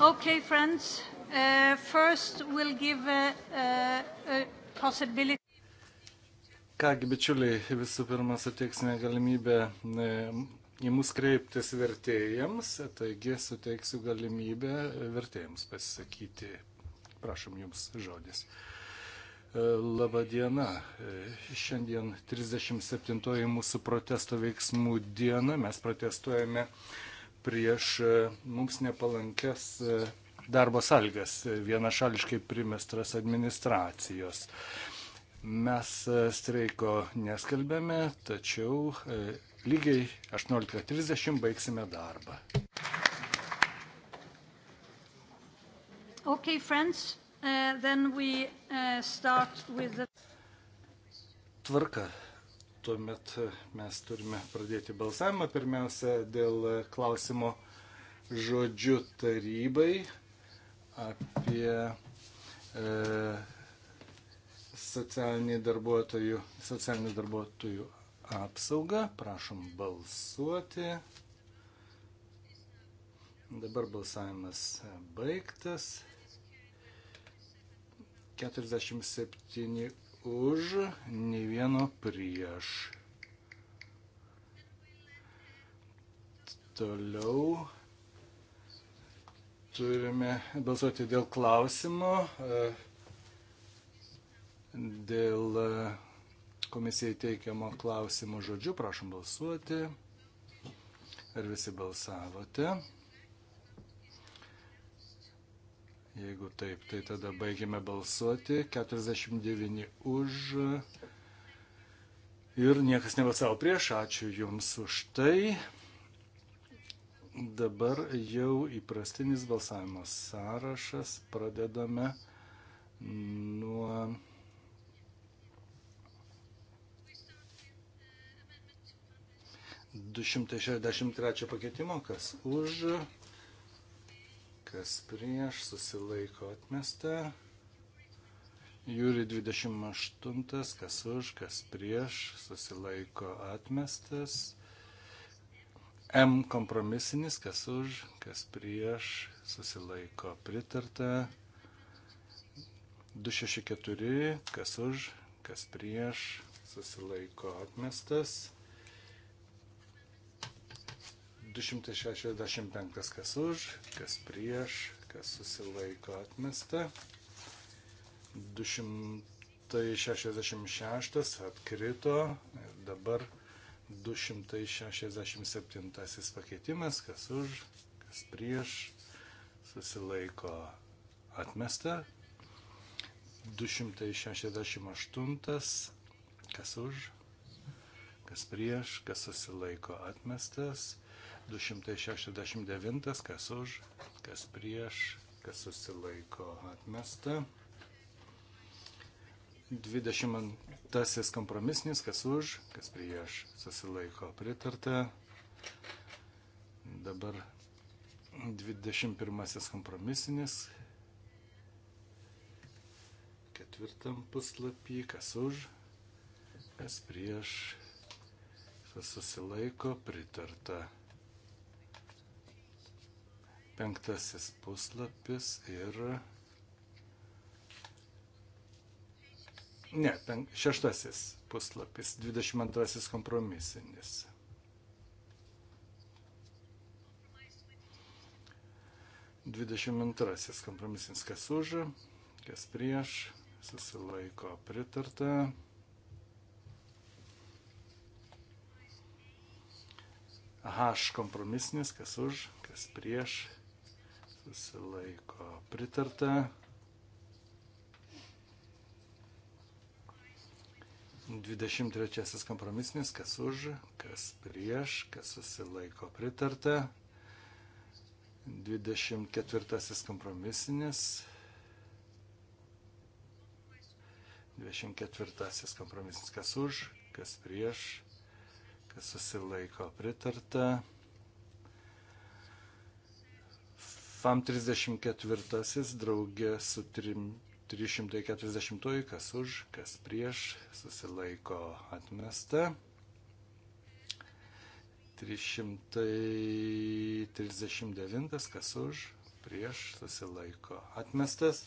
Okay, friends. Uh, first we'll give a, a, a possibility. Kągi, bičiuliai, visų pirma, suteiksime galimybę e, į mus kreiptis vertėjams, taigi suteiksiu galimybę vertėjams pasisakyti. Prašom jums žodis. E, Labą dieną. E, šiandien 37 mūsų protesto veiksmų diena. Mes protestuojame uh, prieš e, mums nepalankes e, darbo sąlygas e, vienašališkai primestras administracijos. Mes streiko neskelbėme, tačiau lygiai 18.30 baigsime darbą. Okay, friends, uh, then we uh, start with the... Tvarka. Tuomet mes turime pradėti balsavimą pirmiausia dėl klausimo žodžiu tarybai apie e, socialinį darbuotojų, socialinių darbuotojų apsaugą. Prašom balsuoti. Dabar balsavimas baigtas. 47 už, nei vieno prieš. Toliau turime balsuoti dėl klausimo, e, dėl e, komisijai teikiamo klausimo žodžiu. Prašom balsuoti. Ar visi balsavote? Jeigu taip, tai tada baigiame balsuoti. 49 už. Ir niekas nebalsavo prieš. Ačiū Jums už tai. Dabar jau įprastinis balsavimo sąrašas. Pradedame nuo. Du šimtai šešiasdešimt trečio pakeitimo, kas už kas prieš, susilaiko atmesta. Jūri 28, kas už, kas prieš, susilaiko atmestas. M kompromisinis, kas už, kas prieš, susilaiko pritarta. 264, kas už, kas prieš, susilaiko atmestas. 265 kas už, kas prieš, kas susilaiko atmesta. 266 atkrito ir dabar 267 pakeitimas, kas už, kas prieš, susilaiko atmesta. 268 kas už, kas prieš, kas susilaiko atmestas. 269, kas už, kas prieš, kas susilaiko atmesta. 22 kompromisnis, kas už, kas prieš, susilaiko pritarta. Dabar 21 kompromisinis, ketvirtam puslapį, kas už, kas prieš, kas susilaiko pritarta penktasis puslapis ir. Ne, penk, šeštasis puslapis, 22 kompromisinis. Dvidešimt antrasis kompromisinis, kas už, kas prieš, susilaiko pritarta. H kompromisinis, kas už, kas prieš, susilaiko pritarta. 23 kompromisinis, kas už, kas prieš, kas susilaiko pritarta. 24 kompromisinis. 24 kompromisinis, kas už, kas prieš, kas susilaiko pritarta. FAM 34 draugė su 3, 340, kas už, kas prieš, susilaiko atmesta. 339, kas už, prieš, susilaiko atmestas.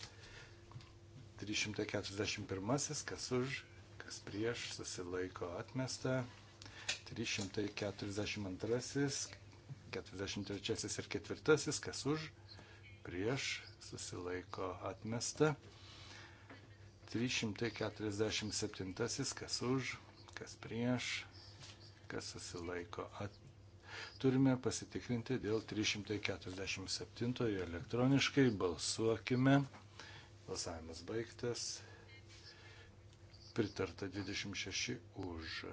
341, kas už, kas prieš, susilaiko atmesta. 342, 43 ir 4, kas už, prieš, susilaiko atmesta. 347, kas už, kas prieš, kas susilaiko atmesta. Turime pasitikrinti dėl 347 elektroniškai, balsuokime. Balsavimas baigtas. Pritarta 26 už.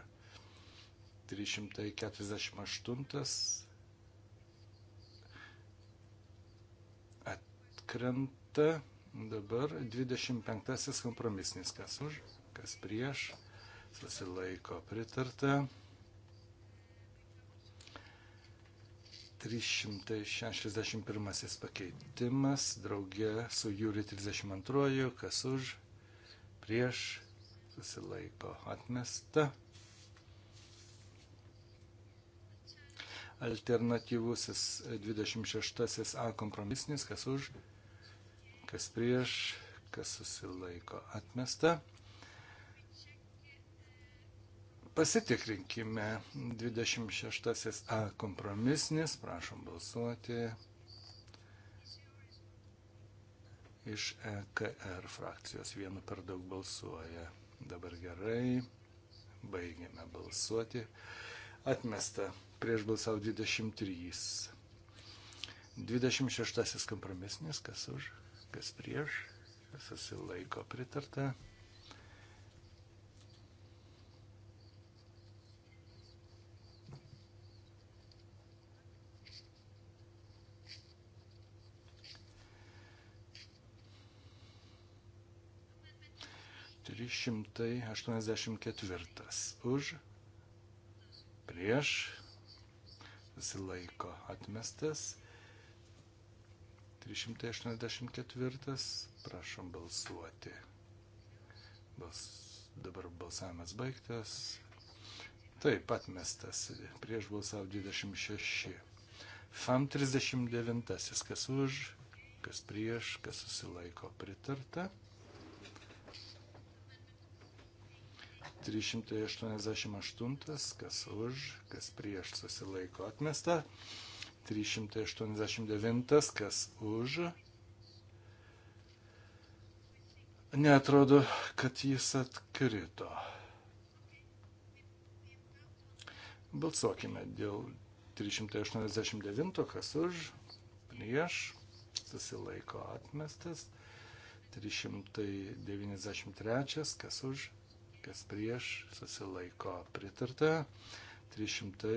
348 atkrenta. Dabar 25 kompromisinis. Kas už, kas prieš, susilaiko pritarta. 361 pakeitimas, draugė su Jūri 32, kas už, prieš, susilaiko atmesta. Alternatyvusis 26 A kompromisnis, kas už, kas prieš, kas susilaiko atmesta. Pasitikrinkime 26a kompromisnis, prašom balsuoti iš EKR frakcijos. Vienu per daug balsuoja. Dabar gerai, baigiame balsuoti. Atmesta prieš balsavo 23. 26 kompromisnis, kas už? kas prieš, kas susilaiko pritarta. Trys šimtai aštuoniasdešimt ketvirtas už, prieš, susilaiko atmestas. 384. Prašom balsuoti. Bals, dabar balsavimas baigtas. Taip, atmestas. Prieš balsavo 26. FAM 39. Kas už, kas prieš, kas susilaiko pritarta. 388, kas už, kas prieš susilaiko atmesta. 389, kas už. Netrodo, kad jis atkrito. Balsuokime dėl 389, kas už, prieš, susilaiko atmestas. 393, kas už, kas prieš, susilaiko pritarta. 300.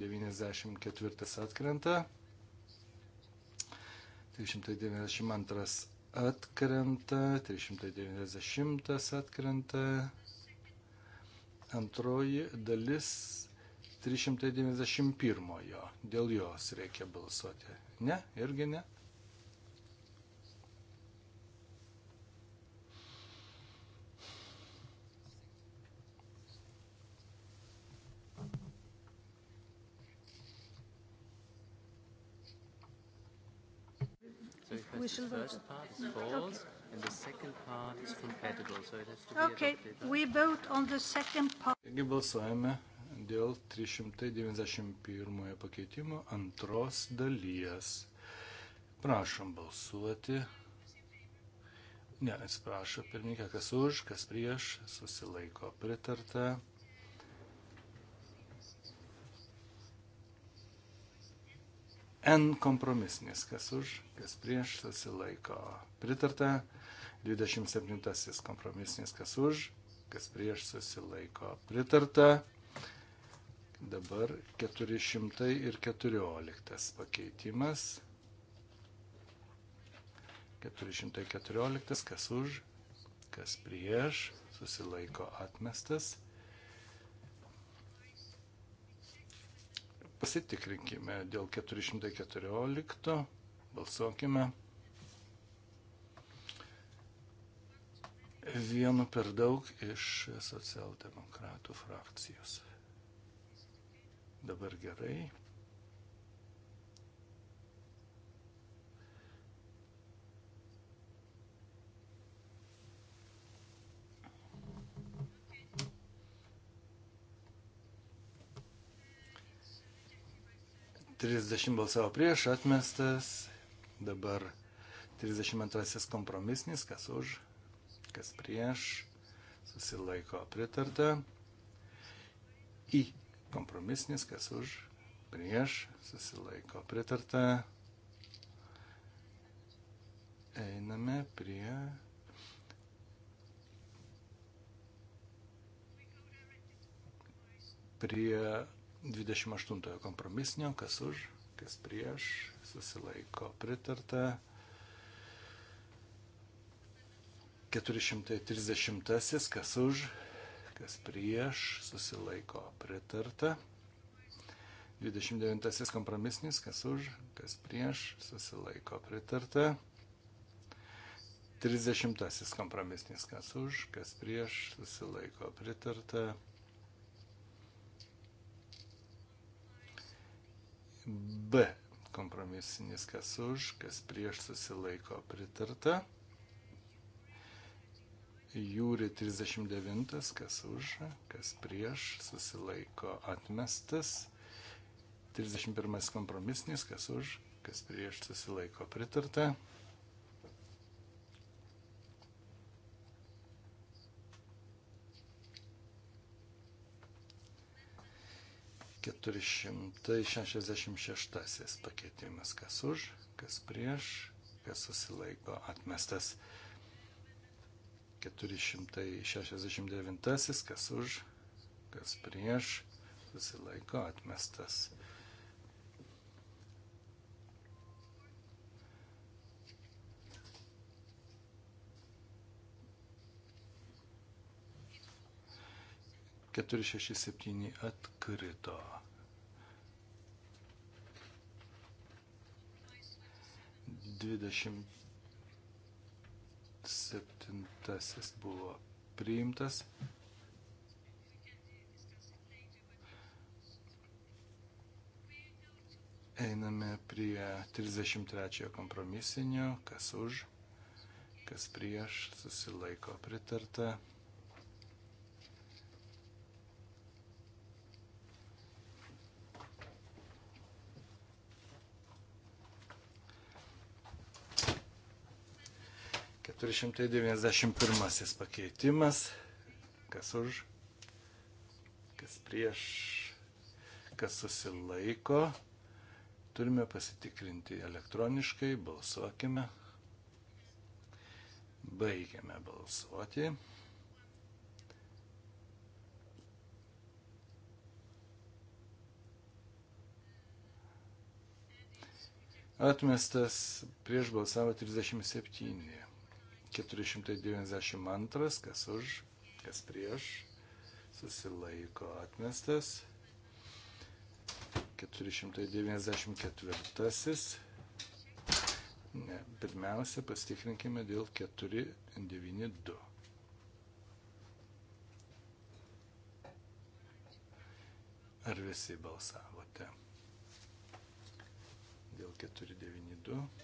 94 atkrenta. 392 atkrenta, 390 atkrenta, antroji dalis 391. Dėl jos reikia balsuoti. Ne, irgi ne. we shall vote. First part is false, okay. and the second part is compatible, so it has to be okay. adopted. We vote on the second part. Taigi balsuojame dėl 391 pakeitimo antros dalies. Prašom balsuoti. Ne, atsiprašau, pirmininkė, kas už, kas prieš, susilaiko pritarta. N kompromisnis, kas už, kas prieš, susilaiko. Pritarta 27 kompromisnis, kas už, kas prieš, susilaiko. Pritarta dabar 414 pakeitimas. 414, kas už, kas prieš, susilaiko atmestas. Pasitikrinkime dėl 414. Balsuokime. Vienu per daug iš socialdemokratų frakcijos. Dabar gerai. 30 balsavo prieš, atmestas. Dabar 32 kompromisnis, kas už, kas prieš, susilaiko pritarta. Į kompromisnis, kas už, prieš, susilaiko pritarta. Einame prie prie 28 kompromisinio, kas už, kas prieš, susilaiko pritarta. 430, kas už, kas prieš, susilaiko pritarta. 29 kompromisinis, kas už, kas prieš, susilaiko pritarta. 30 kompromisinis, kas už, kas prieš, susilaiko pritarta. B kompromisinis, kas už, kas prieš susilaiko pritarta. Jūri 39, kas už, kas prieš susilaiko atmestas. 31 kompromisinis, kas už, kas prieš susilaiko pritarta. 466 pakeitimas, kas už, kas prieš, kas susilaiko atmestas. 469, kas už, kas prieš, susilaiko atmestas. 467 atkrito. Dvidešimt septintasis buvo priimtas. Einame prie 33 kompromisinio, kas už, kas prieš, susilaiko pritarta. 491 pakeitimas. Kas už, kas prieš, kas susilaiko. Turime pasitikrinti elektroniškai, balsuokime. Baigiame balsuoti. Atmestas prieš balsavo 37. 492, kas už, kas prieš, susilaiko atmestas. 494. Ne, pirmiausia, pastikrinkime dėl 492. Ar visi balsavote? Dėl 492.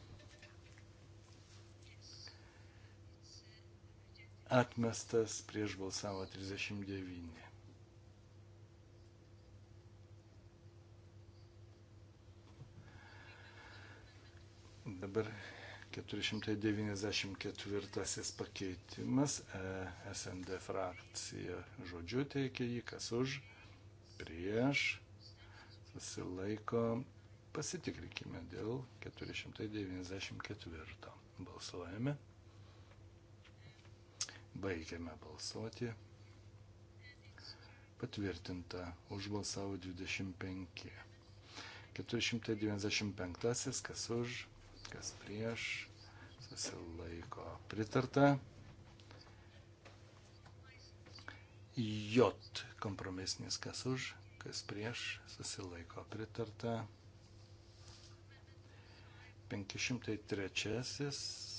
atmestas, prieš balsavo 39. Dabar 494 pakeitimas e, SND frakcija žodžiu teikia jį, kas už, prieš, susilaiko, pasitikrinkime dėl 494. Balsuojame. Baigiame balsuoti. Patvirtinta. Užbalsavo 25. 495. Kas už, kas prieš. Susilaiko. Pritarta. J. Kompromisinis. Kas už, kas prieš. Susilaiko. Pritarta. 503.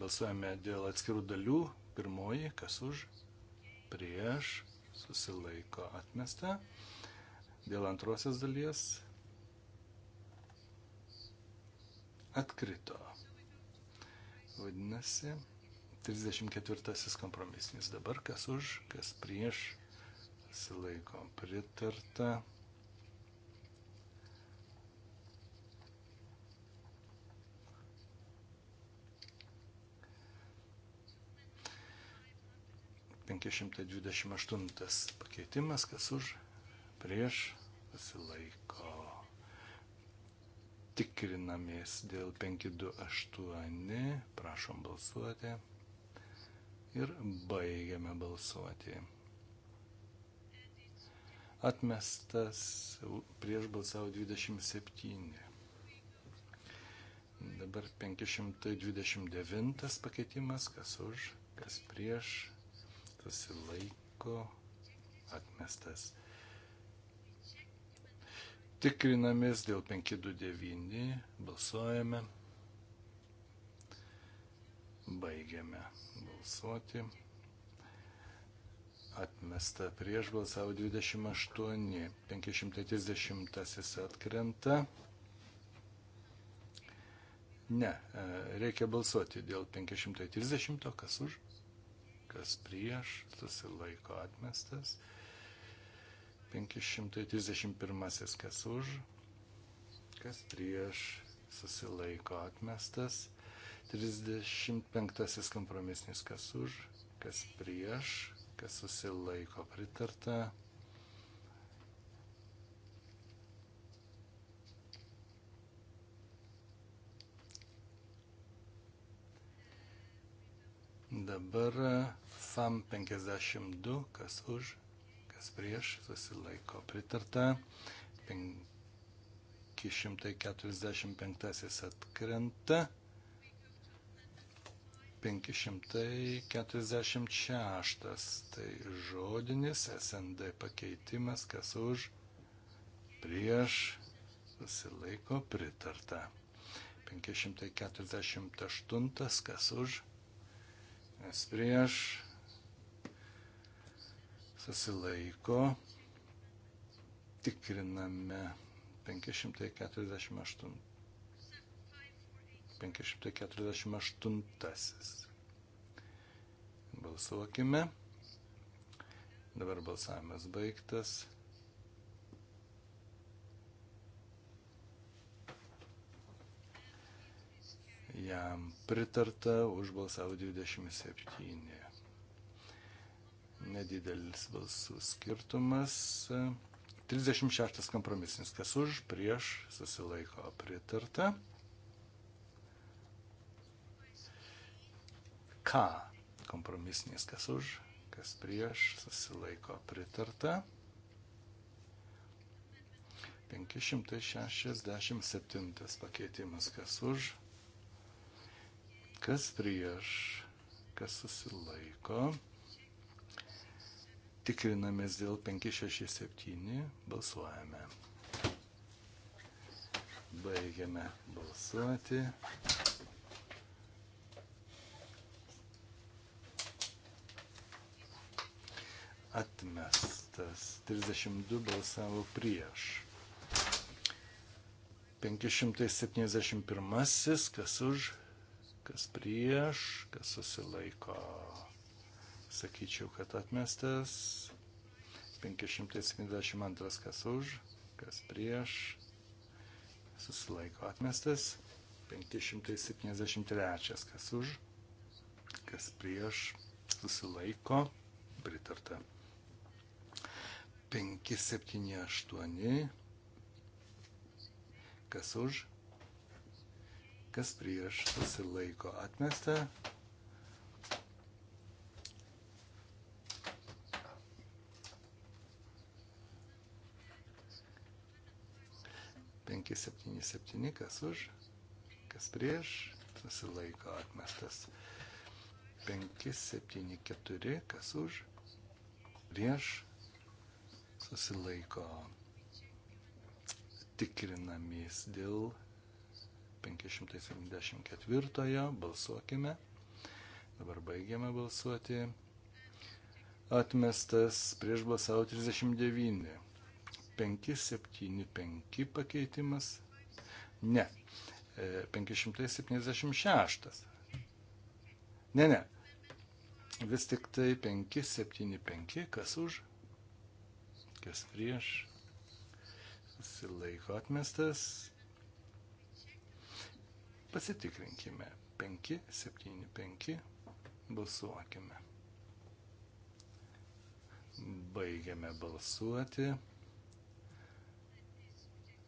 Balsuojame dėl atskirų dalių. Pirmoji, kas už, prieš, susilaiko atmesta. Dėl antrosios dalies atkrito. Vadinasi, 34 kompromisinis dabar, kas už, kas prieš, susilaiko pritarta. 528 pakeitimas, kas už, prieš, pasilaiko. Tikrinamės dėl 528, prašom balsuoti ir baigiame balsuoti. Atmestas prieš balsavo 27. Dabar 529 pakeitimas, kas už, kas prieš, susilaiko, atmestas. Tikrinamės dėl 529, balsuojame, baigiame balsuoti. Atmesta prieš balsavo 28, 530 atkrenta. Ne, e, reikia balsuoti dėl 530, kas už? kas prieš, susilaiko atmestas. 531 kas už, kas prieš, susilaiko atmestas. 35 kompromisnis kas už, kas prieš, kas susilaiko pritarta. Dabar FAM 52, kas už, kas prieš, susilaiko pritarta. 545 atkrenta. 546. Tai žodinis SND pakeitimas, kas už, prieš, susilaiko pritarta. 548, kas už, kas prieš, susilaiko. Tikriname 548. 548. Balsuokime. Dabar balsavimas baigtas. Jam pritarta už balsavo 27 nedidelis balsų skirtumas. 36 kompromisinis, kas už, prieš, susilaiko pritarta. K kompromisinis, kas už, kas prieš, susilaiko pritarta. 567 pakeitimas, kas už, kas prieš, kas susilaiko pritarta Tikrinamės dėl 567, balsuojame. Baigiame balsuoti. Atmestas. 32 balsavo prieš. 571, kas už, kas prieš, kas susilaiko sakyčiau, kad atmestas. 572 kas už, kas prieš, susilaiko atmestas. 573 kas už, kas prieš, susilaiko, pritarta. 578 kas už, kas prieš, susilaiko atmesta. 577, kas už, kas prieš, susilaiko atmestas. 574, kas už, prieš, susilaiko tikrinamės dėl 574, balsuokime. Dabar baigiame balsuoti. Atmestas prieš balsavo 39 575 pakeitimas. Ne. 576. E, ne, ne. Vis tik tai 575, kas už, kas prieš. Silaiko atmestas. Pasitikrinkime. 575. Balsuokime. Baigiame balsuoti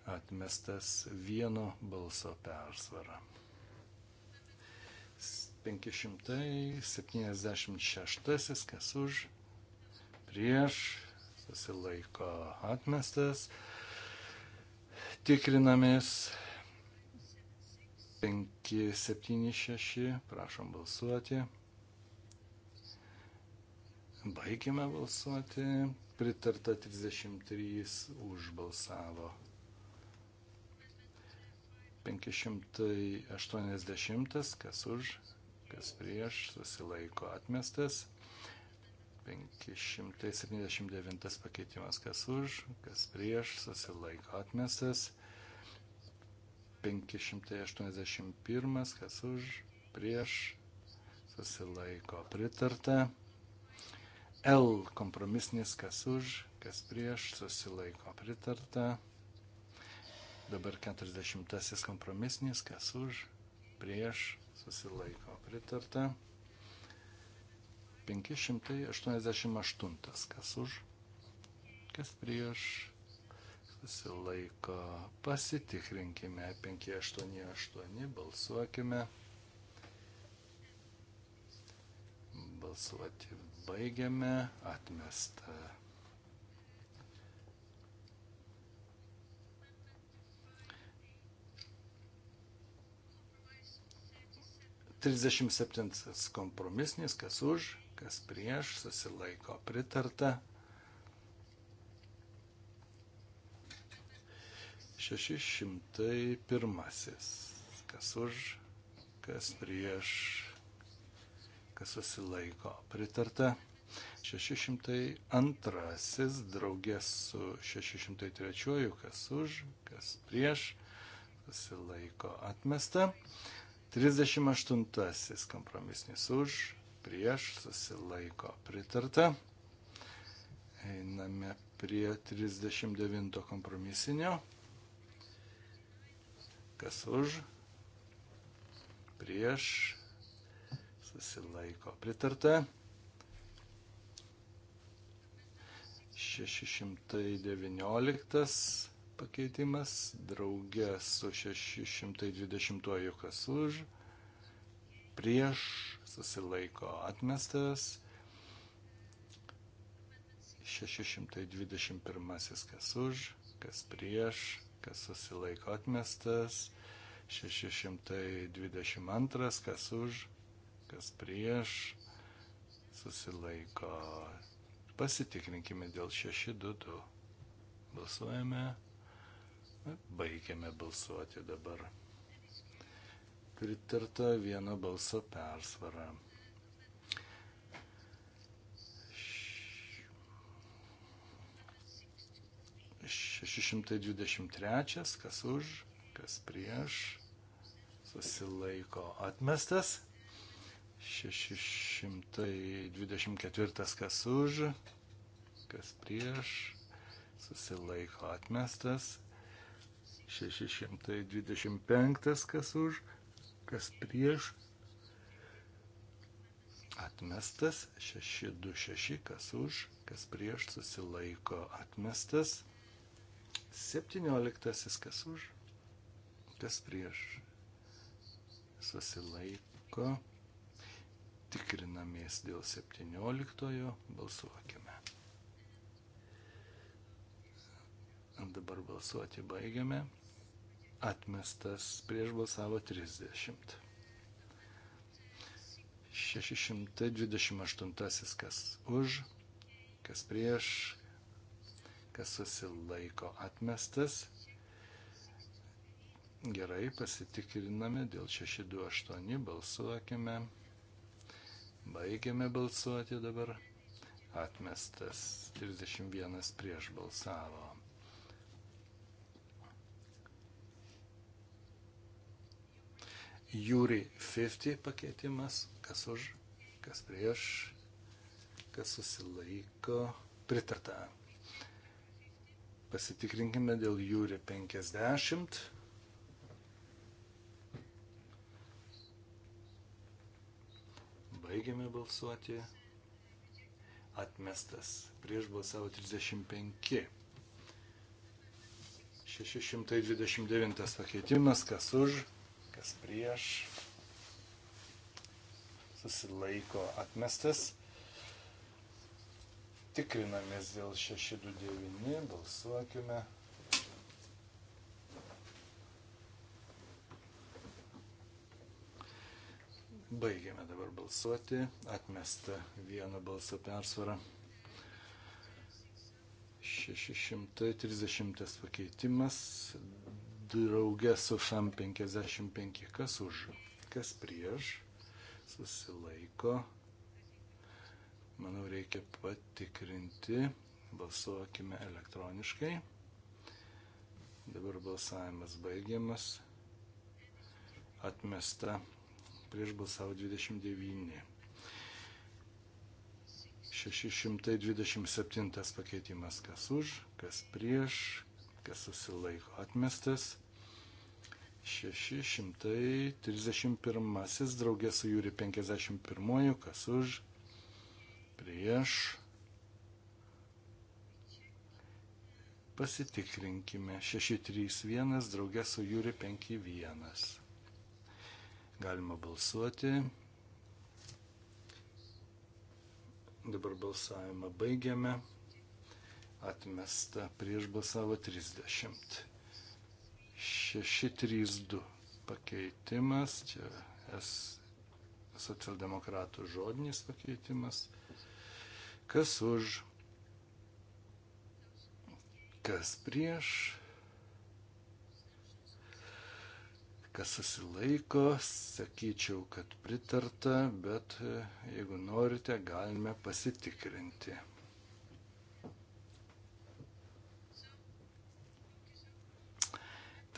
atmestas vieno balso persvara. 576, kas už, prieš, susilaiko atmestas. Tikrinamės 576, prašom balsuoti. Baigime balsuoti. Pritarta 33 už balsavo 580, kas už, kas prieš, susilaiko atmestas. 579 pakeitimas, kas už, kas prieš, susilaiko atmestas. 581, kas už, prieš, susilaiko pritarta. L kompromisnis, kas už, kas prieš, susilaiko pritarta. Dabar 40 kompromisinis, kas už, prieš, susilaiko pritarta. 588, kas už, kas prieš, susilaiko. Pasitikrinkime 588, balsuokime. Balsuoti baigiame, atmesta. 37 kompromisnis, kas už, kas prieš, susilaiko pritarta. 601. Kas už, kas prieš, kas susilaiko pritarta. 602. Draugės su 603. Kas už, kas prieš, susilaiko atmesta. 38 kompromisnis už, prieš, susilaiko pritarta. Einame prie 39 kompromisinio. Kas už, prieš, susilaiko pritarta. 619 pakeitimas draugė su 620, kas už, prieš susilaiko atmestas, 621, kas už, kas prieš, kas susilaiko atmestas, 622, kas už, kas prieš, susilaiko. Pasitikrinkime dėl 622. Balsuojame. Baigiame balsuoti dabar. Pritarta vieno balso persvara. Šešimtai dvidešimt trečias, kas už, kas prieš, susilaiko atmestas. 624 kas už, kas prieš, susilaiko atmestas, 625, kas už, kas prieš. Atmestas 626, kas už, kas prieš susilaiko. Atmestas 17, kas už, kas prieš susilaiko. Tikrinamės dėl 17, balsuokime. dabar balsuoti baigiame atmestas, prieš balsavo 30. 628 kas už, kas prieš, kas susilaiko atmestas. Gerai, pasitikriname dėl 628, balsuokime. Baigiame balsuoti dabar. Atmestas 31 prieš balsavo. Jūri 50 pakeitimas, kas už, kas prieš, kas susilaiko, pritarta. Pasitikrinkime dėl Jūri 50. Baigiame balsuoti. Atmestas. Prieš balsavo 35. 629 pakeitimas, kas už, kas prieš, susilaiko atmestas. Tikrinamės dėl 629, balsuokime. Baigiame dabar balsuoti, atmesta vieno balso persvara. 630 pakeitimas, draugė su FAM 55. Kas už? Kas prieš? Susilaiko. Manau, reikia patikrinti. Balsuokime elektroniškai. Dabar balsavimas baigiamas. Atmesta. Prieš balsavo 29. 627 pakeitimas, kas už, kas prieš, kas susilaiko atmestas. 631 draugė su Jūri 51, kas už, prieš. Pasitikrinkime 631 draugė su Jūri 51. Galima balsuoti. Dabar balsavimą baigiame atmesta, prieš balsavo 30. 632 pakeitimas, čia S socialdemokratų žodinis pakeitimas. Kas už, kas prieš, kas susilaiko, sakyčiau, kad pritarta, bet e, jeigu norite, galime pasitikrinti.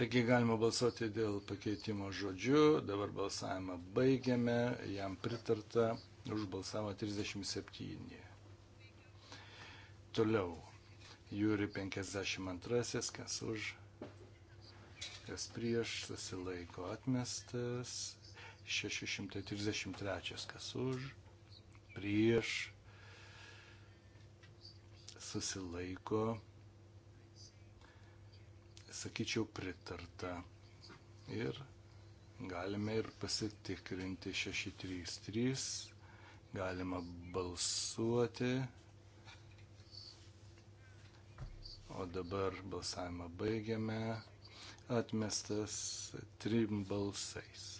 Taigi galima balsuoti dėl pakeitimo žodžių. Dabar balsavimą baigiame. Jam pritarta. Užbalsavo 37. Toliau. Jūri 52. Kas už? Kas prieš? Susilaiko atmestas. 633. Kas už? Prieš. Susilaiko atmestas sakyčiau, pritarta. Ir galime ir pasitikrinti 633, galima balsuoti. O dabar balsavimą baigiame. Atmestas trim balsais.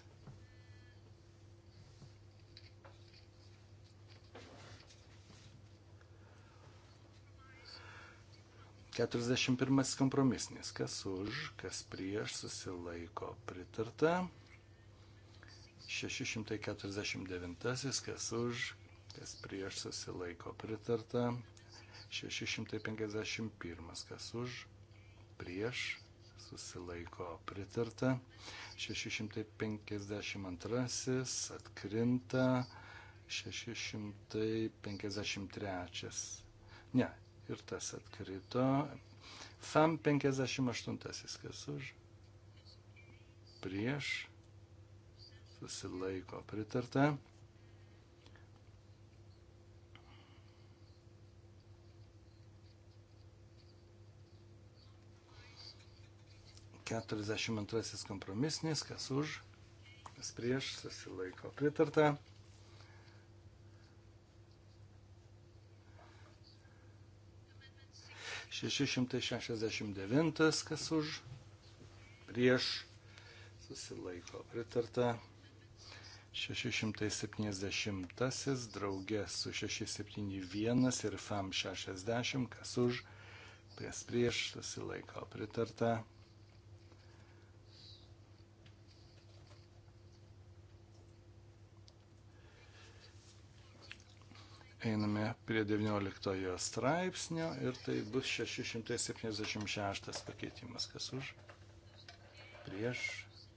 41 kompromisnis. Kas už, kas prieš susilaiko pritarta. 649. Kas už, kas prieš susilaiko pritarta. 651. Kas už, prieš susilaiko pritarta. 652. Atkrinta. 653. Ne, ir tas atkrito. FAM 58, kas už, prieš, susilaiko pritarta. Keturiasdešimt antrasis kompromisnis, kas už, kas prieš, susilaiko pritarta. 669, kas už, prieš, susilaiko pritarta. 670 draugė su 671 ir FAM 60, kas už, prieš prieš, susilaiko pritarta. Einame prie 19 straipsnio ir tai bus 676 pakeitimas. Kas už? Prieš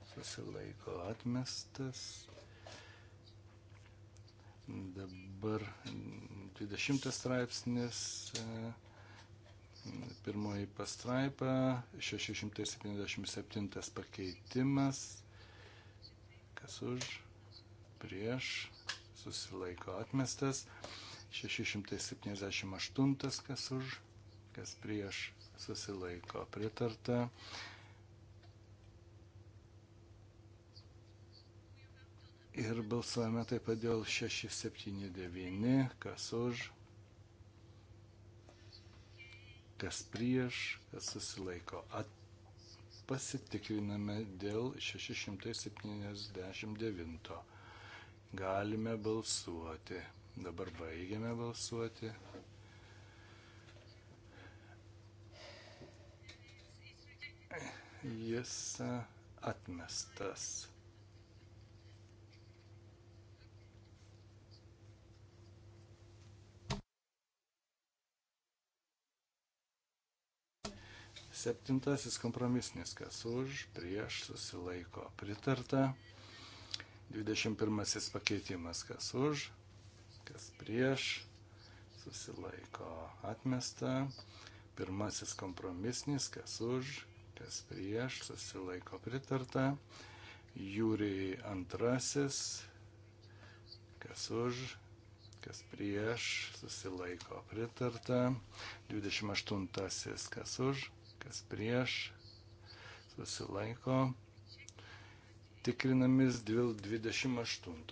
susilaiko atmestas. Dabar 20 straipsnis, e, pirmoji pastraipa, 677 pakeitimas. Kas už? Prieš susilaiko atmestas. 678, kas už, kas prieš susilaiko pritarta. Ir balsuojame taip pat dėl 679, kas už, kas prieš, kas susilaiko. At pasitikriname dėl 679. Galime balsuoti. Dabar baigiame balsuoti. Jis atmestas. Septintasis kompromisnis, kas už, prieš, susilaiko, pritarta. Dvidešimt pirmasis pakeitimas, kas už, kas prieš, susilaiko atmesta. Pirmasis kompromisnis, kas už, kas prieš, susilaiko pritarta. Jūri antrasis, kas už, kas prieš, susilaiko pritarta. 28. kas už, kas prieš, susilaiko. Tikrinamis dėl 28.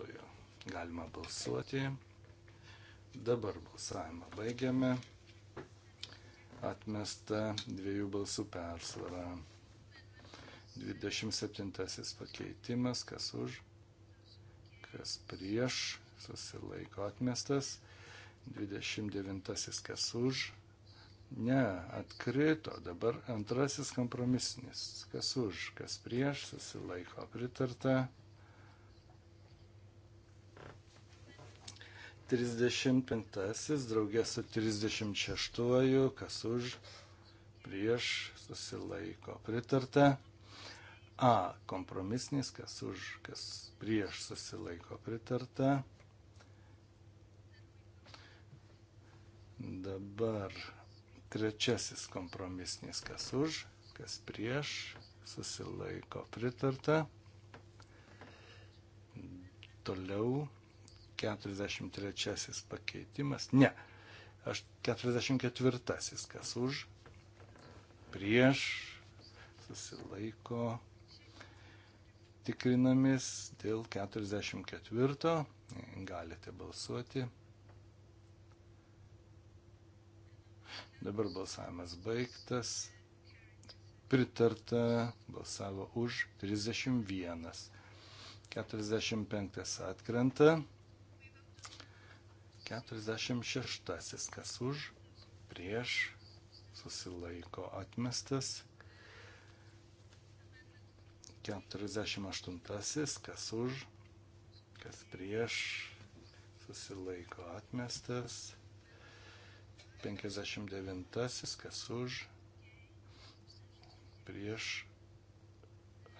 Galima balsuoti. Dabar balsavimą baigiame. Atmesta dviejų balsų persvara. 27 pakeitimas, kas už, kas prieš, susilaiko atmestas. 29 kas už, ne, atkrito, dabar antrasis kompromisinis, kas už, kas prieš, susilaiko pritarta. 35 draugės su 36, kas už, prieš, susilaiko pritarta. A. Kompromisnis, kas už, kas prieš, susilaiko pritarta. Dabar trečiasis kompromisnis, kas už, kas prieš, susilaiko pritarta. Toliau 43 pakeitimas. Ne. Aš 44 kas už. Prieš. Susilaiko. Tikrinamės dėl 44. Galite balsuoti. Dabar balsavimas baigtas. Pritarta balsavo už 31. 45 atkrenta. 46. Kas už, prieš, susilaiko atmestas. 48. Kas už, kas prieš, susilaiko atmestas. 59. Kas už, prieš,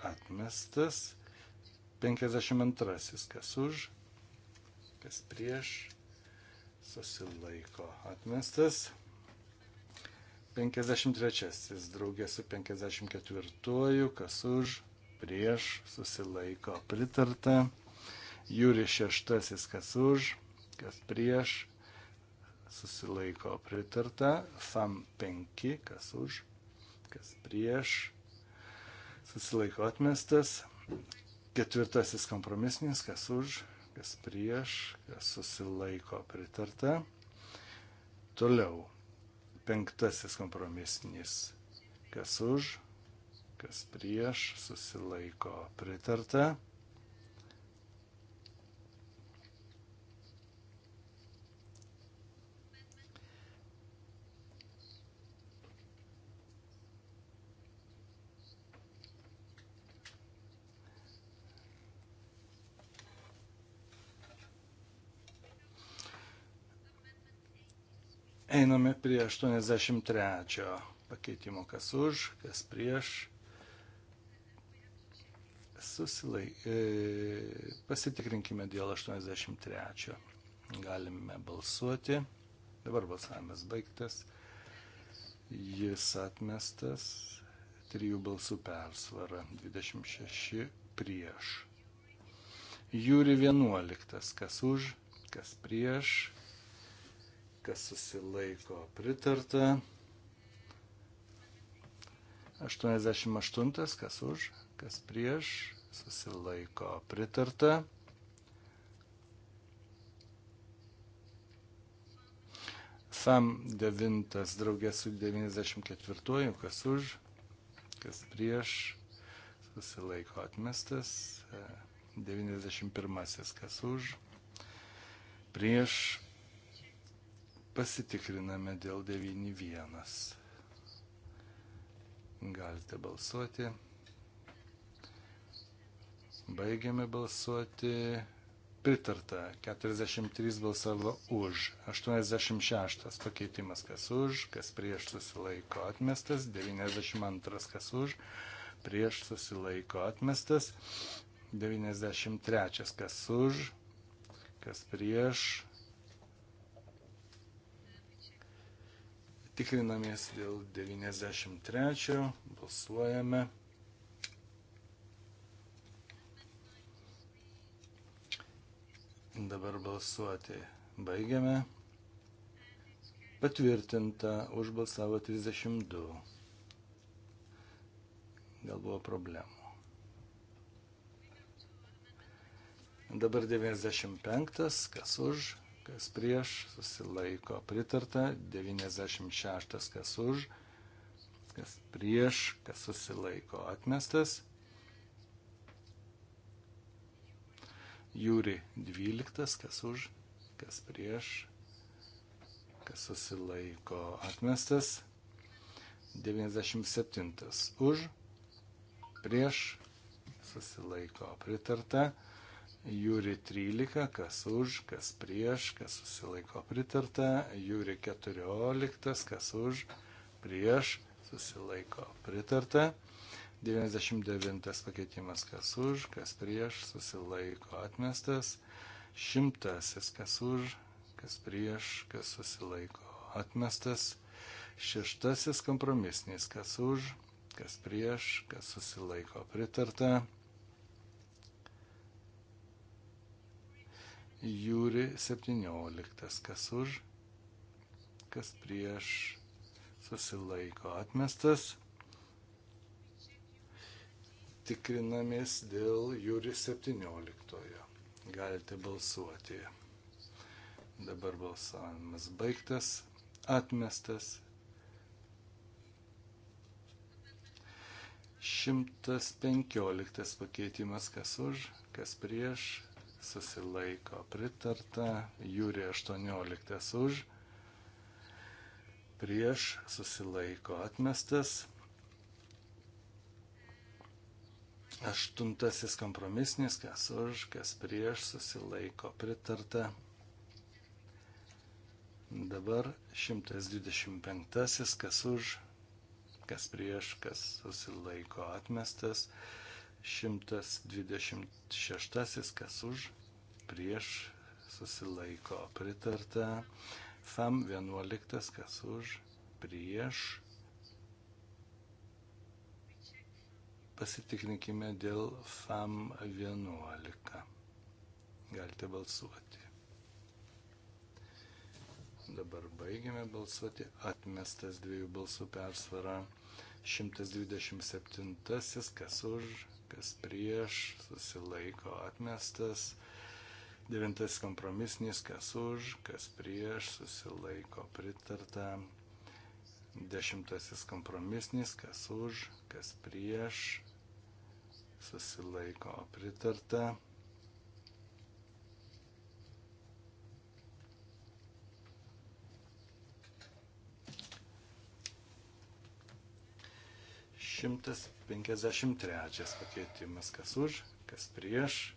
atmestas. 52. Kas už, kas prieš, susilaiko atmestas. 53. Draugė su 54. Kas už, prieš, susilaiko pritarta. Jūri 6. Kas už, kas prieš, susilaiko pritarta. FAM 5. Kas už, kas prieš, susilaiko atmestas. Ketvirtasis kompromisinis, kas už, kas prieš, kas susilaiko pritarta. Toliau, penktasis kompromisinis, kas už, kas prieš, susilaiko pritarta. Einame prie 83 pakeitimo, kas už, kas prieš. Susilai, e, pasitikrinkime dėl 83. Galime balsuoti. Dabar balsavimas baigtas. Jis atmestas trijų balsų persvara 26 prieš. Jūri 11, kas už, kas prieš, kas susilaiko pritarta. 88, kas už, kas prieš, susilaiko pritarta. FAM 9 draugės su 94, kas už, kas prieš, susilaiko atmestas, 91, kas už, prieš, Pasitikriname dėl 9.1. Galite balsuoti. Baigiame balsuoti. Pritarta. 43 balsavo už. 86 pakeitimas kas už, kas prieš susilaiko atmestas. 92 kas už, prieš susilaiko atmestas. 93 kas už, kas prieš Tikrinamės dėl 93. Balsuojame. Dabar balsuoti baigiame. Patvirtinta, užbalsavo 32. Gal buvo problemų. Dabar 95. Kas už? kas prieš, susilaiko pritarta, 96 kas už, kas prieš, kas susilaiko atmestas. Jūri 12, kas už, kas prieš, kas susilaiko atmestas. 97 už, prieš, susilaiko pritarta. Jūri 13, kas už, kas prieš, kas susilaiko pritarta. Jūri 14, kas už, prieš, susilaiko pritarta. 99 pakeitimas, kas už, kas prieš, susilaiko atmestas. Šimtasis, kas už, kas prieš, kas susilaiko atmestas. Šeštasis kompromisnis, kas už, kas prieš, kas susilaiko pritarta. Jūri 17. Kas už, kas prieš, susilaiko atmestas. Tikrinamės dėl Jūri 17. Galite balsuoti. Dabar balsavimas baigtas, atmestas. 115 pakeitimas, kas už, kas prieš, susilaiko pritarta, Jūri 18 už, prieš susilaiko atmestas, aštuntasis kompromisnis, kas už, kas prieš susilaiko pritarta. Dabar 125, kas už, kas prieš, kas susilaiko atmestas. 126, kas už, prieš, susilaiko pritarta. FAM 11, kas už, prieš. Pasitikrinkime dėl FAM 11. Galite balsuoti. Dabar baigiame balsuoti. Atmestas dviejų balsų persvara. 127, kas už, kas prieš, susilaiko atmestas. Devintas kompromisnis, kas už, kas prieš, susilaiko pritarta. Dešimtasis kompromisnis, kas už, kas prieš, susilaiko pritarta. Šimtas 53 pakeitimas, kas už, kas prieš,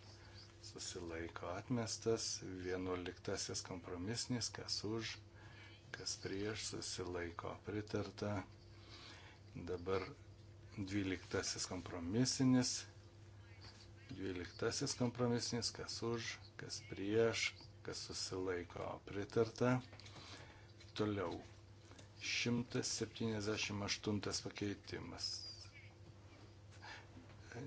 susilaiko atmestas, 11 kompromisnis, kas už, kas prieš, susilaiko pritarta, dabar 12 kompromisinis, 12 kompromisinis, kas už, kas prieš, kas susilaiko pritarta, toliau 178 pakeitimas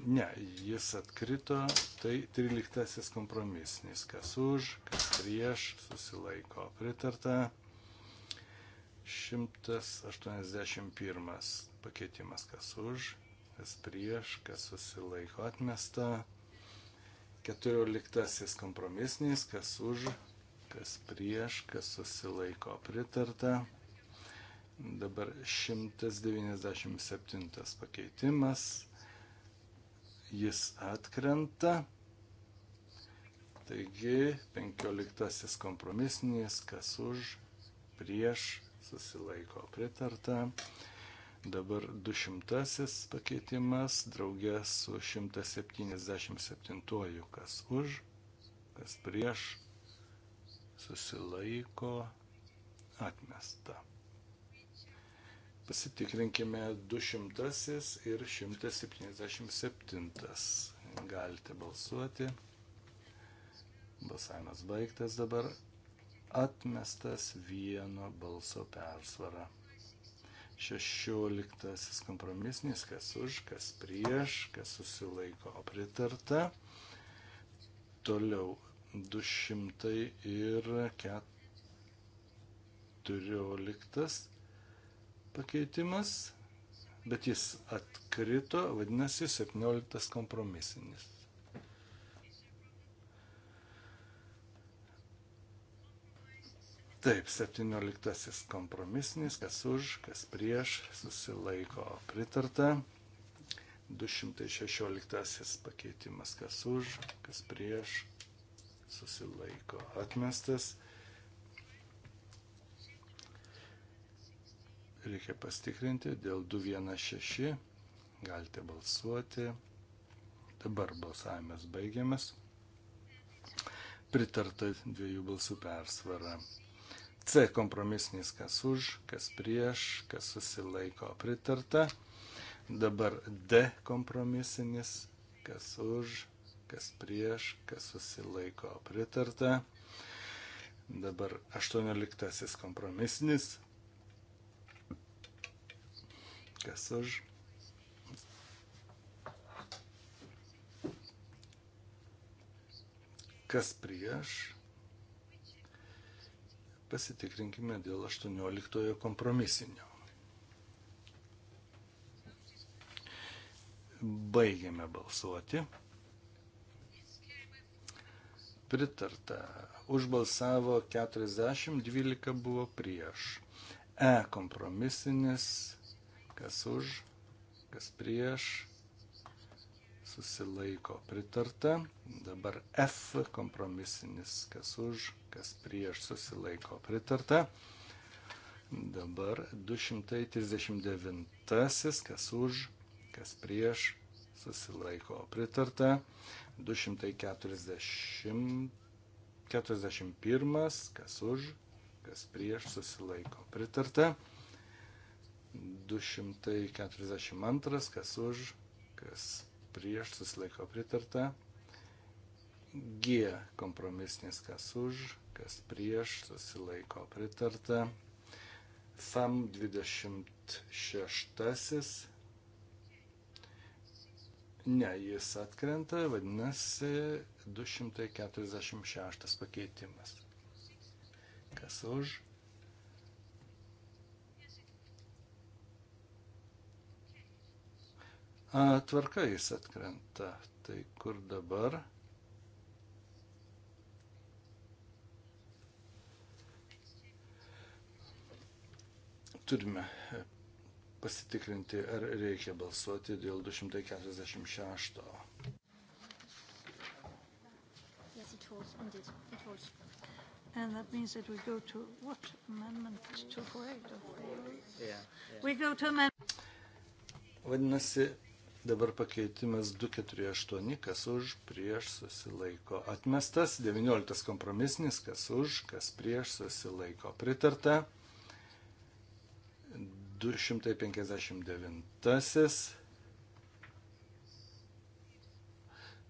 Ne, jis atkrito, tai 13 kompromisinis, kas už, kas prieš, susilaiko pritarta. 181 pakeitimas, kas už, kas prieš, kas susilaiko atmesta. 14 kompromisinis, kas už, kas prieš, kas susilaiko pritarta. Dabar 197 pakeitimas, jis atkrenta. Taigi, penkioliktasis kompromisinis, kas už, prieš, susilaiko pritarta. Dabar dušimtasis pakeitimas, draugė su 177, kas už, kas prieš, susilaiko atmesta. Pasitikrinkime 200 ir 177. Galite balsuoti. Balsavimas baigtas dabar. Atmestas vieno balso persvara. 16 kompromisnis, kas už, kas prieš, kas susilaiko pritarta. Toliau 200 ir 14 pakeitimas, bet jis atkrito, vadinasi, 17 kompromisinis. Taip, 17 kompromisinis, kas už, kas prieš, susilaiko pritarta. 216 pakeitimas, kas už, kas prieš, susilaiko atmestas. Reikia pastikrinti dėl 216. Galite balsuoti. Dabar balsavimas baigiamas. Pritarta dviejų balsų persvara. C kompromisinis, kas už, kas prieš, kas susilaiko pritarta. Dabar D kompromisinis, kas už, kas prieš, kas susilaiko pritarta. Dabar 18 kompromisinis, kas už. Kas prieš. Pasitikrinkime dėl 18 kompromisinio. Baigiame balsuoti. Pritarta. Užbalsavo 40, 12 buvo prieš. E kompromisinis Kas už, kas prieš, susilaiko pritarta. Dabar F kompromisinis, kas už, kas prieš, susilaiko pritarta. Dabar 239, kas už, kas prieš, susilaiko pritarta. 240, 41, kas už, kas prieš, susilaiko pritarta. 242, kas už, kas prieš, susilaiko pritarta. G kompromisnis, kas už, kas prieš, susilaiko pritarta. FAM 26. Ne, jis atkrenta, vadinasi 246 pakeitimas. Kas už, A, tvarka jis atkrenta. Tai kur dabar? Turime pasitikrinti, ar reikia balsuoti dėl 246. Yes, it holds, indeed. It holds. And that means that we go to what amendment 248? Yeah, yeah. We go to amendment. Vadinasi, Dabar pakeitimas 248, kas už, prieš susilaiko. Atmestas 19 kompromisnis, kas už, kas prieš susilaiko. Pritarta 259.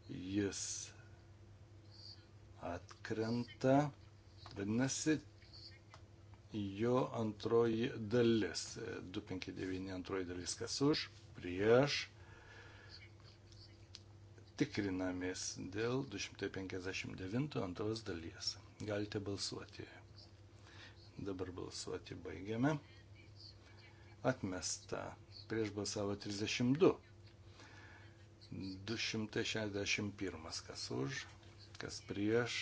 Jis atkrenta, vadinasi, jo antroji dalis. 259 antroji dalis, kas už, prieš tikrinamės dėl 259 antros dalies. Galite balsuoti. Dabar balsuoti baigiame. Atmesta. Prieš balsavo 32. 261. Kas už, kas prieš,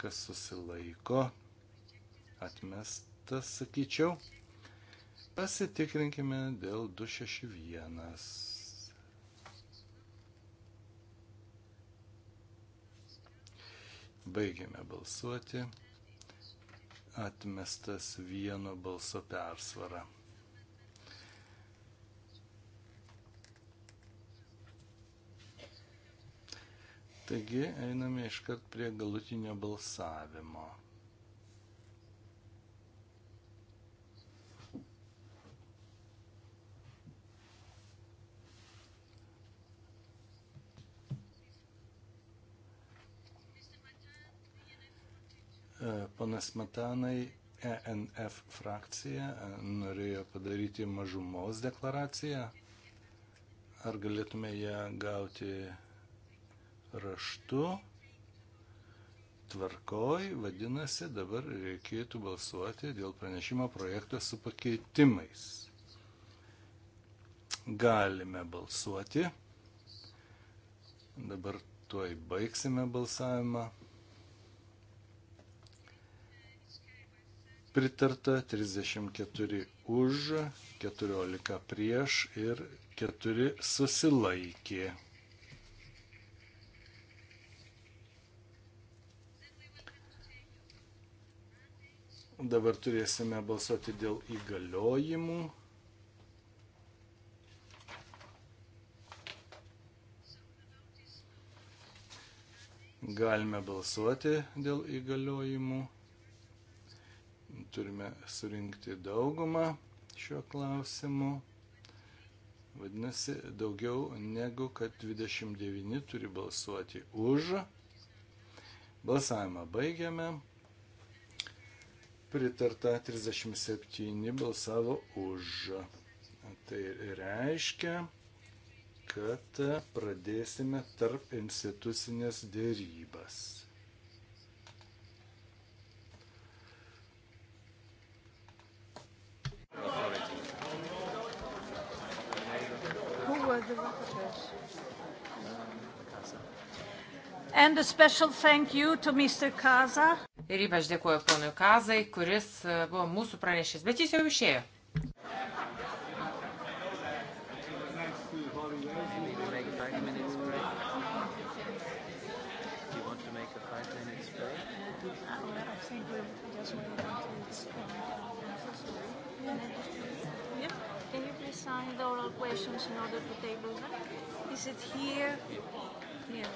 kas susilaiko. Atmestas, sakyčiau. Pasitikrinkime dėl 261. Baigėme balsuoti. Atmestas vieno balso persvara. Taigi einame iškart prie galutinio balsavimo. E, Panas Matanai, ENF frakcija e, norėjo padaryti mažumos deklaraciją. Ar galėtume ją gauti raštu? Tvarkoj, vadinasi, dabar reikėtų balsuoti dėl pranešimo projekto su pakeitimais. Galime balsuoti. Dabar tuoj baigsime balsavimą. pritarta 34 už, 14 prieš ir 4 susilaikė. Dabar turėsime balsuoti dėl įgaliojimų. Galime balsuoti dėl įgaliojimų turime surinkti daugumą šiuo klausimu. Vadinasi, daugiau negu kad 29 turi balsuoti už. Balsavimą baigiame. Pritarta 37 balsavo už. Tai reiškia, kad pradėsime tarp institucinės dėrybas. authority. Who were the rapporteurs? And a special thank you to Mr. Kaza. Ir ypač dėkuoju ponui Kazai, kuris e, buvo mūsų pranešęs, bet jis jau išėjo. additional questions in order to table them? Is it here? Here.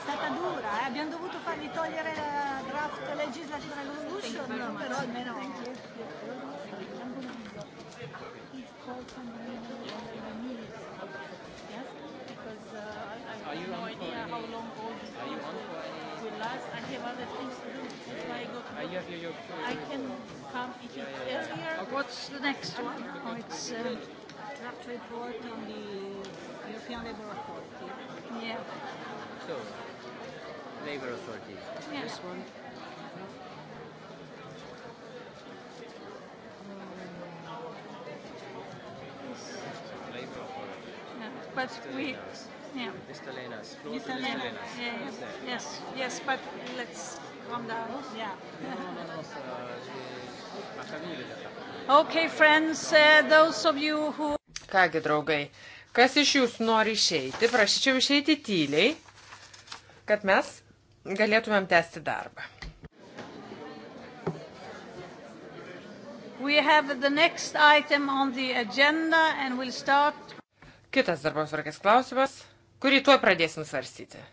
stata dura, eh? abbiamo dovuto fargli togliere la draft legislativa resolution, no, però almeno... Thank you. Are you no on idea for any, how long all this are you on for any will last. I have other things to do. That's why I go to. Uh, you have your, your, your I can come if yeah, it's yeah, earlier. Okay. What's the next one? Oh, it's uh, draft report on the European Labour Authority. Yeah. So, Labour Authority. Yeah. This one. Um, Labour Authority. No, but Still we. Knows. Yeah. Nistalenas. Nistalenas. Yeah, yes. yes, yes, but let's calm down. Yeah. Uh, okay, friends, uh, those of you who. Kągi draugai, kas iš jūsų nori išeiti, prašyčiau išeiti tyliai, kad mes galėtumėm tęsti darbą. We'll start... Kitas darbos varkės klausimas kurį tuoj pradėsim svarstyti.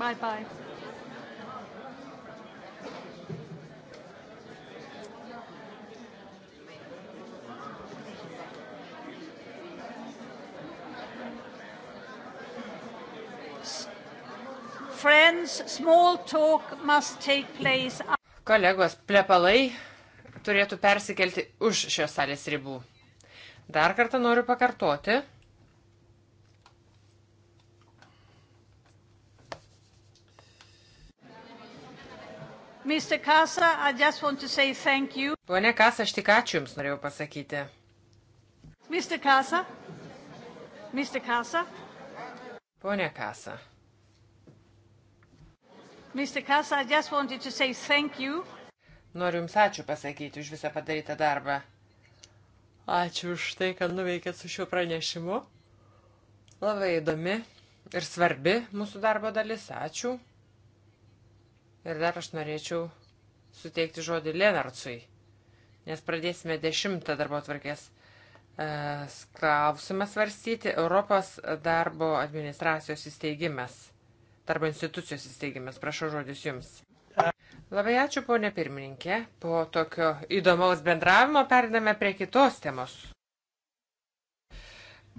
Bye bye. Friends, small talk must take place. Kolegos, plepalai turėtų persikelti už šios salės ribų. Dar kartą noriu pakartoti. Kasa, Pone Kasa, aš tik ačiū Jums norėjau pasakyti. Mr. Kasa? Mr. Kasa? Pone Kasa. Mr. Kasa, I just wanted to say thank you. Noriu Jums ačiū pasakyti už visą padarytą darbą. Ačiū už tai, kad nuveikėt su šiuo pranešimu. Labai įdomi ir svarbi mūsų darbo dalis. Ačiū. Ir dar aš norėčiau suteikti žodį Lenarcui, nes pradėsime dešimtą darbo tvarkės e, klausimą svarstyti Europos darbo administracijos įsteigimas darbo institucijos įsteigimas. Prašau žodis jums. Labai ačiū, ponė pirmininkė. Po tokio įdomaus bendravimo perdame prie kitos temos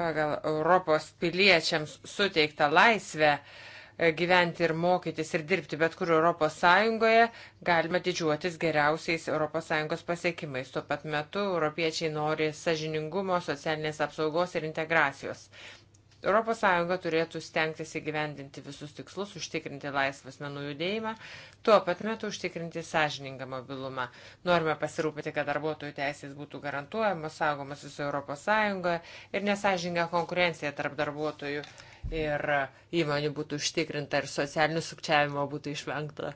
pagal Europos piliečiams suteiktą laisvę e, gyventi ir mokytis ir dirbti bet kur Europos Sąjungoje, galime didžiuotis geriausiais Europos Sąjungos pasiekimais. Tuo pat metu europiečiai nori sažiningumo, socialinės apsaugos ir integracijos. ES turėtų stengtis įgyvendinti visus tikslus, užtikrinti laisvas menų judėjimą, tuo pat metu užtikrinti sąžiningą mobilumą. Norime pasirūpinti, kad darbuotojų teisės būtų garantuojamos, saugomos visoje ES ir nesažininga konkurencija tarp darbuotojų ir įmonių būtų užtikrinta ir socialinių sukčiavimo būtų išvengta.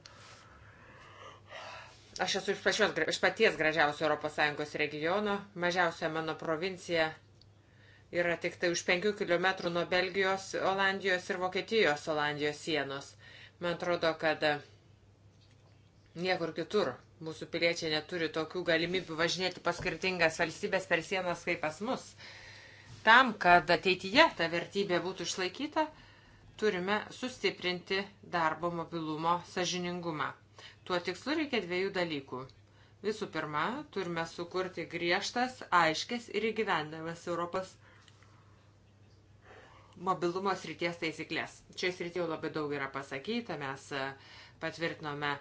Aš esu iš, pačios, iš paties gražiausio ES regiono, mažiausia mano provincija yra tik tai už 5 km nuo Belgijos, Olandijos ir Vokietijos Olandijos sienos. Man atrodo, kad e, niekur kitur mūsų piliečiai neturi tokių galimybių važinėti pas skirtingas valstybės per sienas kaip pas mus. Tam, kad ateityje ta vertybė būtų išlaikyta, turime sustiprinti darbo mobilumo sažiningumą. Tuo tikslu reikia dviejų dalykų. Visų pirma, turime sukurti griežtas, aiškes ir įgyvendamas Europos mobilumo srities taisyklės. Čia srityje jau labai daug yra pasakyta, mes e, patvirtinome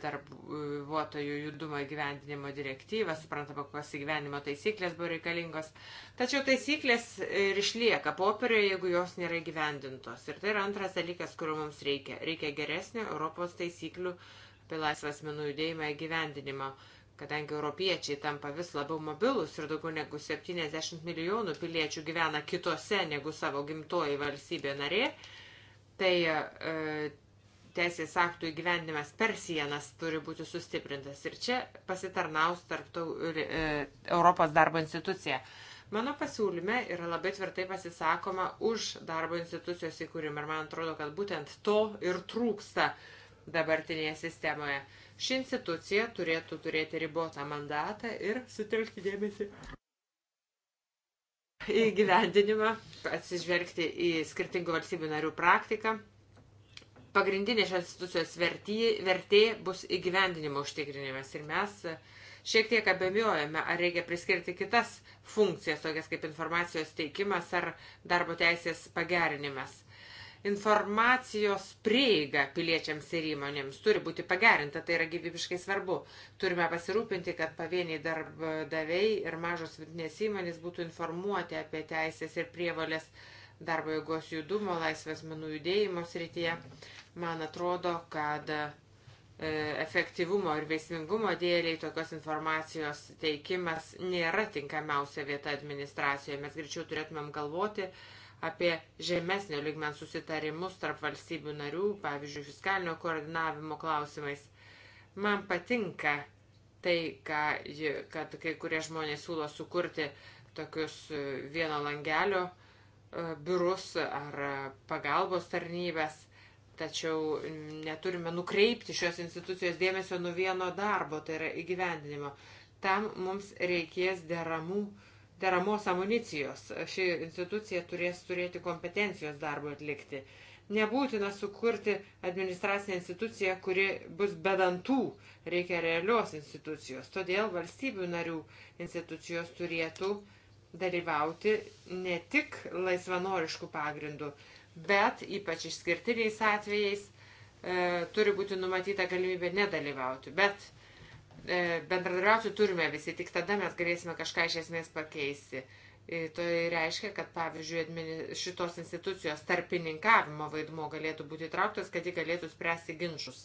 darbuotojų judumo įgyvendinimo direktyvą, suprantama, kokios įgyvendinimo taisyklės buvo reikalingos. Tačiau taisyklės ir išlieka popierioje, jeigu jos nėra įgyvendintos. Ir tai yra antras dalykas, kurio mums reikia. Reikia geresnio Europos taisyklių apie laisvą asmenų judėjimą įgyvendinimo. E, kadangi europiečiai tampa vis labiau mobilus ir daugiau negu 70 milijonų piliečių gyvena kitose negu savo gimtoji valstybė narė, tai e, teisės aktų įgyvendimas per sienas turi būti sustiprintas. Ir čia pasitarnaus tarptau e, Europos darbo institucija. Mano pasiūlyme yra labai tvirtai pasisakoma už darbo institucijos įkūrimą ir man atrodo, kad būtent to ir trūksta dabartinėje sistemoje. E, Ši institucija turėtų turėti ribotą mandatą ir sutelkti dėmesį į gyvendinimą, atsižvelgti į skirtingų valstybių narių praktiką. Pagrindinė šios institucijos vertė, vertė bus įgyvendinimo užtikrinimas ir mes šiek tiek abejojame, ar reikia priskirti kitas funkcijas, tokias kaip informacijos teikimas ar darbo teisės pagerinimas informacijos prieiga piliečiams ir įmonėms turi būti pagerinta, tai yra gyvybiškai svarbu. Turime pasirūpinti, kad pavieniai darbdaviai ir mažos vidinės įmonės būtų informuoti apie teisės ir prievalės darbo jėgos judumo, laisvės menų judėjimo srityje. Man atrodo, kad e, efektyvumo ir veiksmingumo dėliai tokios informacijos teikimas nėra tinkamiausia vieta administracijoje. Mes greičiau turėtumėm galvoti, uh, apie žemesnio ligmens susitarimus tarp valstybių narių, pavyzdžiui, fiskalinio koordinavimo klausimais. Man patinka tai, ką, kad kai kurie žmonės siūlo sukurti tokius e, vieno langelio e, biurus ar e, pagalbos tarnybės, tačiau neturime nukreipti šios institucijos dėmesio nuo vieno darbo, tai yra įgyvendinimo. Tam mums reikės deramų teramos amunicijos. Ši institucija turės turėti kompetencijos darbui atlikti. Nebūtina sukurti administracinę instituciją, kuri bus bedantų, reikia realios institucijos. Todėl valstybių narių institucijos turėtų dalyvauti ne tik laisvanoriškų pagrindų, bet ypač išskirtiniais atvejais e, turi būti numatyta galimybė nedalyvauti. Bet E, bendradarbiauti turime visi, tik tada mes galėsime kažką iš esmės pakeisti. E, tai reiškia, kad pavyzdžiui šitos institucijos tarpininkavimo vaidmo galėtų būti trauktas, kad ji galėtų spręsti ginčius.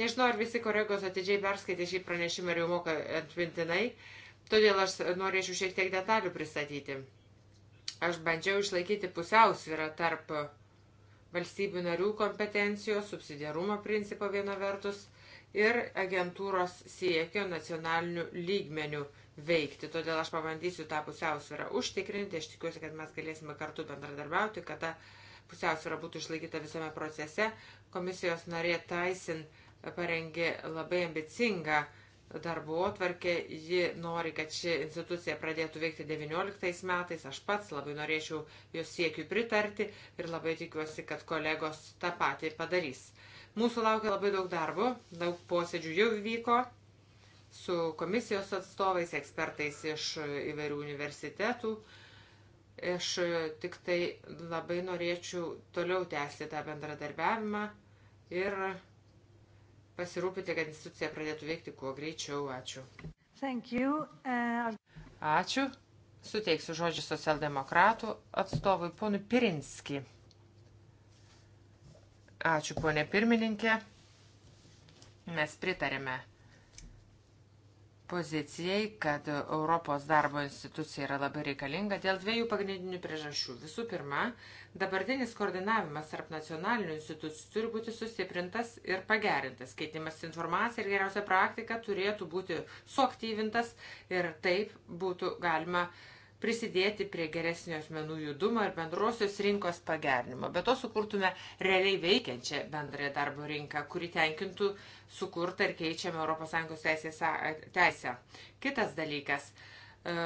Nežinau, ar visi kolegos atidžiai perskaitė šį pranešimą ir jau moka atmintinai, todėl aš norėčiau šiek tiek detalių pristatyti. Aš bandžiau išlaikyti pusiausvyrą tarp valstybių narių kompetencijos, subsidiarumo principo viena vertus ir agentūros siekia nacionaliniu lygmeniu veikti. Todėl aš pabandysiu tą pusiausvyrą užtikrinti. Aš tikiuosi, kad mes galėsime kartu bendradarbiauti, kad ta pusiausvyrą būtų išlaikyta visame procese. Komisijos narė Taisin parengė labai ambicingą darbo atvarkę. Ji nori, kad ši institucija pradėtų veikti 19 metais. Aš pats labai norėčiau jos siekiu pritarti ir labai tikiuosi, kad kolegos tą patį padarys. Mūsų laukia labai daug darbo, daug posėdžių jau vyko su komisijos atstovais, ekspertais iš įvairių universitetų. Aš tik tai labai norėčiau toliau tęsti tą bendradarbiavimą ir pasirūpinti, kad institucija pradėtų veikti kuo greičiau. Ačiū. Uh... Ačiū. Suteiksiu žodžiu socialdemokratų atstovui ponui Pirinski. Ačiū, ponė pirmininkė. Mes pritarėme pozicijai, kad Europos darbo institucija yra labai reikalinga dėl dviejų pagrindinių priežasčių. Visų pirma, dabartinis koordinavimas tarp nacionalinių institucijų turi būti sustiprintas ir pagerintas. Keitimas informacija ir geriausia praktika turėtų būti suaktyvintas ir taip būtų galima uh, prisidėti prie geresnio asmenų judumo ir bendrosios rinkos pagernimo. Be to sukurtume realiai veikiančią bendrąją darbo rinką, kuri tenkintų sukurtą ir keičiamą ES teisės teisę. Kitas dalykas e,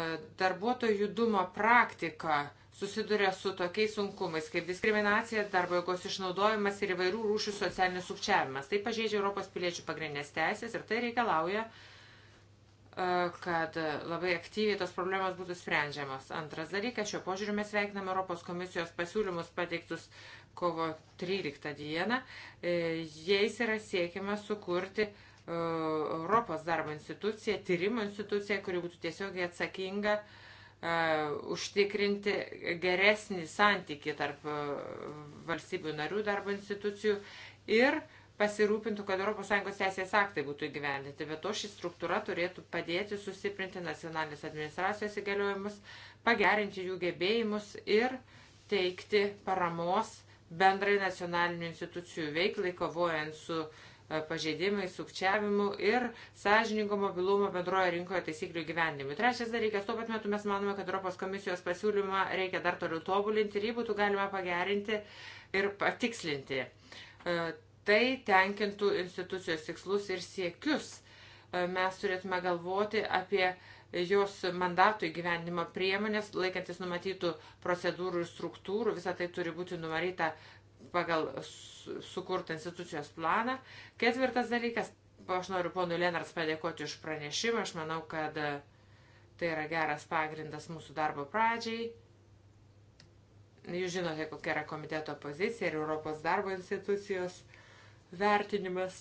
- darbuotojų judumo praktika susiduria su tokiais sunkumais kaip diskriminacija, darbo jėgos išnaudojimas ir įvairių rūšių socialinis sukčiavimas. Tai pažeidžia Europos piliečių pagrindinės teisės ir tai reikalauja uh, kad labai aktyviai tos problemos būtų sprendžiamas. Antras dalykas, šio požiūriu mes veikiname Europos komisijos pasiūlymus pateiktus kovo 13 dieną. E, jais yra siekiama sukurti e, Europos darbo instituciją, tyrimo instituciją, kuri būtų tiesiogiai atsakinga e, užtikrinti geresnį santyki tarp valstybių narių darbo institucijų ir uh, pasirūpintų, kad ES teisės aktai būtų įgyvendinti. Be to, ši struktūra turėtų padėti sustiprinti nacionalinės administracijos įgaliojimus, pagerinti jų gebėjimus ir teikti paramos bendrai nacionalinių institucijų veiklai, kovojant su e, pažeidimai, sukčiavimu ir sąžininko mobilumo bendroje rinkoje taisyklių gyvendimui. Trečias dalykas, tuo pat metu mes manome, kad Europos komisijos pasiūlymą reikia dar toliau tobulinti ir jį būtų galima pagerinti ir patikslinti. E, tai tenkintų institucijos tikslus ir siekius. E, mes turėtume galvoti apie jos mandato įgyvendimo priemonės, laikantis numatytų procedūrų ir struktūrų, visą tai turi būti numaryta pagal sukurtą institucijos planą. Ketvirtas dalykas, aš noriu ponui Lenarts padėkoti už pranešimą, aš manau, kad e, tai yra geras pagrindas mūsų darbo pradžiai. Jūs žinote, kokia yra komiteto pozicija ir Europos darbo institucijos vertinimas.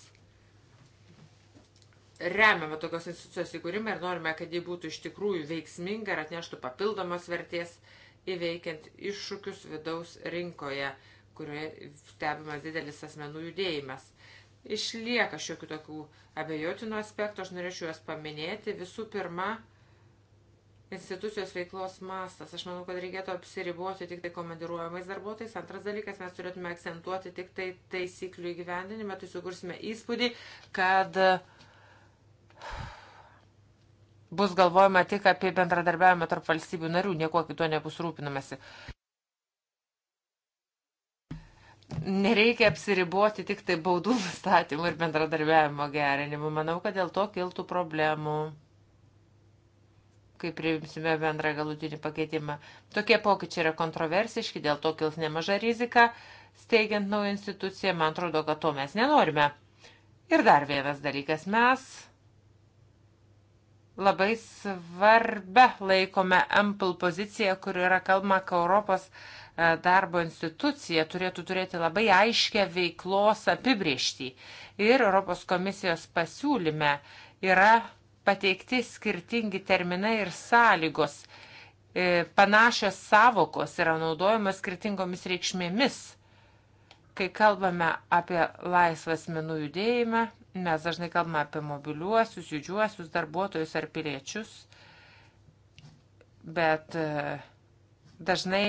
Remiame tokios institucijos įkūrimą ir norime, kad ji būtų iš tikrųjų veiksminga ir atneštų papildomos vertės įveikiant iššūkius vidaus rinkoje, kurioje stebimas didelis asmenų judėjimas. Išlieka šiokių tokių abejotinų aspektų, aš norėčiau juos paminėti. Visų pirma, institucijos veiklos mastas. Aš manau, kad reikėtų apsiriboti tik tai komandiruojamais darbuotojais. Antras dalykas, mes turėtume akcentuoti tik tai taisyklių įgyvendinimą, tai sukursime įspūdį, kad bus galvojama tik apie bendradarbiavimą tarp valstybių narių, nieko kito nebus rūpinamasi. Nereikia apsiriboti tik tai baudų nustatymų ir bendradarbiavimo gerinimu. Manau, kad dėl to kiltų problemų kai priimsime bendrą galutinį pakeitimą. Tokie pokyčiai yra kontroversiški, dėl to kils nemaža rizika, steigiant naują instituciją, man atrodo, kad to mes nenorime. Ir dar vienas dalykas, mes labai svarbę laikome Ample poziciją, kur yra kalbama, kad Europos e, darbo institucija turėtų turėti labai aiškę veiklos apibriežtį. Ir Europos komisijos pasiūlyme yra pateikti skirtingi terminai ir sąlygos. E, panašios savokos yra naudojamos skirtingomis reikšmėmis. Kai kalbame apie laisvą asmenų judėjimą, mes dažnai kalbame apie mobiliuosius, judžiuosius darbuotojus ar piliečius, bet e, dažnai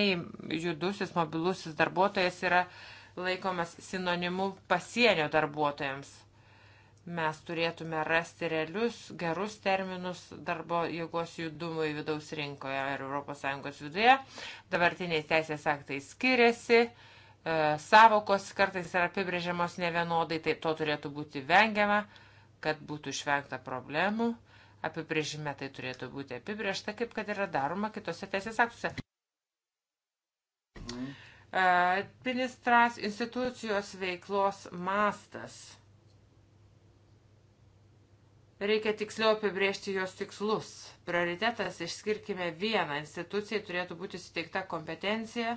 judusis, mobilusis darbuotojas yra laikomas sinonimu pasienio darbuotojams – Mes turėtume rasti realius, gerus terminus darbo jėgos judumui vidaus rinkoje ir ES viduje. Dabartiniai teisės aktai skiriasi, e, savokos kartais yra apibrėžiamos nevienodai, tai to turėtų būti vengiama, kad būtų išvengta problemų. Apibrėžime tai turėtų būti apibrėžta, kaip kad yra daroma kitose teisės aktuose mhm. e, administracijos institucijos veiklos mastas. Reikia tiksliau apibriežti jos tikslus. Prioritetas išskirkime vieną. Institucijai turėtų būti suteikta kompetencija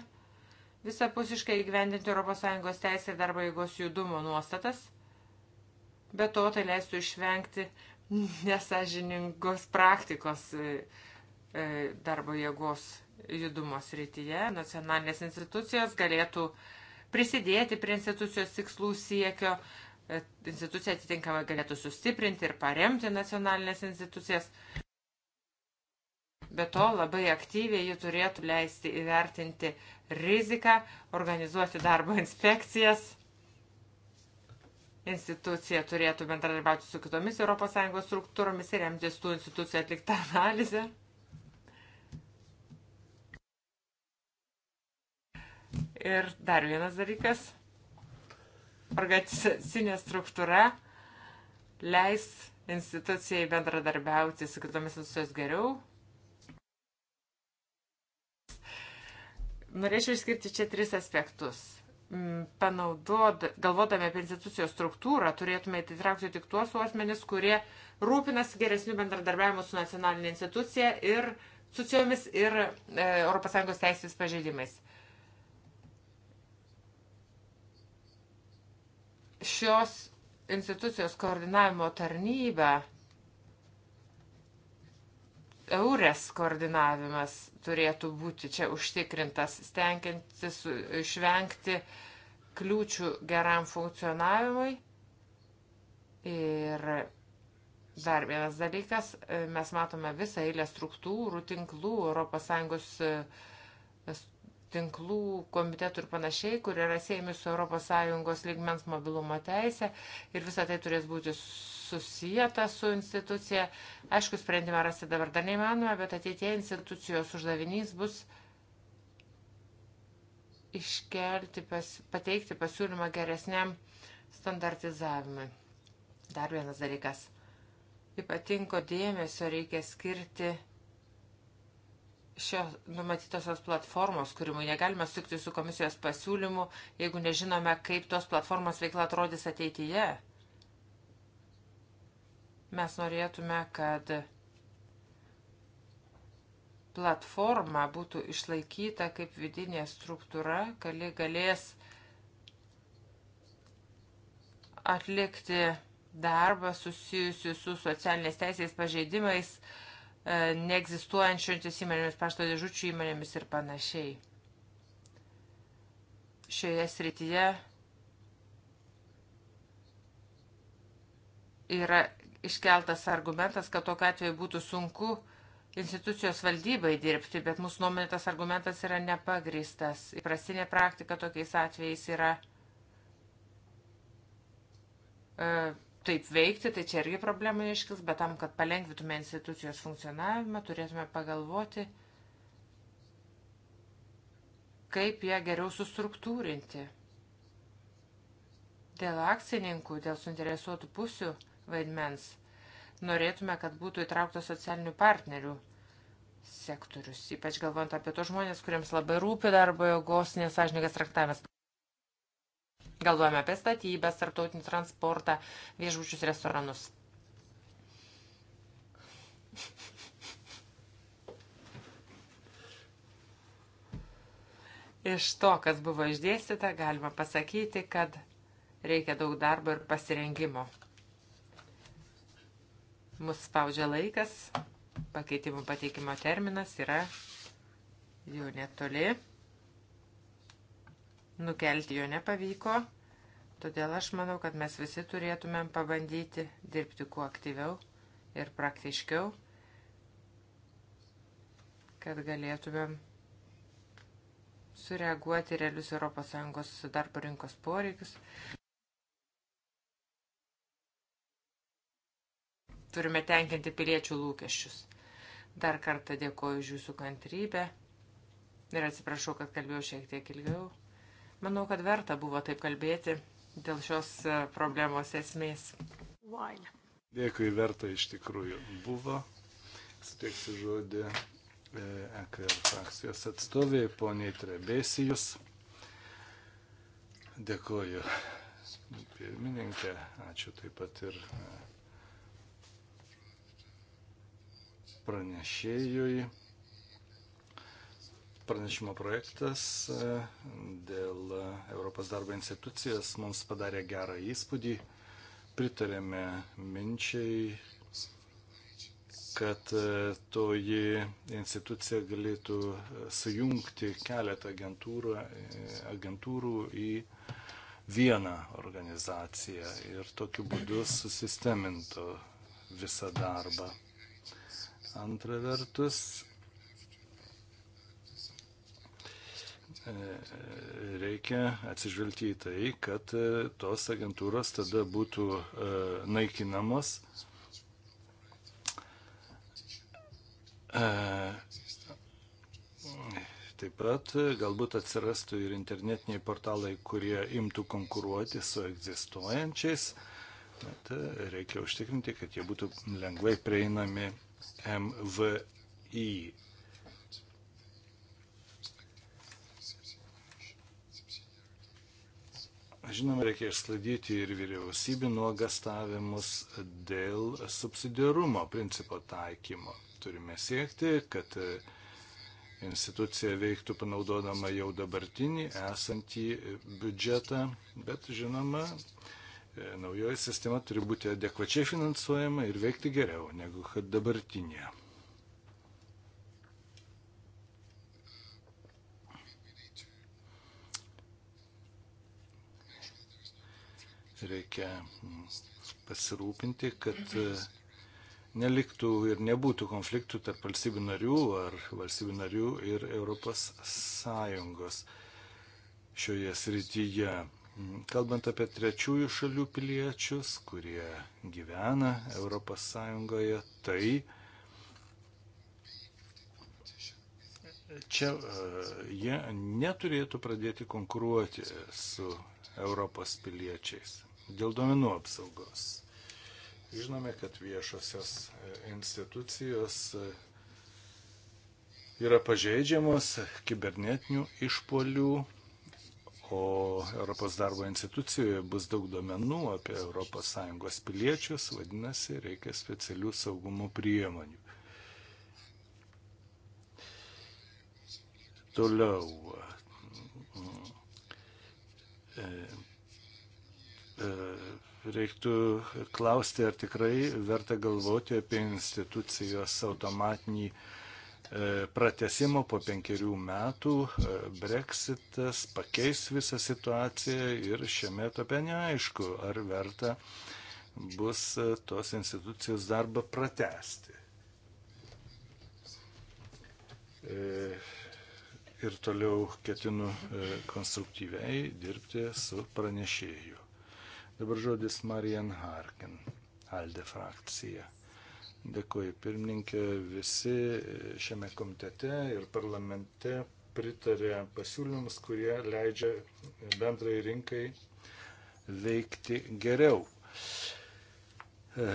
visapusiškai įgyvendinti ES teisę ir darbo jėgos judumo nuostatas. Be to, tai leistų išvengti nesažiningos praktikos e, e, darbo jėgos judumo srityje. Nacionalinės institucijos galėtų prisidėti prie institucijos tikslų siekio institucija atitinkamai galėtų sustiprinti ir paremti nacionalinės institucijas. Be to, labai aktyviai ji turėtų leisti įvertinti riziką, organizuoti darbo inspekcijas. Institucija turėtų bendradarbiauti su kitomis ES struktūromis ir remtis tų institucijų atliktą analizę. Ir dar vienas dalykas organizacinė struktūra leis institucijai bendradarbiauti su kitomis institucijos geriau. Norėčiau išskirti čia tris aspektus. Mm, panaudod, galvodami apie institucijos struktūrą, turėtume įtraukti tik tuos asmenis, kurie rūpinasi geresnių bendradarbiavimų su nacionalinė institucija ir institucijomis ir e, ES teisės pažeidimais. E, šios institucijos koordinavimo tarnybą, eurės koordinavimas turėtų būti čia užtikrintas, stengiantis išvengti kliūčių geram funkcionavimui. Ir dar vienas dalykas, mes matome visą eilę struktūrų, tinklų ES tinklų komitetų ir panašiai, kur yra siejami su ES lygmens mobilumo teisė ir visą tai turės būti susijęta su institucija. Aišku, sprendimą rasti dabar dar neįmanoma, bet ateitie institucijos uždavinys bus iškelti, pas, pateikti pasiūlymą geresniam standartizavimui. Dar vienas dalykas. Ypatingo dėmesio reikia skirti šios numatytosios platformos kūrimui. Negalime sukti su komisijos pasiūlymu, jeigu nežinome, kaip tos platformos veikla atrodys ateityje. Mes norėtume, kad platforma būtų išlaikyta kaip vidinė struktūra, kali galės atlikti darbą susijusiu su socialinės teisės pažeidimais, uh, E, neegzistuojančiomis įmonėmis, pašto dėžučių įmonėmis ir panašiai. Šioje srityje yra iškeltas argumentas, kad tokiu atveju būtų sunku institucijos valdybai dirbti, bet mūsų nuomonė tas argumentas yra nepagristas. Įprastinė praktika tokiais atvejais yra. Uh, taip veikti, tai čia irgi problemų iškils, bet tam, kad palengvitume institucijos funkcionavimą, turėtume pagalvoti, kaip ją geriau sustruktūrinti. Dėl akcininkų, dėl suinteresuotų pusių vaidmens norėtume, kad būtų įtrauktas socialinių partnerių sektorius, ypač galvojant apie tos žmonės, kuriems labai rūpi darbo jėgos nesažininkas traktavimas. Galvojame apie statybęs, tarptautinį transportą, viešbučius, restoranus. Iš to, kas buvo išdėstyta, galima pasakyti, kad reikia daug darbo ir pasirengimo. Mus spaudžia laikas, pakeitimų pateikimo terminas yra jau netoli nukelti jo nepavyko, todėl aš manau, kad mes visi turėtumėm pabandyti dirbti kuo aktyviau ir praktiškiau, kad galėtumėm sureaguoti realius ES darbo rinkos poreikius. Turime tenkinti piliečių lūkesčius. Dar kartą dėkoju už jūsų kantrybę ir atsiprašau, kad kalbėjau šiek tiek ilgiau. Manau, kad verta buvo taip kalbėti dėl šios e, problemos esmės. Dėkui, verta iš tikrųjų buvo. Suteiksiu žodį EKR e frakcijos atstovė, poniai Trebesijus. Dėkoju pirmininkė, ačiū taip pat ir e, pranešėjui pranešimo projektas e, dėl Europos darbo institucijos mums padarė gerą įspūdį. Pritarėme minčiai, kad e, toji institucija galėtų e, sujungti keletą agentūrų, agentūrų į vieną organizaciją ir tokiu būdu susistemintų visą darbą. Antra vertus, reikia atsižvelgti į tai, kad e, tos agentūros tada būtų e, naikinamos. E, taip pat galbūt atsirastų ir internetiniai portalai, kurie imtų konkuruoti su egzistuojančiais. Bet reikia užtikrinti, kad jie būtų lengvai prieinami MVI. Žinoma, reikia išsklaidyti ir vyriausybių nuogastavimus dėl subsidiarumo principo taikymo. Turime siekti, kad e, institucija veiktų panaudodama jau dabartinį esantį biudžetą, bet žinoma, e, naujoji sistema turi būti adekvačiai finansuojama ir veikti geriau negu kad dabartinė. Reikia pasirūpinti, kad e, neliktų ir nebūtų konfliktų tarp valstybių narių ar valstybių narių ir Europos Sąjungos šioje srityje. Kalbant apie trečiųjų šalių piliečius, kurie gyvena Europos Sąjungoje, tai čia e, jie neturėtų pradėti konkuruoti su Europos piliečiais dėl duomenų apsaugos. Žinome, kad viešosios e, institucijos e, yra pažeidžiamos kibernetinių išpolių, o Europos darbo institucijoje bus daug duomenų apie ES piliečius, vadinasi, reikia specialių saugumo priemonių. Toliau. E, reiktų klausti, ar tikrai verta galvoti apie institucijos automatinį e, pratesimo po penkerių metų. E, Brexitas pakeis visą situaciją ir šiame etape neaišku, ar verta bus e, tos institucijos darbą pratesti. Ir toliau ketinu konstruktyviai dirbti su pranešėju. Dabar žodis Marian Harkin, Alde frakcija. Dėkuoju pirmininkė, visi e, šiame komitete ir parlamente pritarė pasiūlymams, kurie leidžia bendrai rinkai veikti geriau. E,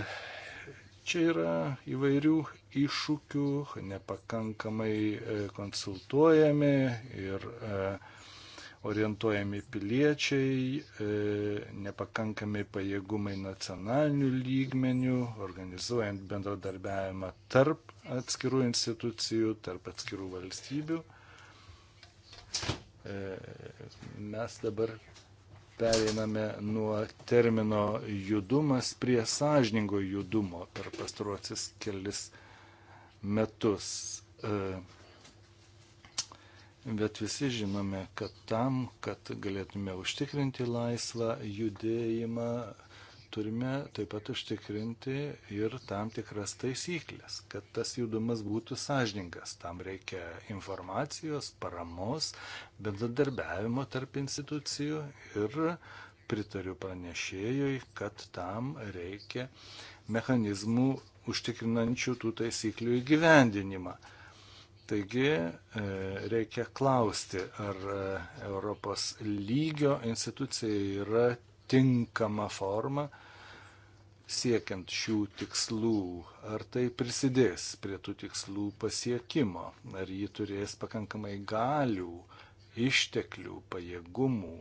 čia yra įvairių iššūkių, nepakankamai e, konsultuojami ir uh, orientuojami piliečiai, e, nepakankami pajėgumai nacionalinių lygmenių, organizuojant bendradarbiavimą tarp atskirų institucijų, tarp atskirų valstybių. E, mes dabar pereiname nuo termino judumas prie sąžiningo judumo per pastaruosius kelis metus. Uh Bet visi žinome, kad tam, kad galėtume užtikrinti laisvą judėjimą, turime taip pat užtikrinti ir tam tikras taisyklės, kad tas judumas būtų sąžiningas. Tam reikia informacijos, paramos, bendradarbiavimo tarp institucijų ir pritariu pranešėjui, kad tam reikia mechanizmų užtikrinančių tų taisyklių įgyvendinimą. Taigi e, reikia klausti, ar e, Europos lygio institucija yra tinkama forma siekiant šių tikslų, ar tai prisidės prie tų tikslų pasiekimo, ar ji turės pakankamai galių, išteklių, pajėgumų,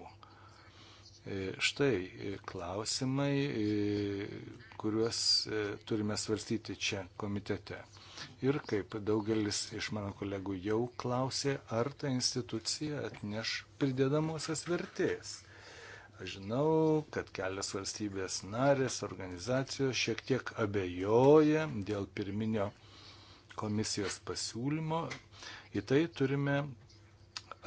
E, štai e, klausimai, e, kuriuos turime svarstyti čia komitete. Ir kaip daugelis iš mano kolegų jau klausė, ar ta institucija atneš pridedamosios vertės. Aš žinau, kad kelias valstybės narės, organizacijos šiek tiek abejoja dėl pirminio komisijos pasiūlymo. Į tai turime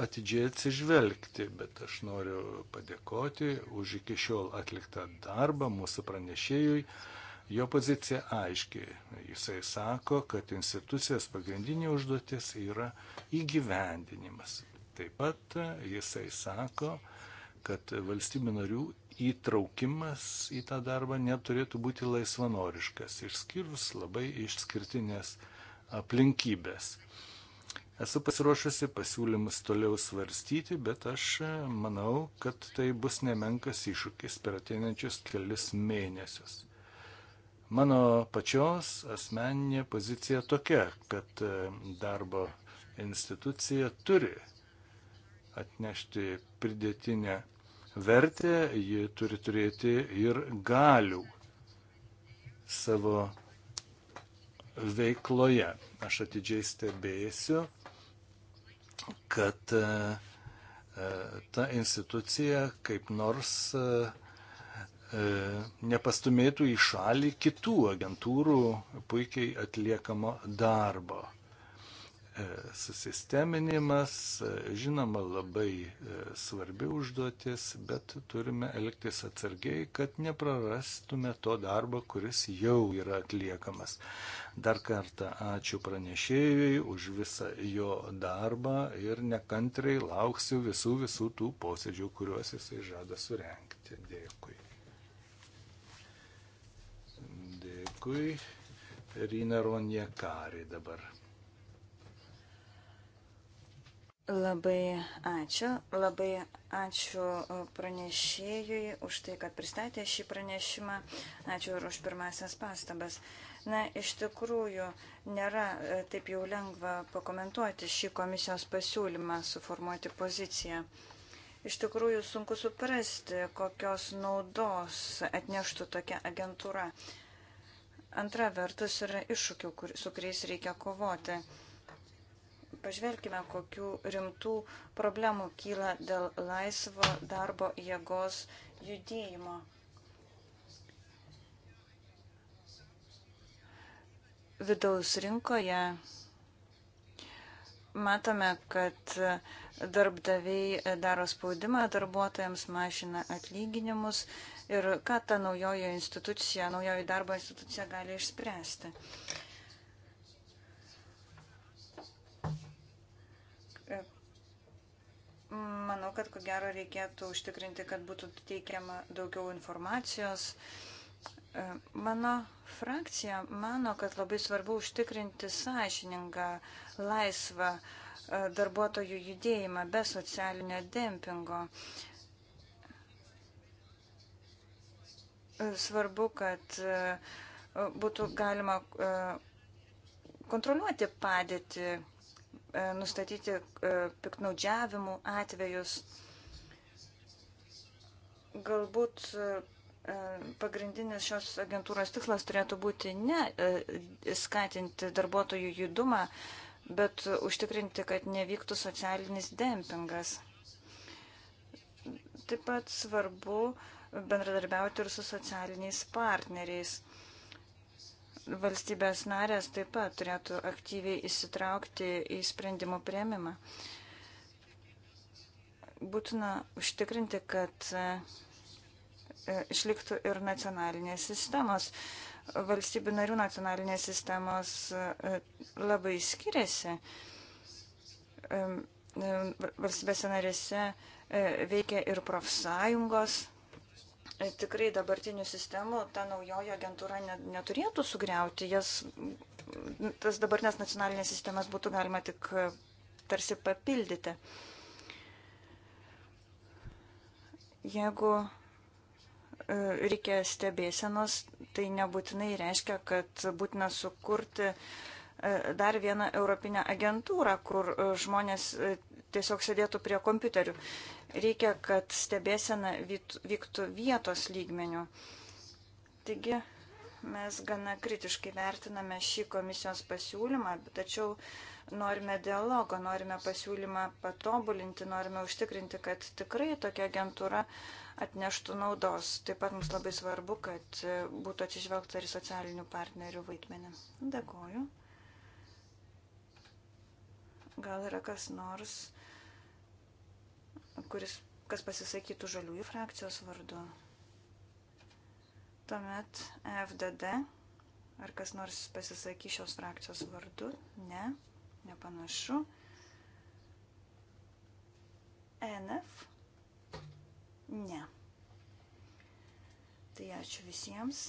atidžiai atsižvelgti, bet aš noriu padėkoti už iki šiol atliktą darbą mūsų pranešėjui. Jo pozicija aiški. Jisai sako, kad institucijos pagrindinė užduotis yra įgyvendinimas. Taip pat jisai sako, kad valstybių narių įtraukimas į tą darbą neturėtų būti laisvanoriškas, išskyrus labai išskirtinės aplinkybės. Esu pasiruošusi pasiūlymus toliau svarstyti, bet aš e, manau, kad tai bus nemenkas iššūkis per ateinančius kelius mėnesius. Mano pačios asmeninė pozicija tokia, kad e, darbo institucija turi atnešti pridėtinę vertę, ji turi turėti ir galių savo veikloje. Aš atidžiai stebėsiu, kad e, e, ta institucija kaip nors e, nepastumėtų į šalį kitų agentūrų puikiai atliekamo darbo. E, susisteminimas, e, žinoma, labai e, svarbi užduotis, bet turime elgtis atsargiai, kad neprarastume to darbo, kuris jau yra atliekamas. Dar kartą ačiū pranešėjui už visą jo darbą ir nekantriai lauksiu visų visų tų posėdžių, kuriuos jisai žada surenkti. Dėkui. Dėkui. Rina Ronjekari dabar. Labai ačiū. Labai ačiū e, pranešėjui už tai, kad pristatė šį pranešimą. Ačiū ir už pirmasias pastabas. Na, iš tikrųjų, nėra e, taip jau lengva pakomentuoti šį komisijos pasiūlymą, suformuoti poziciją. Iš tikrųjų, sunku suprasti, kokios naudos atneštų tokia agentūra. Antra vertus yra iššūkių, kur, su kuriais reikia kovoti pažvelkime, kokių rimtų problemų kyla dėl laisvo darbo jėgos judėjimo. Vidaus rinkoje matome, kad darbdaviai daro spaudimą darbuotojams, mažina atlyginimus ir ką ta naujoji institucija, naujoji darbo institucija gali išspręsti. Manau, kad ko gero reikėtų užtikrinti, kad būtų teikiama daugiau informacijos. E, mano frakcija mano, kad labai svarbu užtikrinti sąžiningą, laisvą e, darbuotojų judėjimą be socialinio dempingo. E, svarbu, kad būtų galima kontroliuoti padėtį E, nustatyti e, piknaudžiavimų atvejus. Galbūt e, pagrindinis šios agentūros tikslas turėtų būti ne skatinti darbuotojų judumą, bet užtikrinti, kad nevyktų socialinis dempingas. Taip pat svarbu bendradarbiauti ir su socialiniais partneriais valstybės narės taip pat turėtų aktyviai įsitraukti į sprendimų prieimimą. Būtina užtikrinti, kad e, išliktų ir nacionalinės sistemos. Valstybių narių nacionalinės sistemos e, labai skiriasi. Valstybėse narėse e, veikia ir profsąjungos tikrai dabartinių sistemų ta naujoji agentūra neturėtų sugriauti, jas, tas dabartinės nacionalinės sistemas būtų galima tik e, tarsi papildyti. Jeigu e, reikia stebėsenos, tai nebūtinai reiškia, kad būtina sukurti e, dar vieną Europinę agentūrą, kur žmonės tiesiog sėdėtų prie kompiuterių. Reikia, kad stebėsena vyktų vietos lygmenių. Taigi mes gana kritiškai vertiname šį komisijos pasiūlymą, tačiau norime dialogo, norime pasiūlymą patobulinti, norime užtikrinti, kad tikrai tokia agentūra atneštų naudos. Taip pat mums labai svarbu, kad būtų atsižvelgta ir socialinių partnerių vaidmenį. Dėkoju. Gal yra kas nors, kuris, kas pasisakytų žaliųjų frakcijos vardu. Tuomet FDD, ar kas nors pasisakys šios frakcijos vardu? Ne, nepanašu. NF? Ne. Tai ačiū visiems.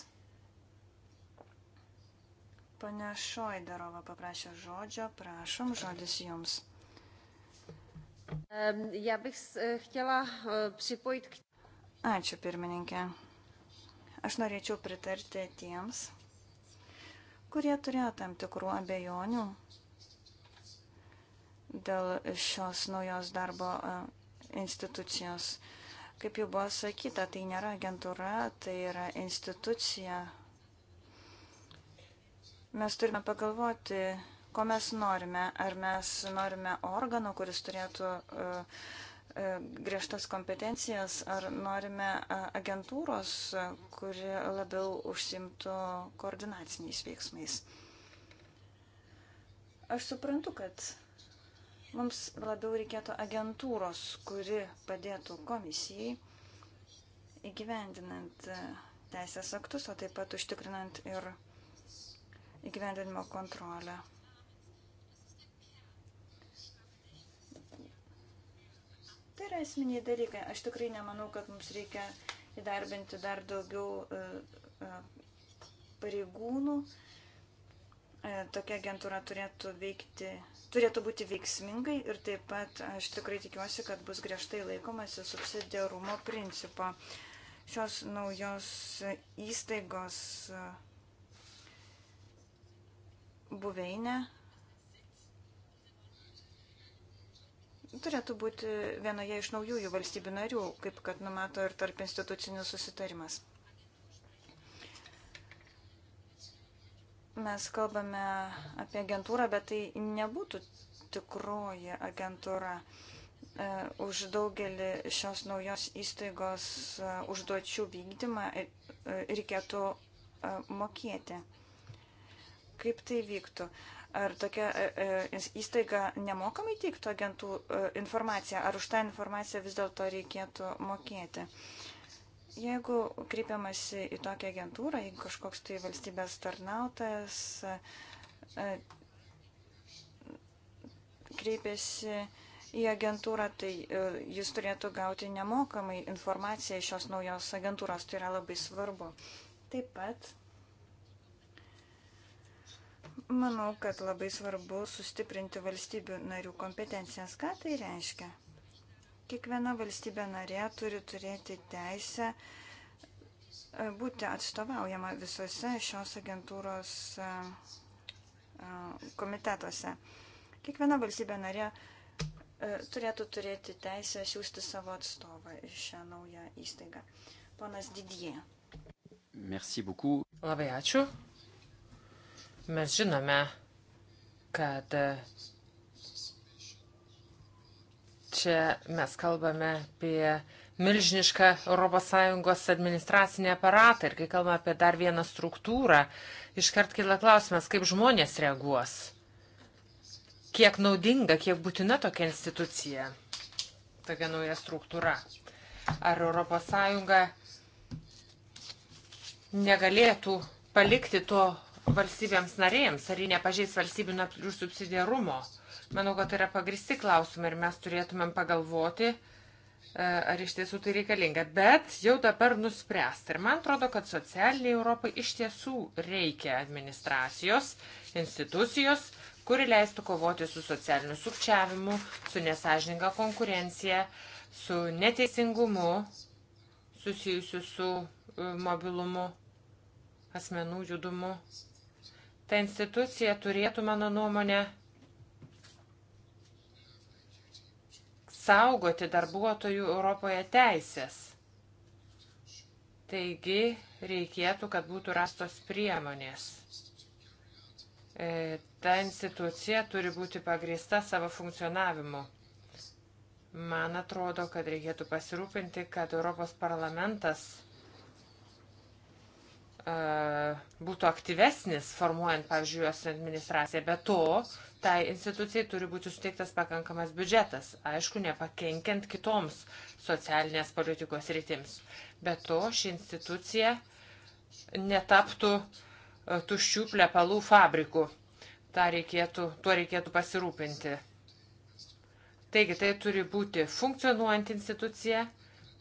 Pane Šoidarova paprašė žodžio, prašom, žodis jums. Eh, eh, Ačiū pirmininkė. Aš norėčiau pritarti tiems, kurie turėjo tam tikrų abejonių dėl šios naujos darbo eh, institucijos. Kaip jau buvo sakyta, tai nėra agentūra, tai yra institucija. Mes turime pagalvoti, ko mes norime. Ar mes norime organo, kuris turėtų e, e, griežtas kompetencijas, ar norime e, agentūros, kuri labiau užsimtų koordinaciniais veiksmais. Aš suprantu, kad Mums labiau reikėtų agentūros, kuri padėtų komisijai įgyvendinant teisės aktus, o taip pat užtikrinant ir įgyvendinimo kontrolę. Tai yra esminiai dalykai. Aš tikrai nemanau, kad mums reikia įdarbinti dar daugiau e, e, pareigūnų. E, tokia agentūra turėtų, veikti, turėtų būti veiksmingai ir taip pat aš tikrai tikiuosi, kad bus griežtai laikomasi subsidiarumo principo. Šios naujos įstaigos buveinė turėtų būti vienoje iš naujųjų valstybių narių, kaip kad numato ir tarp institucinių susitarimas. Mes kalbame apie agentūrą, bet tai nebūtų tikroji agentūra. E, už daugelį šios naujos įstaigos e, užduočių vykdymą e, reikėtų mokėti. Kaip tai vyktų? Ar tokia e, e, įstaiga nemokamai teiktų agentų e, informaciją, ar už tą informaciją vis dėlto reikėtų mokėti? Jeigu kreipiamasi į tokią agentūrą, jeigu kažkoks tai valstybės tarnautas kreipiasi į agentūrą, tai jis turėtų gauti nemokamai informaciją iš šios naujos agentūros, tai yra labai svarbu. Taip pat Manau, kad labai svarbu sustiprinti valstybių narių kompetencijas. Ką tai reiškia? Kiekviena valstybė narė turi turėti teisę e, būti atstovaujama visose šios agentūros e, e, komitetuose. Kiekviena valstybė narė turėtų turėti teisę siūsti savo atstovą į šią naują įstaigą. Ponas Didie. Merci beaucoup. Labai ačiū. Mes žinome, kad čia mes kalbame apie milžinišką ES administracinį aparatą ir kai kalbame apie dar vieną struktūrą, iškart kila klausimas, kaip žmonės reaguos, kiek naudinga, kiek būtina tokia institucija, tokia nauja struktūra. Ar ES negalėtų palikti to valstybėms narėjams, ar ji nepažeis valstybių narių subsidiarumo. Manau, kad tai yra pagristi klausimai ir mes turėtumėm pagalvoti, e, ar iš tiesų tai reikalinga. Bet jau dabar nuspręsta. Ir man atrodo, kad socialiniai Europai iš tiesų reikia administracijos, institucijos, kuri leistų kovoti su socialiniu sukčiavimu, su nesažininga konkurencija, su neteisingumu susijusiu su e, mobilumu, asmenų judumu ta institucija turėtų, mano nuomonė, saugoti darbuotojų Europoje teisės. Taigi reikėtų, kad būtų rastos priemonės. E, ta institucija turi būti pagrįsta savo funkcionavimu. Man atrodo, kad reikėtų pasirūpinti, kad Europos parlamentas būtų aktyvesnis, formuojant, pavyzdžiui, jos administraciją. Be to, tai institucijai turi būti suteiktas pakankamas biudžetas, aišku, nepakenkiant kitoms socialinės politikos rytims. Be to, ši institucija netaptų tuščių plepalų fabrikų. Ta reikėtų, tuo reikėtų pasirūpinti. Taigi, tai turi būti funkcionuojant institucija,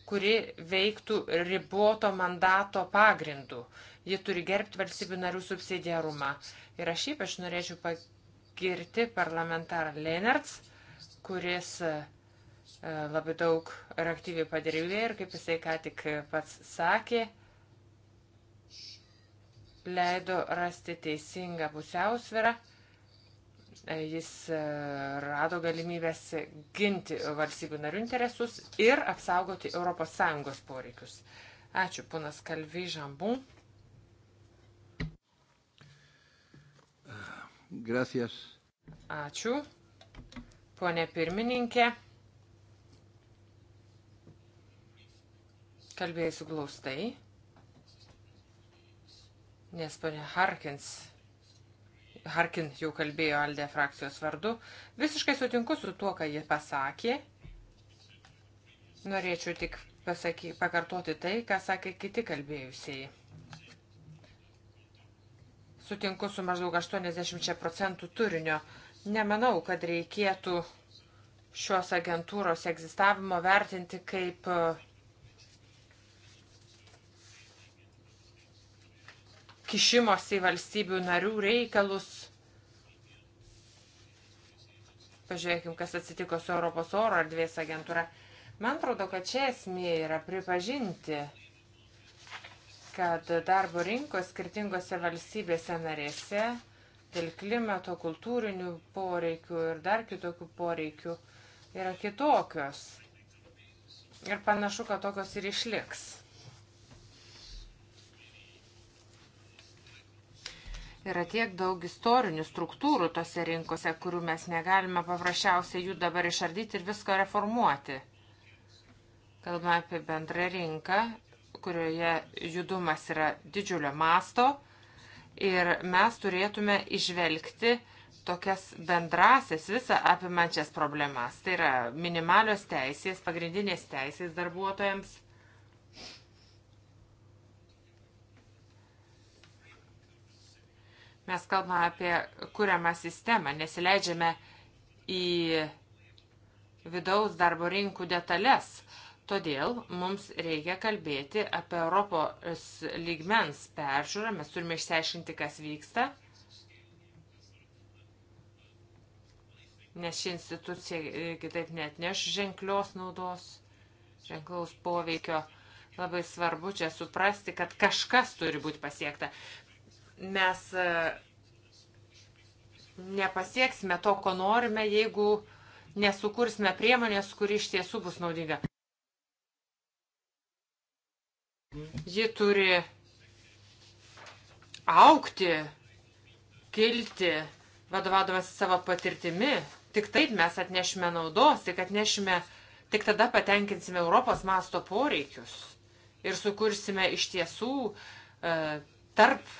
kuri veiktų riboto mandato pagrindu. Uh, Ji turi gerbti valstybių narių subsidiarumą. Ir aš ypač norėčiau pagirti parlamentarą Lenerts, kuris e, labai daug ir aktyviai padirbėjo ir, kaip jisai ką tik pats sakė, leido rasti teisingą pusiausvirą. E, jis e, rado galimybės ginti valstybių narių interesus ir apsaugoti ES poreikius. Ačiū, ponas Kalvy Žambun. Gracias. Ačiū, ponė pirmininkė. Kalbėsiu glaustai, nes ponė Harkins Harkin jau kalbėjo Aldė frakcijos vardu. Visiškai sutinku su tuo, ką ji pasakė. Norėčiau tik pasaky, pakartoti tai, ką sakė kiti kalbėjusieji sutinku su maždaug 80 procentų turinio. Nemanau, kad reikėtų šios agentūros egzistavimo vertinti kaip e, kišimosi į valstybių narių reikalus. Pažiūrėkime, kas atsitiko su Europos oro erdvės agentūra. Man atrodo, kad čia esmė yra pripažinti kad darbo rinkos skirtingose valstybėse narėse dėl klimato, kultūrinių poreikių ir dar kitokių poreikių yra kitokios. Ir panašu, kad tokios ir išliks. Yra tiek daug istorinių struktūrų tose rinkose, kurių mes negalime paprasčiausiai jų dabar išardyti ir visko reformuoti. Kalbame apie bendrą rinką kurioje judumas yra didžiulio masto ir mes turėtume išvelgti tokias bendrasias visą apimančias problemas. Tai yra minimalios teisės, pagrindinės teisės darbuotojams. Mes kalbame apie kuriamą sistemą, nesileidžiame į vidaus darbo rinkų detalės. Uh, Todėl mums reikia kalbėti apie Europos lygmens peržiūrą. Mes turime išsiaiškinti, kas vyksta. Nes ši institucija kitaip net neš ženklios naudos, ženklaus poveikio. Labai svarbu čia suprasti, kad kažkas turi būti pasiekta. Mes e, nepasieksime to, ko norime, jeigu nesukursime priemonės, kuri iš tiesų bus naudinga. Ji turi aukti, kilti, vadovaudamas savo patirtimi. Tik taip mes atnešime naudos, tik atnešime, tik tada patenkinsime Europos masto poreikius ir sukursime iš tiesų e, tarp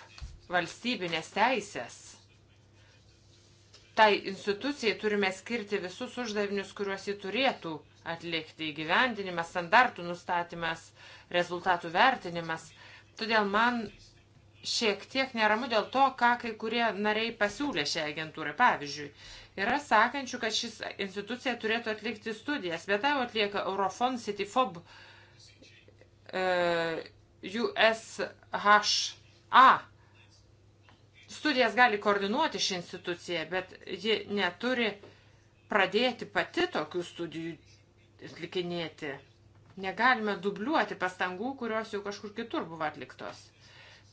valstybinės teisės tai institucijai turime skirti visus uždavinius, kuriuos ji turėtų atlikti, įgyvendinimas, standartų nustatymas, rezultatų vertinimas. Todėl man šiek tiek neramu dėl to, ką kai kurie nariai pasiūlė šią agentūrą. Pavyzdžiui, yra sakančių, kad šis institucija turėtų atlikti studijas, bet tai atlieka Eurofon Cityfob e, uh, USHA studijas gali koordinuoti ši institucija, bet ji neturi pradėti pati tokių studijų atlikinėti. Negalime dubliuoti pastangų, kurios jau kažkur kitur buvo atliktos.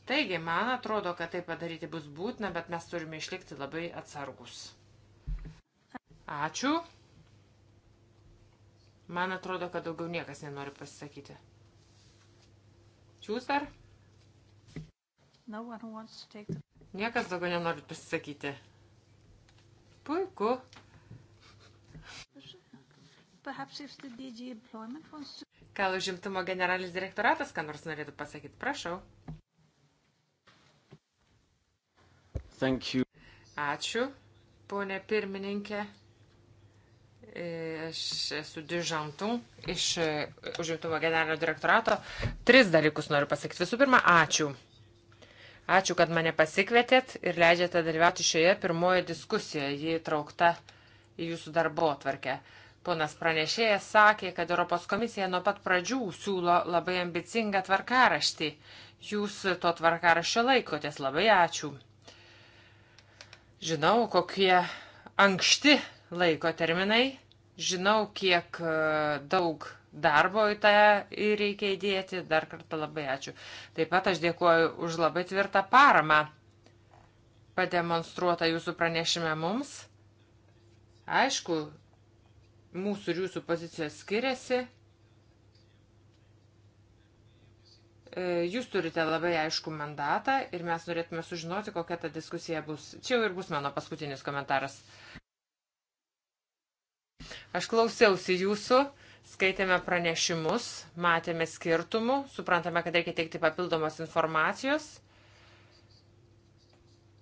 Taigi, man atrodo, kad tai padaryti bus būtina, bet mes turime išlikti labai atsargus. Ačiū. Man atrodo, kad daugiau niekas nenori pasisakyti. Jūs dar? No the... Niekas daugiau nenorit pasisakyti. Puiku. Gal užimtumo generalinis direktoratas, ką nors norėtų pasakyti, prašau. Ačiū, ponė pirmininkė. E, aš esu Dižantum iš e, užimtumo generalinio direktorato. Tris dalykus noriu pasakyti. Visų pirma, ačiū. Ačiū, kad mane pasikvietėt ir leidžiate dalyvauti šioje pirmoje diskusijoje. Ji traukta į jūsų darbo atvarkę. Uh, Ponas pranešėjas sakė, kad Europos komisija nuo pat pradžių siūlo labai ambicingą tvarkaraštį. Jūs to tvarkaraščio laikotės, labai ačiū. Žinau, kokie ankšti laiko terminai, žinau, kiek e, daug darbo į tą reikia įdėti, dar kartą labai ačiū. Taip pat aš dėkuoju už labai tvirtą paramą pademonstruotą jūsų pranešime mums. Aišku, mūsų ir jūsų pozicijos skiriasi. E, jūs turite labai aišku mandatą ir mes norėtume sužinoti, kokia ta diskusija bus. Čia jau ir bus mano paskutinis komentaras. Aš klausiausi jūsų, skaitėme pranešimus, matėme skirtumų, suprantame, kad reikia teikti papildomos informacijos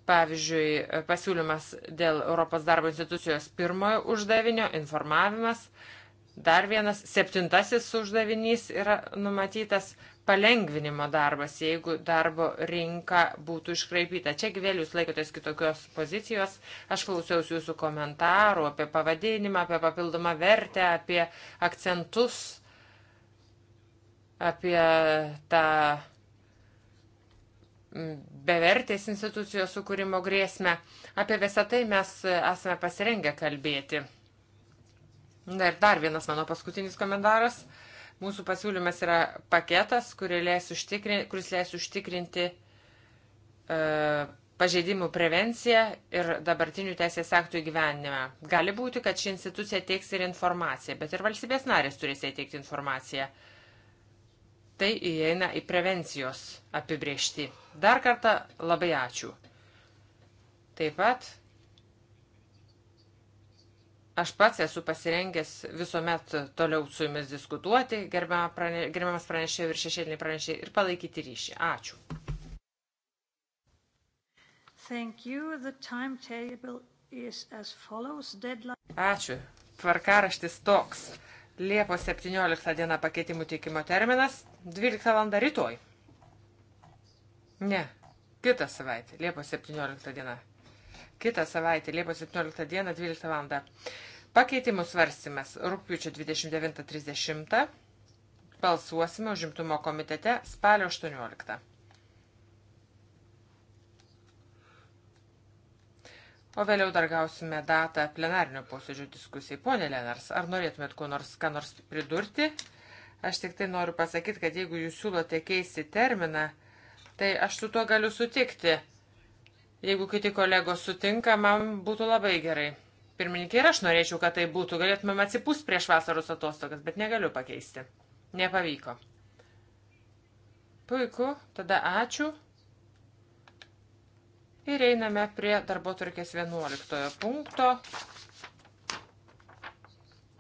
Pavyzdžiui, pasiūlymas dėl Europos darbo institucijos pirmojo uždavinio - informavimas. Dar vienas septintasis uždavinys yra numatytas palengvinimo darbas, jeigu darbo rinka būtų iškraipyta. Čia vėl jūs laikotės kitokios pozicijos. Aš klausiausi jūsų komentarų apie pavadinimą, apie papildomą vertę, apie akcentus, apie tą bevertės institucijos sukūrimo grėsmę. Apie visą tai mes esame pasirengę kalbėti. Na ir dar vienas mano paskutinis komentaras. Mūsų pasiūlymas yra paketas, leis užtikrin, kuris leis užtikrinti e, pažeidimų prevenciją ir dabartinių teisės aktų įgyvenimą. Gali būti, kad ši institucija teiks ir informaciją, bet ir valstybės narės turės jai teikti informaciją. E, tai įeina į prevencijos apibriešti. Dar kartą labai ačiū. Taip pat aš pats esu pasirengęs visuomet toliau su jumis diskutuoti, gerbiamas pranešėjai ir šešėliniai pranešėjai, ir palaikyti ryšį. Ačiū. Ačiū. Tvarkaraštis toks. Liepos 17 diena pakeitimų teikimo terminas, 12 val. rytoj. Ne, kitą savaitę, Liepos 17 diena. Kitą savaitę, Liepos 17 diena, 12 val. Pakeitimų svarstymas rūpiučio 29.30. Balsuosime užimtumo komitete spalio 18. O vėliau dar gausime datą plenarnio posėdžio diskusijai. Pone Lenars, ar norėtumėt kuo nors, ką nors pridurti? Aš tik tai noriu pasakyti, kad jeigu jūs siūlote keisti terminą, tai aš su tuo galiu sutikti. Jeigu kiti kolegos sutinka, man būtų labai gerai. Pirmininkai ir aš norėčiau, kad tai būtų. Galėtumėm atsipūst prieš vasaros atostogas, bet negaliu pakeisti. Nepavyko. Puiku, tada ačiū. Ir einame prie darbo turkės 11 punkto.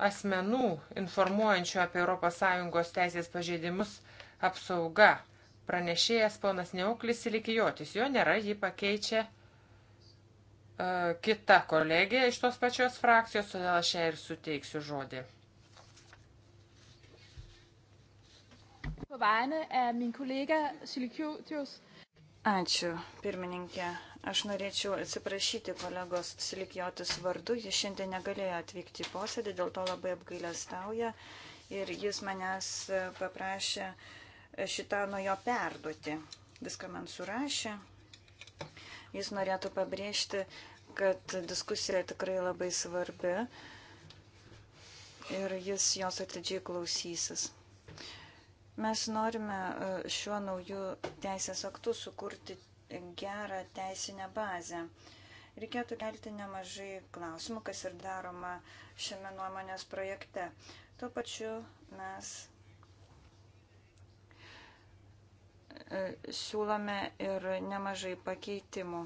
Asmenų informuojančių apie ES teisės pažeidimus apsauga. Pranešėjas ponas Neuklis Ilikijotis. Jo nėra, jį pakeičia uh, kita kolegija iš tos pačios frakcijos, todėl aš ją ir suteiksiu žodį. På vegne af min kollega Silikiotius, øh, Ačiū, pirmininkė. Aš norėčiau atsiprašyti kolegos Silikiotis vardu. Jis šiandien negalėjo atvykti į posėdį, dėl to labai apgailestauja. Ir jis manęs paprašė šitą nuo jo perduoti. Viską man surašė. Jis norėtų pabrėžti, kad diskusija tikrai labai svarbi. Ir jis jos atidžiai klausysis. Mes norime e, šiuo nauju teisės aktu sukurti gerą teisinę bazę. Reikėtų kelti nemažai klausimų, kas ir daroma šiame nuomonės projekte. Tuo pačiu mes e, siūlome ir nemažai pakeitimų.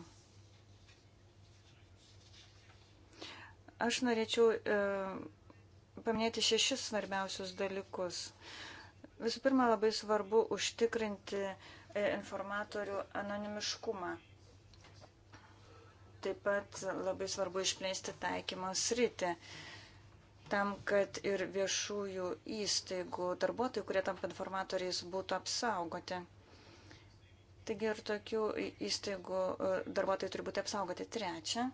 Aš norėčiau e, paminėti šešis svarbiausius dalykus. E, Visų pirma, labai svarbu užtikrinti e, informatorių anonimiškumą. Taip pat labai svarbu išplėsti taikymo sritį tam, kad ir viešųjų įstaigų darbuotojų, kurie tampa informatoriais, būtų apsaugoti. Taigi ir tokių įstaigų e, darbuotojai turi būti apsaugoti. Trečia,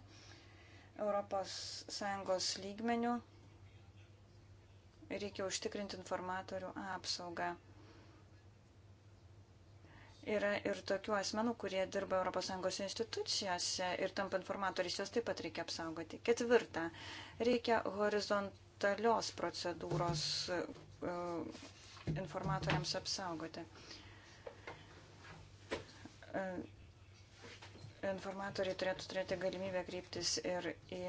ES lygmenių reikia užtikrinti informatorių apsaugą. Yra ir tokių asmenų, kurie dirba ES institucijose ir tampa informatoriais, jos taip pat reikia apsaugoti. Ketvirta, reikia horizontalios procedūros e, informatoriams apsaugoti. E, informatoriai turėtų turėti galimybę kryptis ir į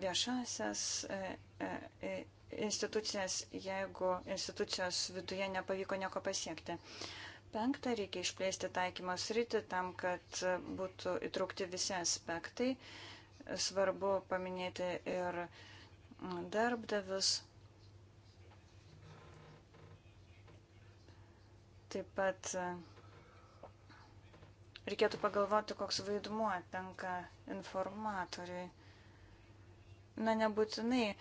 viešasias e, e, e, institucijas, jeigu institucijos viduje nepavyko nieko pasiekti. Penktą reikia išplėsti taikymo sritį tam, kad būtų įtraukti visi aspektai. Svarbu paminėti ir darbdavius. Taip pat reikėtų pagalvoti, koks vaidmuo tenka informatoriui na, nebūtinai e,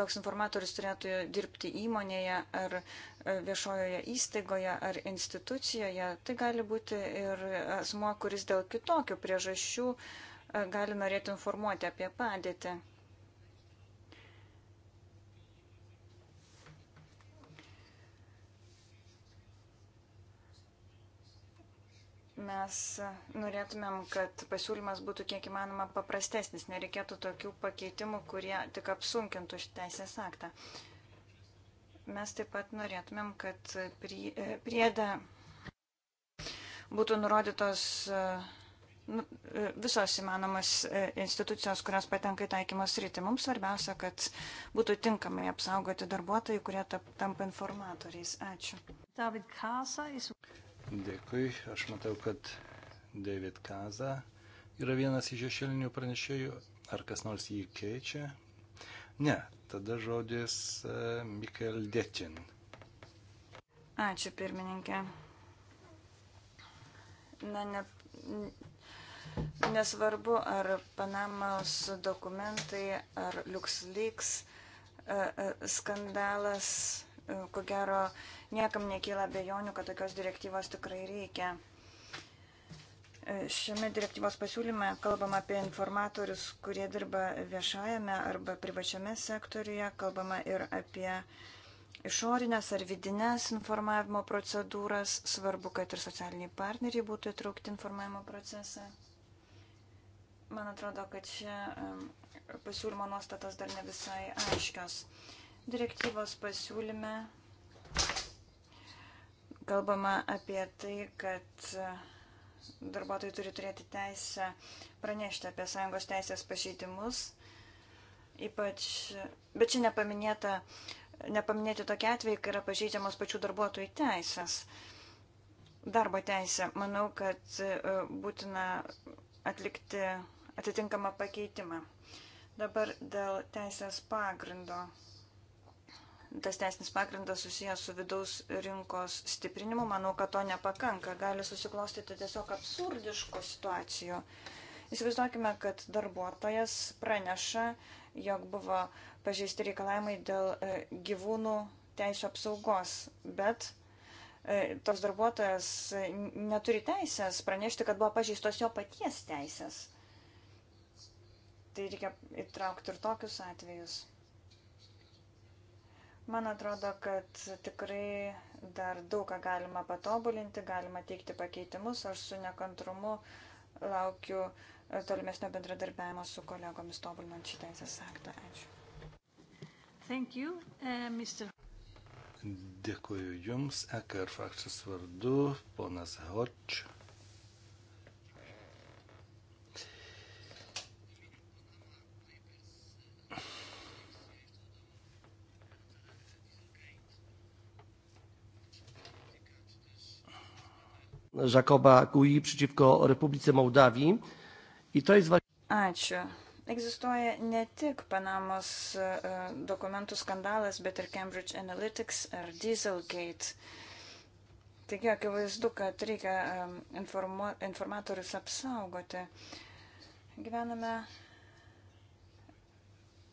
toks informatorius turėtų dirbti įmonėje ar e, viešojoje įstaigoje ar institucijoje. Tai gali būti ir asmo, kuris dėl kitokių priežasčių e, gali norėti informuoti apie padėtį. Mes norėtumėm, kad pasiūlymas būtų kiek įmanoma paprastesnis, nereikėtų tokių pakeitimų, kurie tik apsunkintų šį teisės aktą. Mes taip pat norėtumėm, kad priedę būtų nurodytos nu, visos įmanomas institucijos, kurios patenka į taikymos rytį. Mums svarbiausia, kad būtų tinkamai apsaugoti darbuotojai, kurie tampa informatoriais. Ačiū. David Kasa, jis... Dėkui. Aš matau, kad David Kaza yra vienas iš šešėlinių pranešėjų. Ar kas nors jį keičia? Ne. Tada žodis e, Mikael Detin. Ačiū, pirmininkė. Na, ne, nesvarbu, ar Panamos dokumentai, ar LuxLeaks e, e, skandalas ko gero niekam nekyla bejonių, kad tokios direktyvos tikrai reikia. E, šiame direktyvos pasiūlyme kalbam apie informatorius, kurie dirba viešajame arba privačiame sektoriuje, kalbama ir apie išorinės ar vidinės informavimo procedūras, svarbu, kad ir socialiniai partneriai būtų įtraukti informavimo procesą. Man atrodo, kad čia pasiūlymo nuostatos dar ne visai aiškios direktyvos pasiūlyme kalbama apie tai, kad darbuotojai turi turėti teisę pranešti apie sąjungos teisės pažeidimus, ypač, bet čia nepaminėta, nepaminėti tokie atvejai, kai yra pažeidžiamos pačių darbuotojų teisės, darbo teisė. Manau, kad e, būtina atlikti atitinkamą pakeitimą. Dabar dėl teisės pagrindo tas teisinis pagrindas susijęs su vidaus rinkos stiprinimu, manau, kad to nepakanka. Gali susiklostyti tiesiog absurdiškų situacijų. Įsivaizduokime, kad darbuotojas praneša, jog buvo pažeisti reikalavimai dėl e, gyvūnų teisų apsaugos, bet e, tos darbuotojas e, neturi teisės pranešti, kad buvo pažeistos jo paties teisės. Tai reikia įtraukti ir tokius atvejus. Man atrodo, kad tikrai dar daug ką galima patobulinti, galima teikti pakeitimus. Aš su nekantrumu laukiu e, tolimesnio bendradarbiavimo su kolegomis tobulinant šį teisės aktą. Ačiū. Thank you, uh, e, Mr. Dėkuoju Jums, EKR frakcijos vardu, ponas Hoč. Jakoba Gui przeciwko Republice Mołdawii. I to jest... Ačiū. Egzistuoja ne tik Panamos e, dokumentų skandalas, bet ir Cambridge Analytics ar Dieselgate. Taigi akivaizdu, kad reikia informu, informatorius apsaugoti. Gyvename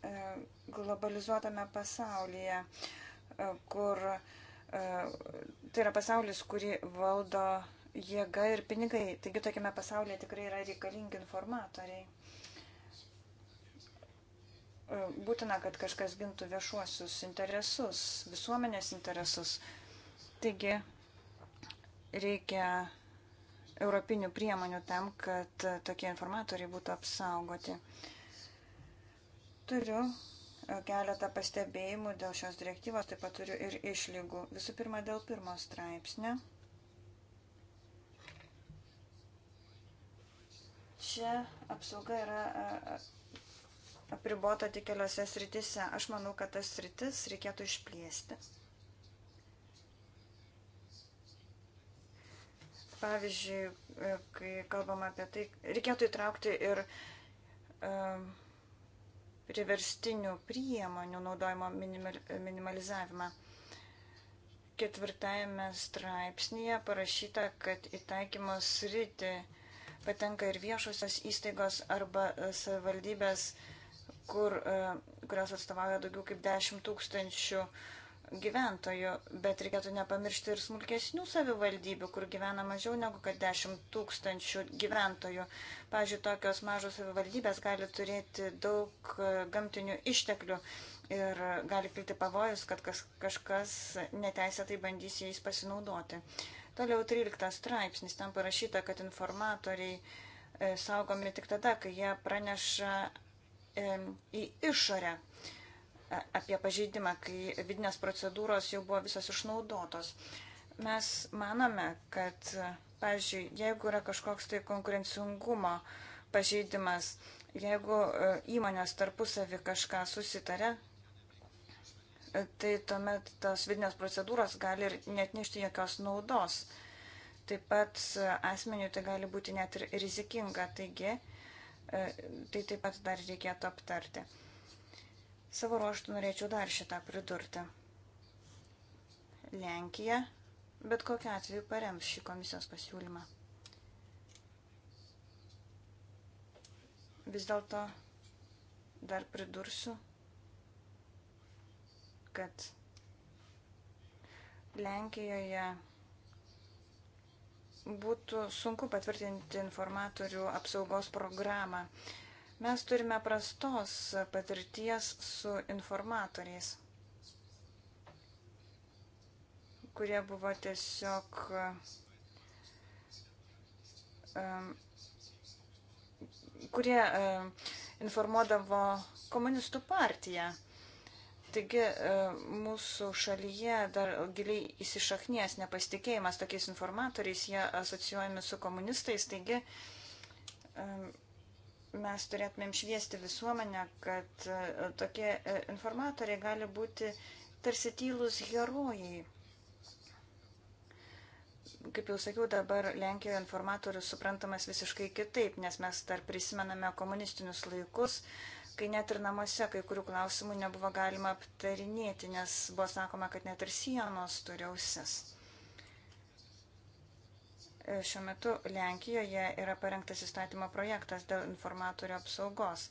e, globalizuotame pasaulyje, e, kur tai yra pasaulis, kurį valdo jėga ir pinigai. Taigi tokiame pasaulyje tikrai yra reikalingi informatoriai. E, būtina, kad kažkas gintų viešuosius interesus, visuomenės interesus. Taigi reikia europinių priemonių tam, kad tokie informatoriai būtų apsaugoti. Turiu e, keletą pastebėjimų dėl šios direktyvos, taip pat turiu ir išlygų. Visų pirma, dėl pirmo straipsnio. čia apsauga yra e, e, apribota tik keliose sritise. Aš manau, kad tas sritis reikėtų išplėsti. Pavyzdžiui, e, kai kalbam apie tai, reikėtų įtraukti ir priverstinių priemonių naudojimo minimalizavimą. Ketvirtajame straipsnėje parašyta, kad įtaikymo sritį patenka ir viešosios įstaigos arba e, savivaldybės, kur, e, kurios atstovauja daugiau kaip 10 tūkstančių gyventojų, bet reikėtų nepamiršti ir smulkesnių savivaldybių, kur gyvena mažiau negu kad 10 tūkstančių gyventojų. Pavyzdžiui, tokios mažos savivaldybės gali turėti daug e, gamtinių išteklių ir gali kilti pavojus, kad kas, kažkas neteisėtai bandys jais pasinaudoti. Uh, Toliau 13 straipsnis, tam parašyta, kad informatoriai e, saugomi tik tada, kai jie praneša e, į išorę e, apie pažeidimą, kai vidinės procedūros jau buvo visos išnaudotos. Mes manome, kad, pavyzdžiui, jeigu yra kažkoks tai konkurencingumo pažeidimas, jeigu įmonės tarpusavį kažką susitarė, tai tuomet tos vidinės procedūros gali ir net nešti jokios naudos. Taip pat asmeniu tai gali būti net ir rizikinga, taigi e, tai taip pat dar reikėtų aptarti. Savo ruoštų norėčiau dar šitą pridurti. Lenkija bet kokiu atveju parems šį komisijos pasiūlymą. Vis dėlto dar pridursiu kad Lenkijoje būtų sunku patvirtinti informatorių apsaugos programą. Mes turime prastos patirties su informatoriais, kurie buvo tiesiog kurie informuodavo komunistų partiją. Taigi e, mūsų šalyje dar giliai įsišaknės nepasitikėjimas tokiais informatoriais, jie asocijuojami su komunistais, taigi e, mes turėtumėm šviesti visuomenę, kad e, tokie informatoriai gali būti tarsi tylus herojai. Kaip jau sakiau, dabar Lenkijoje informatorius suprantamas visiškai kitaip, nes mes dar prisimename komunistinius laikus, uh, kai net ir namuose kai kurių klausimų nebuvo galima aptarinėti, nes buvo sakoma, kad net ir sienos turi ausis. E, šiuo metu Lenkijoje yra parengtas įstatymo projektas dėl informatorių apsaugos.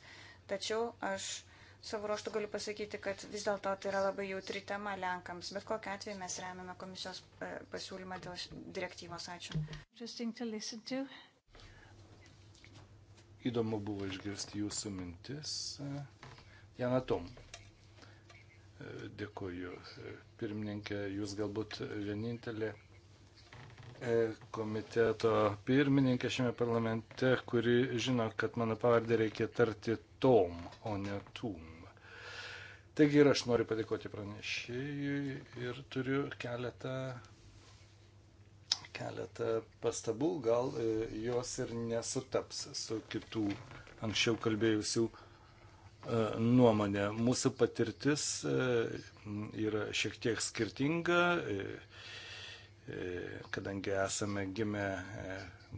Tačiau aš savo ruoštų galiu pasakyti, kad vis dėlto tai yra labai jautri tema Lenkams. Bet kokiu atveju mes remiame komisijos e, pasiūlymą dėl direktyvos. Ačiū. Įdomu buvo išgirsti jūsų mintis. E, Jana Tom. E, Dėkuoju. E, pirmininkė, jūs galbūt vienintelė komiteto pirmininkė šiame parlamente, kuri žino, kad mano pavardę reikia tarti Tom, o ne Tum. Taigi ir aš noriu padėkoti pranešėjui ir turiu keletą keletą pastabų, gal e, jos ir nesutaps su kitų anksčiau kalbėjusių e, nuomonė. Mūsų patirtis e, yra šiek tiek skirtinga, kadangi esame gimę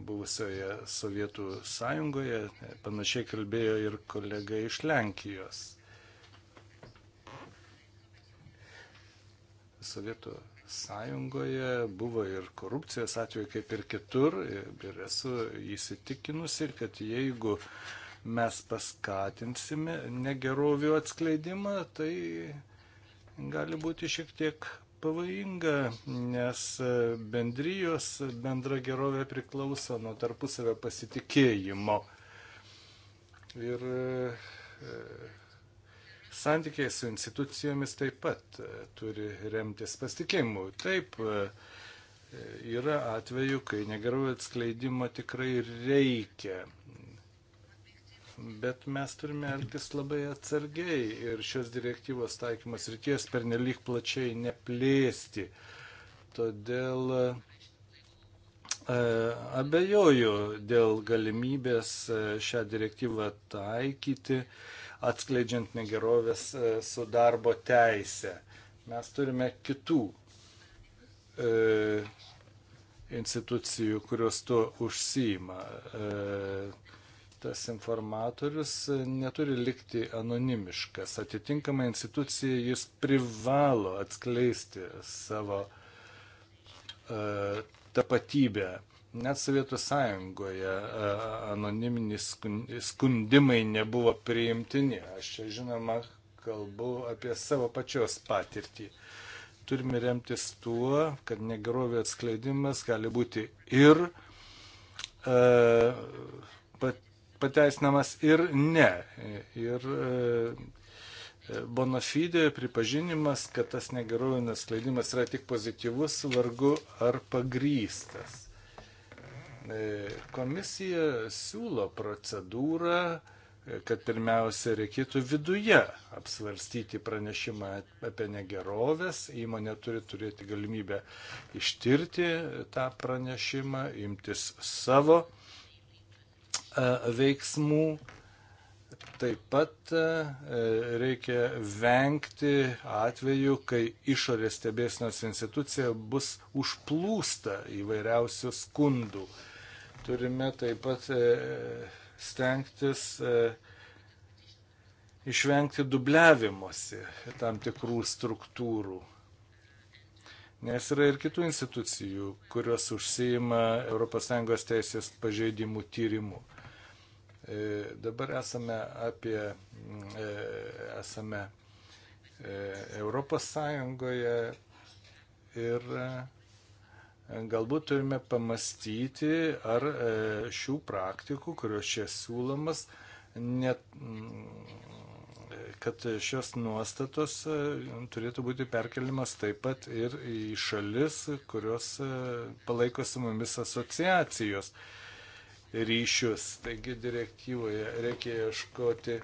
buvusioje Sovietų sąjungoje, panašiai kalbėjo ir kolega iš Lenkijos. Sovietų Sąjungoje buvo ir korupcijos atveju, kaip ir kitur, ir esu įsitikinusi, kad jeigu mes paskatinsime negerovių atskleidimą, tai gali būti šiek tiek pavojinga, nes bendrijos bendra gerovė priklauso nuo tarpusavio pasitikėjimo. Ir Santykiai su institucijomis taip pat e, turi remtis pasitikėjimu. Taip, e, e, yra atveju, kai negerų atskleidimo tikrai reikia. Bet mes turime elgtis labai atsargiai ir šios direktyvos taikymas ryties pernelyg plačiai neplėsti. Todėl abejoju dėl galimybės šią direktyvą taikyti atskleidžiant negerovės e, su darbo teise. Mes turime kitų e, institucijų, kurios tuo užsima. E, tas informatorius neturi likti anonimiškas. Atitinkamai institucija jis privalo atskleisti savo e, tapatybę. Net Sovietų sąjungoje e, anoniminiai skundimai nebuvo priimtini. Aš čia žinoma kalbu apie savo pačios patirtį. Turime remtis tuo, kad negerovė atskleidimas gali būti ir e, pateisinamas ir ne. Ir e, bonafide pripažinimas, kad tas negerovės atskleidimas yra tik pozityvus, vargu ar pagrystas. E, komisija siūlo procedūrą, e, kad pirmiausia reikėtų viduje apsvarstyti pranešimą apie negerovės. Įmonė turi turėti galimybę ištirti tą pranešimą, imtis savo e, veiksmų. Taip pat reikia vengti atveju, kai išorės stebėsinos institucija bus užplūsta įvairiausių skundų. Turime taip pat e, stengtis e, išvengti dubliavimuose tam tikrų struktūrų. Nes yra ir kitų institucijų, kurios užsijima ES teisės pažeidimų tyrimų. E, dabar esame apie, e, esame e, ES ir e, Galbūt turime pamastyti, ar e, šių praktikų, kurios čia siūlomas, net, mm, kad šios nuostatos e, turėtų būti perkelimas taip pat ir į šalis, kurios e, palaiko su mumis asociacijos ryšius. Taigi direktyvoje reikia ieškoti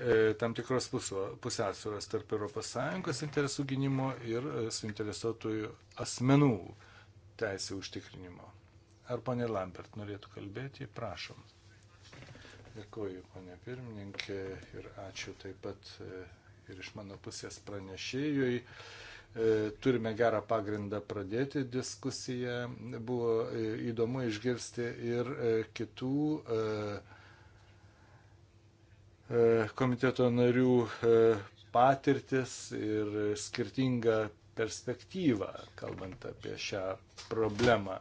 E, tam tikros pusiausvėros tarp ES interesų gynimo ir e, suinteresuotųjų asmenų teisė užtikrinimo. Ar ponė Lambert norėtų kalbėti? Prašom. Dėkuoju, ponė pirmininkė, ir ačiū taip pat e, ir iš mano pusės pranešėjui. Turime gerą pagrindą pradėti diskusiją. Buvo įdomu išgirsti ir kitų uh, E, komiteto narių e, patirtis ir skirtingą perspektyvą, kalbant apie šią problemą.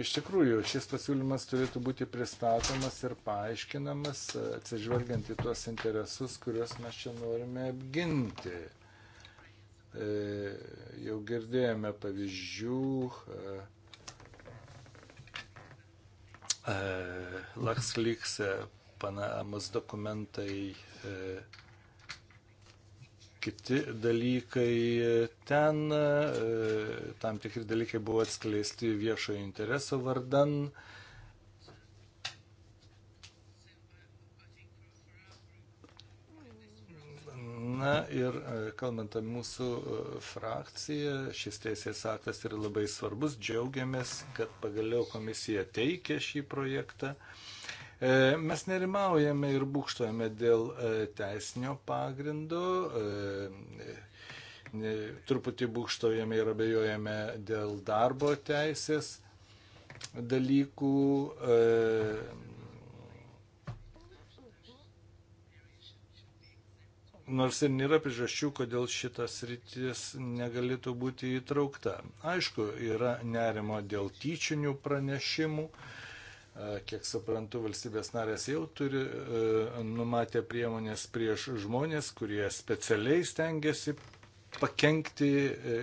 Iš tikrųjų, šis pasiūlymas turėtų būti pristatomas ir paaiškinamas, e, atsižvelgiant į tuos interesus, kuriuos mes čia norime apginti. E, jau girdėjome pavyzdžių e, e, LaxLeaks Panamos dokumentai, e, kiti dalykai. Ten e, tam tikri dalykai buvo atskleisti viešojo intereso vardan. Na ir e, kalbant apie mūsų frakciją, šis teisės aktas yra labai svarbus. Džiaugiamės, kad pagaliau komisija teikia šį projektą. Uh, E, mes nerimaujame ir būkštojame dėl e, teisinio pagrindo, e, truputį būkštojame ir abejojame dėl darbo teisės dalykų. Nors ir nėra priežasčių, kodėl šitas rytis negalėtų būti įtraukta. Aišku, yra nerimo dėl tyčinių pranešimų, e, Kiek suprantu, valstybės narės jau turi e, numatę priemonės prieš žmonės, kurie specialiai stengiasi pakengti e,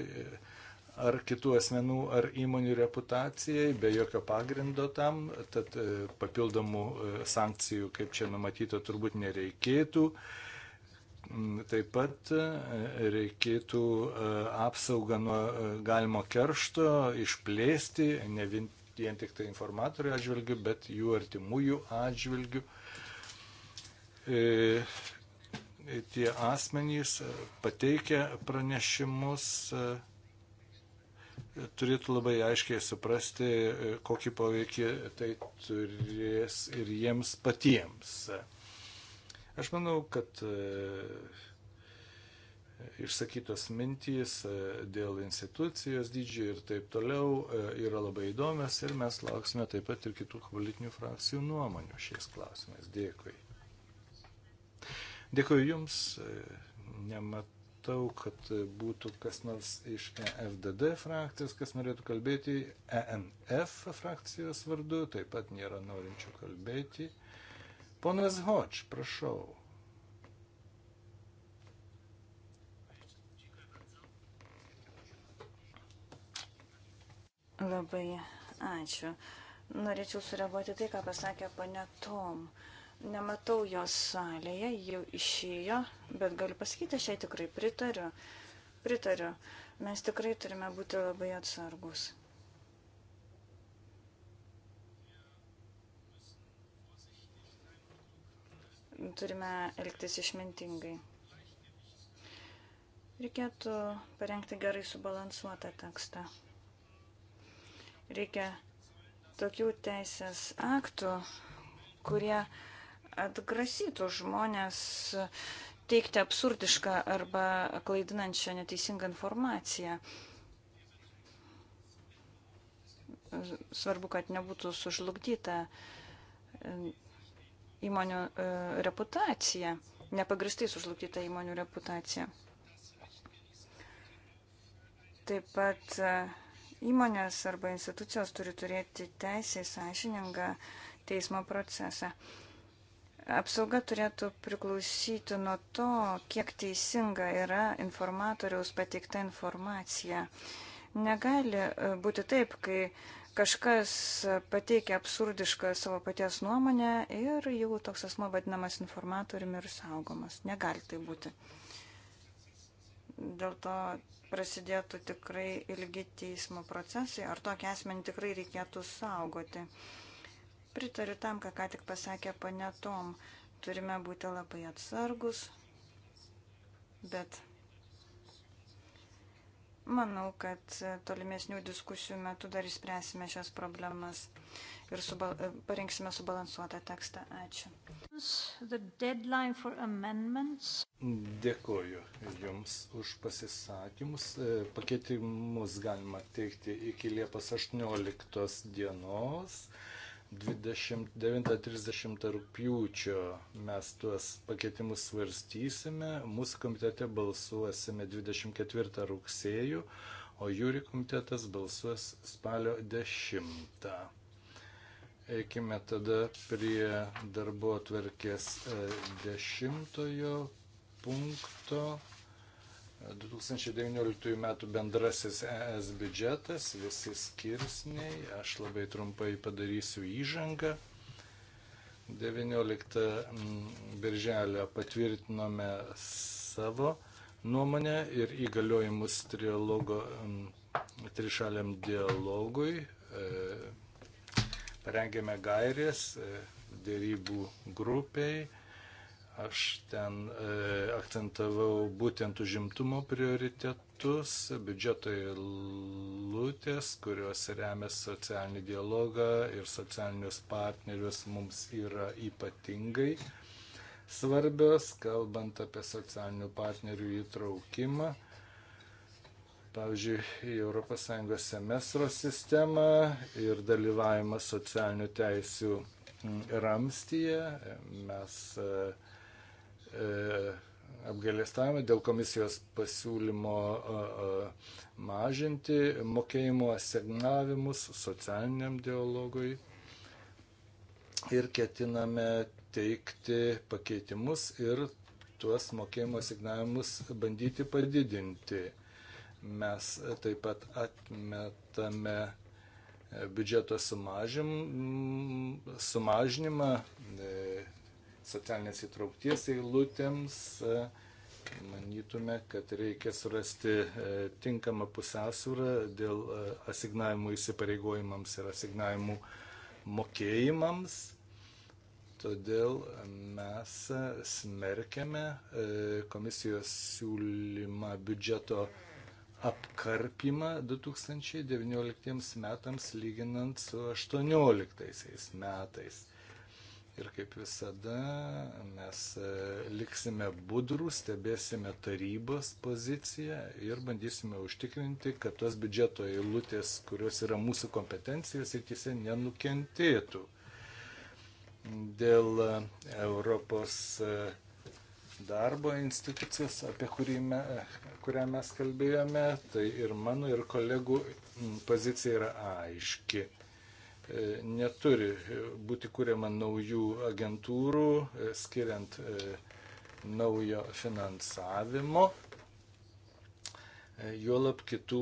ar kitų asmenų, ar įmonių reputacijai, be jokio pagrindo tam, tad e, papildomų sankcijų, kaip čia numatyta, turbūt nereikėtų. Mm, taip pat reikėtų apsaugą nuo galimo keršto išplėsti, ne vien vien tik tai informatorių atžvilgių, bet jų artimųjų atžvilgių. E, e tie asmenys pateikia pranešimus, e, turėtų labai aiškiai suprasti, e, kokį poveikį tai turės ir jiems patiems. Aš manau, kad išsakytos mintys e, dėl institucijos dydžio ir taip toliau e, yra labai įdomios ir mes lauksime taip pat ir kitų politinių frakcijų nuomonių šiais klausimais. Dėkui. Dėkui Jums. E, nematau, kad būtų kas nors iš EFDD frakcijos, kas norėtų kalbėti ENF frakcijos vardu, taip pat nėra norinčių kalbėti. Ponas Hodž, prašau. Labai ačiū. Norėčiau sureaguoti tai, ką pasakė pane Tom. Nematau jos salėje, jau išėjo, bet galiu pasakyti, aš jai tikrai pritariu. Pritariu. Mes tikrai turime būti labai atsargus. turime elgtis išmintingai. Reikėtų parengti gerai subalansuotą tekstą. Reikia tokių teisės aktų, kurie atgrasytų žmonės teikti absurdišką arba klaidinančią neteisingą informaciją. Svarbu, kad nebūtų sužlugdyta e, įmonių e, reputacija, nepagristai sužlugdyta įmonių reputacija. Taip pat e, Įmonės arba institucijos turi turėti teisę į sąžiningą teismo procesą. Apsauga turėtų priklausyti nuo to, kiek teisinga yra informatoriaus pateikta informacija. Negali e, būti taip, kai kažkas pateikia absurdišką savo paties nuomonę ir jau toks asmo vadinamas informatoriumi ir saugomas. Negali tai būti. Dėl to prasidėtų tikrai ilgi teismo procesai, ar tokį asmenį tikrai reikėtų saugoti. Pritariu tam, ką ką tik pasakė panetom. Turime būti labai atsargus, bet Manau, kad e, tolimesnių diskusijų metu dar įspręsime šias problemas ir subal e, parinksime subalansuotą tekstą. Ačiū. Dėkoju Jums už pasisakymus. E, pakeitimus galima teikti iki Liepos 18 dienos. 29-30 rūpjūčio mes tuos pakeitimus svarstysime, mūsų komitete balsuosime 24 rugsėjų, o jūri komitetas balsuos spalio 10. Eikime tada prie darbo atverkės 10 e, punkto. 2019 m. bendrasis ES biudžetas, visi skirsniai, aš labai trumpai padarysiu įžangą. 19 mm, birželio patvirtinome savo nuomonę ir įgaliojimus trialogo mm, trišaliam dialogui. E, parengėme gairės e, dėrybų grupiai Aš ten e, akcentavau būtent užimtumo prioritetus, biudžeto eilutės, kurios remia socialinį dialogą ir socialinius partnerius mums yra ypatingai svarbios, kalbant apie socialinių partnerių įtraukimą. Pavyzdžiui, į ES semestro sistemą ir dalyvavimą socialinių teisių ramstyje. Mes uh, E, apgailestavimą dėl komisijos pasiūlymo e, e, mažinti mokėjimo asignavimus socialiniam dialogui ir ketiname teikti pakeitimus ir tuos mokėjimo asignavimus bandyti padidinti. Mes taip pat atmetame biudžeto sumažim, sumažinimą socialinės įtraukties eilutėms, e, manytume, kad reikia surasti e, tinkamą pusiausvyrą dėl e, asignavimų įsipareigojimams ir asignavimų mokėjimams. Todėl mes smerkiame komisijos siūlymą biudžeto apkarpimą 2019 metams lyginant su 2018 metais. Ir kaip visada mes e, liksime budrų, stebėsime tarybos poziciją ir bandysime užtikrinti, kad tos biudžeto eilutės, kurios yra mūsų kompetencijos ir tiesiog nenukentėtų dėl e, Europos e, darbo institucijos, apie me, kurią mes kalbėjome, tai ir mano, ir kolegų pozicija yra aiški. E, neturi būti kuriama naujų agentūrų, e, skiriant e, naujo finansavimo, juolab kitų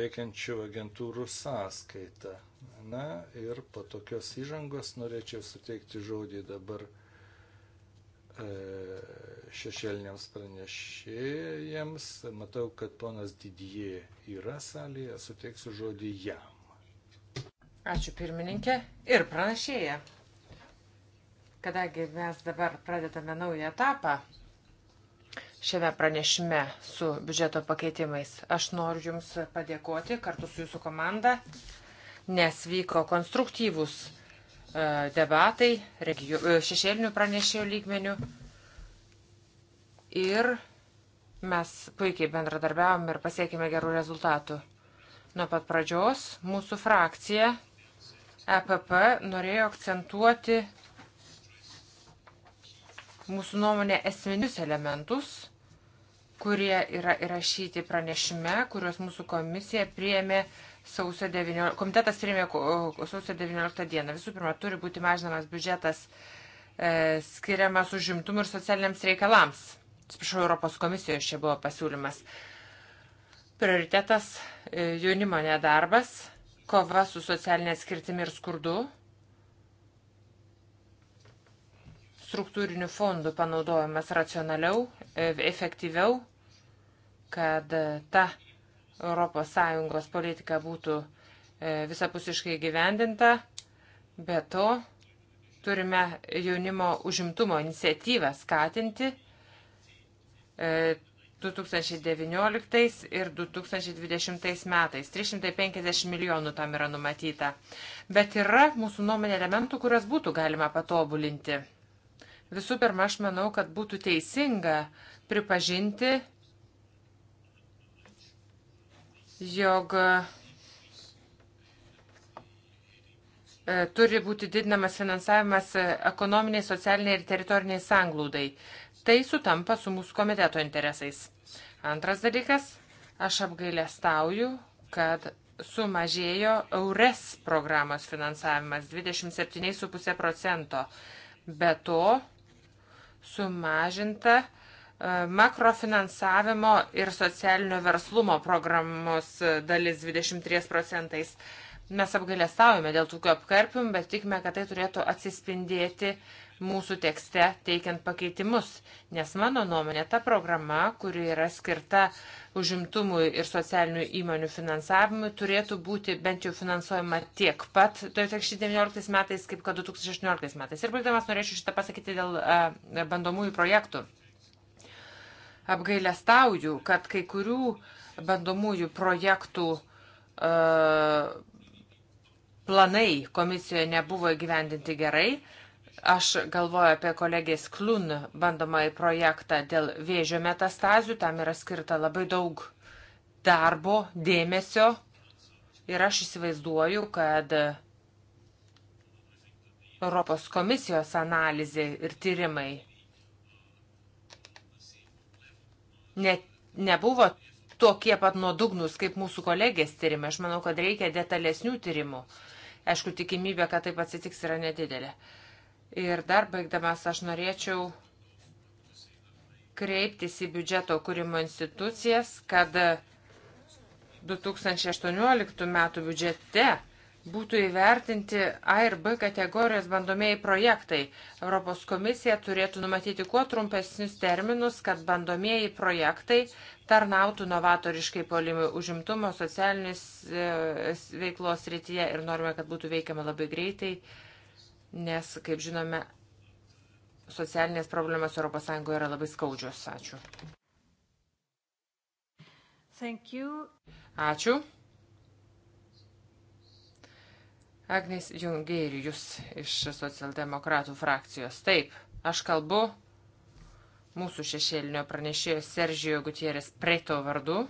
veikiančių agentūrų sąskaita. Na ir po tokios įžangos norėčiau suteikti žodį dabar šešėliniams pranešėjams. Matau, kad ponas Didie yra salėje, suteiksiu žodį jam. Ačiū pirmininkė ir pranašėja. Kadangi mes dabar pradedame naują etapą šiame pranešime su biudžeto pakeitimais, aš noriu Jums padėkoti kartu su Jūsų komanda, nes vyko konstruktyvus e, debatai regio, e, šešėlinių pranešėjų lygmenių ir mes puikiai bendradarbiavom ir pasiekime gerų rezultatų. Nuo pat pradžios mūsų frakcija EPP norėjo akcentuoti mūsų nuomonė esminius elementus, kurie yra įrašyti pranešime, kuriuos mūsų komisija priėmė sausio 19, komitetas priėmė sausio 19 dieną. Visų pirma, turi būti mažinamas biudžetas e, skiriamas užimtumui ir socialiniams reikalams. Atsiprašau, Europos komisijos čia buvo pasiūlymas. Prioritetas e, jaunimo nedarbas kova su socialinė skirtimi ir skurdu, struktūrinių fondų panaudojimas racionaliau, e, efektyviau, kad e, ta ES politika būtų e, visapusiškai gyvendinta. Be to, turime jaunimo užimtumo iniciatyvą skatinti 2019 ir 2020 metais. 350 milijonų tam yra numatyta. Bet yra mūsų nuomonė elementų, kurias būtų galima patobulinti. Visų pirma, aš manau, kad būtų teisinga pripažinti, jog e, turi būti didinamas finansavimas ekonominiai, socialiniai ir teritoriniai sanglūdai. Tai sutampa su mūsų komiteto interesais. Antras dalykas, aš apgailestauju, kad sumažėjo EURES programos finansavimas 27,5 procento. Be to, sumažinta e, makrofinansavimo ir socialinio verslumo programos e, dalis 23 procentais. Mes apgalėstavome dėl tokių apkarpimų, bet tikime, kad tai turėtų atsispindėti uh, mūsų tekste teikiant pakeitimus, nes mano nuomonė ta programa, kuri yra skirta užimtumui ir socialinių įmonių finansavimui, turėtų būti bent jau finansuojama tiek pat 2019 tai metais, kaip kad 2018 metais. Ir baigdamas norėčiau šitą pasakyti dėl a, bandomųjų projektų. Apgailestauju, kad kai kurių bandomųjų projektų a, planai komisijoje nebuvo įgyvendinti gerai Aš galvoju apie kolegės Klun bandomąjį projektą dėl vėžio metastazių, tam yra skirta labai daug darbo, dėmesio ir aš įsivaizduoju, kad Europos komisijos analizė ir tyrimai ne, nebuvo tokie pat nuodugnus kaip mūsų kolegės tyrimai. Aš manau, kad reikia detalesnių tyrimų. Aišku, tikimybė, kad taip atsitiks, yra nedidelė. Uh, Ir dar baigdamas aš norėčiau kreiptis į biudžeto kūrimo institucijas, kad 2018 metų biudžete būtų įvertinti A ir B kategorijos bandomieji projektai. Europos komisija turėtų numatyti kuo trumpesnius terminus, kad bandomieji projektai tarnautų novatoriškai polimui užimtumo socialinės e, veiklos rytyje ir norime, kad būtų veikiama labai greitai nes, kaip žinome, socialinės problemas ES yra labai skaudžios. Ačiū. Ačiū. Agnes Jungerijus iš socialdemokratų frakcijos. Taip, aš kalbu mūsų šešėlinio pranešėjo Seržijo Gutierės Preto vardu.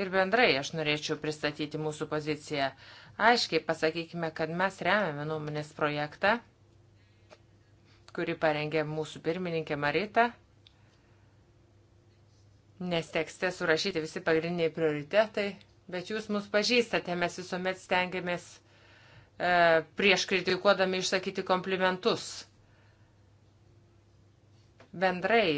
ir bendrai aš norėčiau pristatyti mūsų poziciją. Aiškiai pasakykime, kad mes remiame nuomonės projektą, kurį parengė mūsų pirmininkė Marita, nes tekste surašyti visi pagrindiniai prioritetai, bet jūs mus pažįstate, mes visuomet stengiamės e, prieš kritikuodami išsakyti komplimentus. Bendrai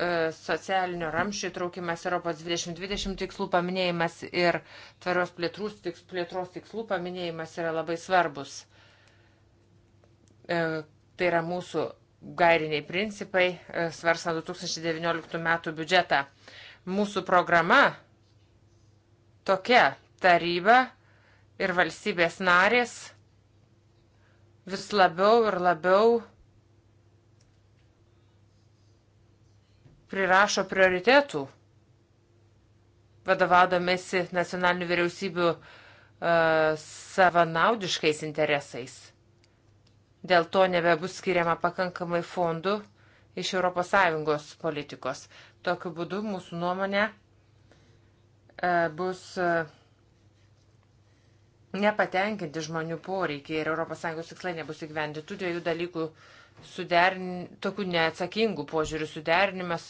E, socialinio ramščio įtraukimas Europos 2020 tikslų paminėjimas ir tvarios plėtrus, tiks, plėtros tikslų paminėjimas yra labai svarbus. E, tai yra mūsų gairiniai principai, e, svarstant 2019 metų biudžetą. Mūsų programa tokia taryba ir valstybės narės vis labiau ir labiau prirašo prioritetų, vadovaudomėsi nacionalinių vyriausybių uh, savanaudiškais interesais. Dėl to nebebus skiriama pakankamai fondų iš ES politikos. Tokiu būdu mūsų nuomonė uh, bus uh, nepatenkinti žmonių poreikiai ir ES tikslai nebus įgyvendinti. Tų dviejų dalykų suderin, tokių neatsakingų požiūrių suderinimas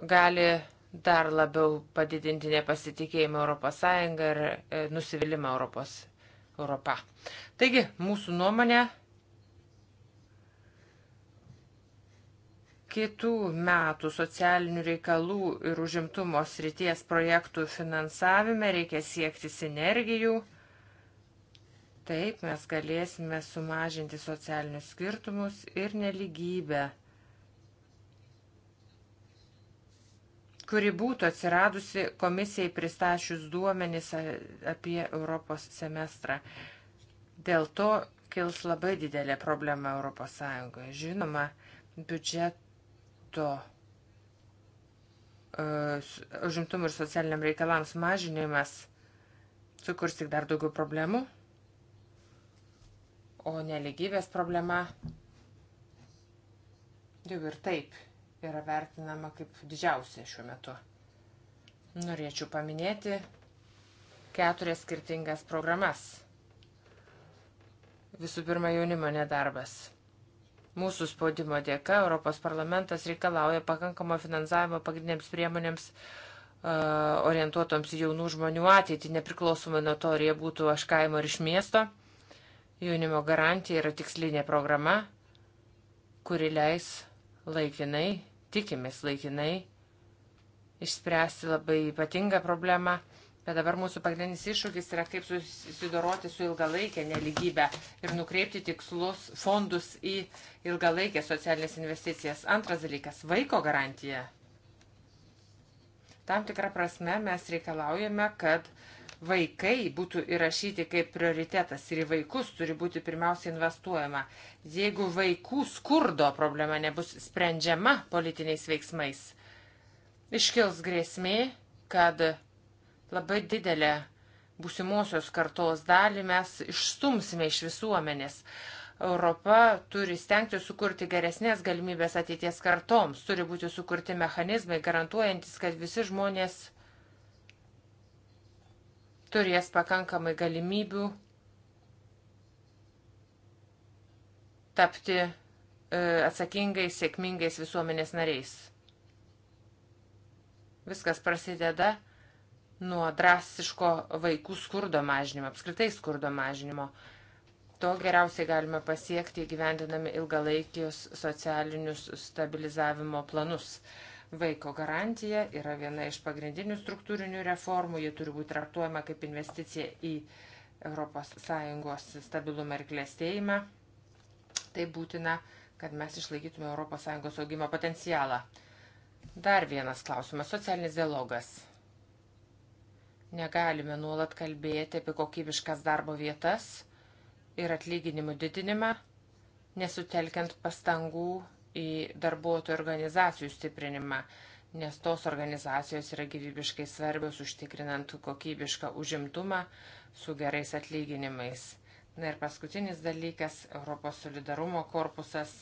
gali dar labiau padidinti nepasitikėjimą ES ir e, nusivylimą Europos, Europą. Taigi, mūsų nuomonė, kitų metų socialinių reikalų ir užimtumo srities projektų finansavime reikia siekti sinergijų. Taip mes galėsime sumažinti socialinius skirtumus ir neligybę kuri būtų atsiradusi komisijai pristačius duomenis apie Europos semestrą. Dėl to kils labai didelė problema Europos Sąjungoje. Žinoma, biudžeto e, užimtumų ir socialiniam reikalams mažinimas sukurs tik dar daugiau problemų, o neligybės problema jau ir taip yra vertinama kaip didžiausia šiuo metu. Norėčiau paminėti keturias skirtingas programas. Visų pirma, jaunimo nedarbas. Mūsų spaudimo dėka Europos parlamentas reikalauja pakankamo finansavimo pagrindiniams priemonėms e, orientuotoms į jaunų žmonių ateitį, nepriklausomai nuo to, ar jie būtų aš kaimo ar iš miesto. Jaunimo garantija yra tikslinė programa, kuri leis laikinai tikimės laikinai išspręsti labai ypatingą problemą, bet dabar mūsų pagrindinis iššūkis yra kaip susidoroti su ilgalaikė neligybė ir nukreipti tikslus fondus į ilgalaikę socialinės investicijas. Antras dalykas - vaiko garantija. Tam tikrą prasme mes reikalaujame, kad uh, vaikai būtų įrašyti kaip prioritetas ir į vaikus turi būti pirmiausia investuojama. Jeigu vaikų skurdo problema nebus sprendžiama politiniais veiksmais, iškils grėsmė, kad labai didelę būsimosios kartos dalį mes išstumsime iš visuomenės. Europa turi stengti sukurti geresnės galimybės ateities kartoms, turi būti sukurti mechanizmai, garantuojantis, kad visi žmonės uh, turės pakankamai galimybių tapti e, atsakingais, sėkmingais visuomenės nariais. Viskas prasideda nuo drastiško vaikų skurdo mažinimo, apskritai skurdo mažinimo. To geriausiai galime pasiekti įgyvendinami ilgalaikius socialinius stabilizavimo planus. Uh, Vaiko garantija yra viena iš pagrindinių struktūrinių reformų, ji turi būti traktuojama kaip investicija į ES stabilumą ir klėstėjimą. Tai būtina, kad mes išlaikytume ES augimo potencialą. Dar vienas klausimas - socialinis dialogas. Negalime nuolat kalbėti apie kokybiškas darbo vietas ir atlyginimų didinimą, nesutelkiant pastangų į darbuotojų organizacijų stiprinimą, nes tos organizacijos yra gyvybiškai svarbios užtikrinant kokybišką užimtumą su gerais atlyginimais. Na ir paskutinis dalykas - Europos solidarumo korpusas.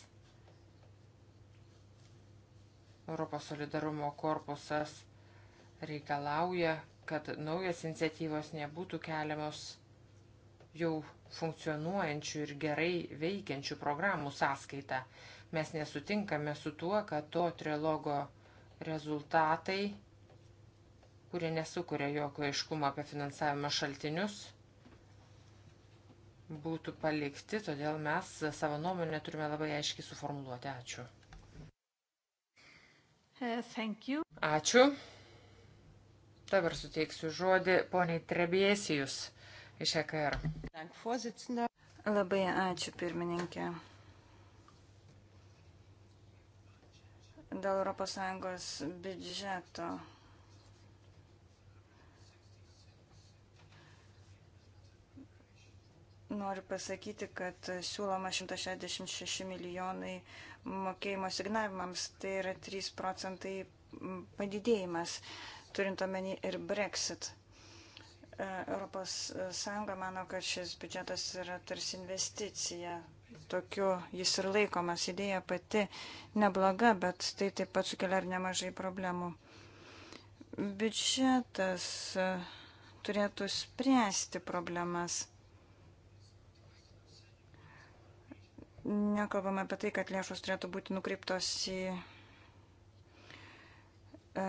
Europos solidarumo korpusas reikalauja, kad naujas iniciatyvos nebūtų keliamos jau funkcionuojančių ir gerai veikiančių programų sąskaita. Mes nesutinkame su tuo, kad to trilogo rezultatai, kurie nesukuria jokio aiškumo apie finansavimo šaltinius, būtų palikti, todėl mes savo nuomonę turime labai aiškiai suformuluoti. Ačiū. Uh, ačiū. Dabar suteiksiu žodį poniai Trebiesijus iš EKR. Labai ačiū, pirmininkė. dėl ES biudžeto. Noriu pasakyti, kad siūloma 166 milijonai mokėjimo signavimams, tai yra 3 procentai padidėjimas, turint omeny ir Brexit. E, ES mano, kad šis biudžetas yra tarsi investicija tokiu jis ir laikomas. Idėja pati nebloga, bet tai taip pat sukelia ir nemažai problemų. Biudžetas e, turėtų spręsti problemas. Nekalbame apie tai, kad lėšos turėtų būti nukreiptos į e,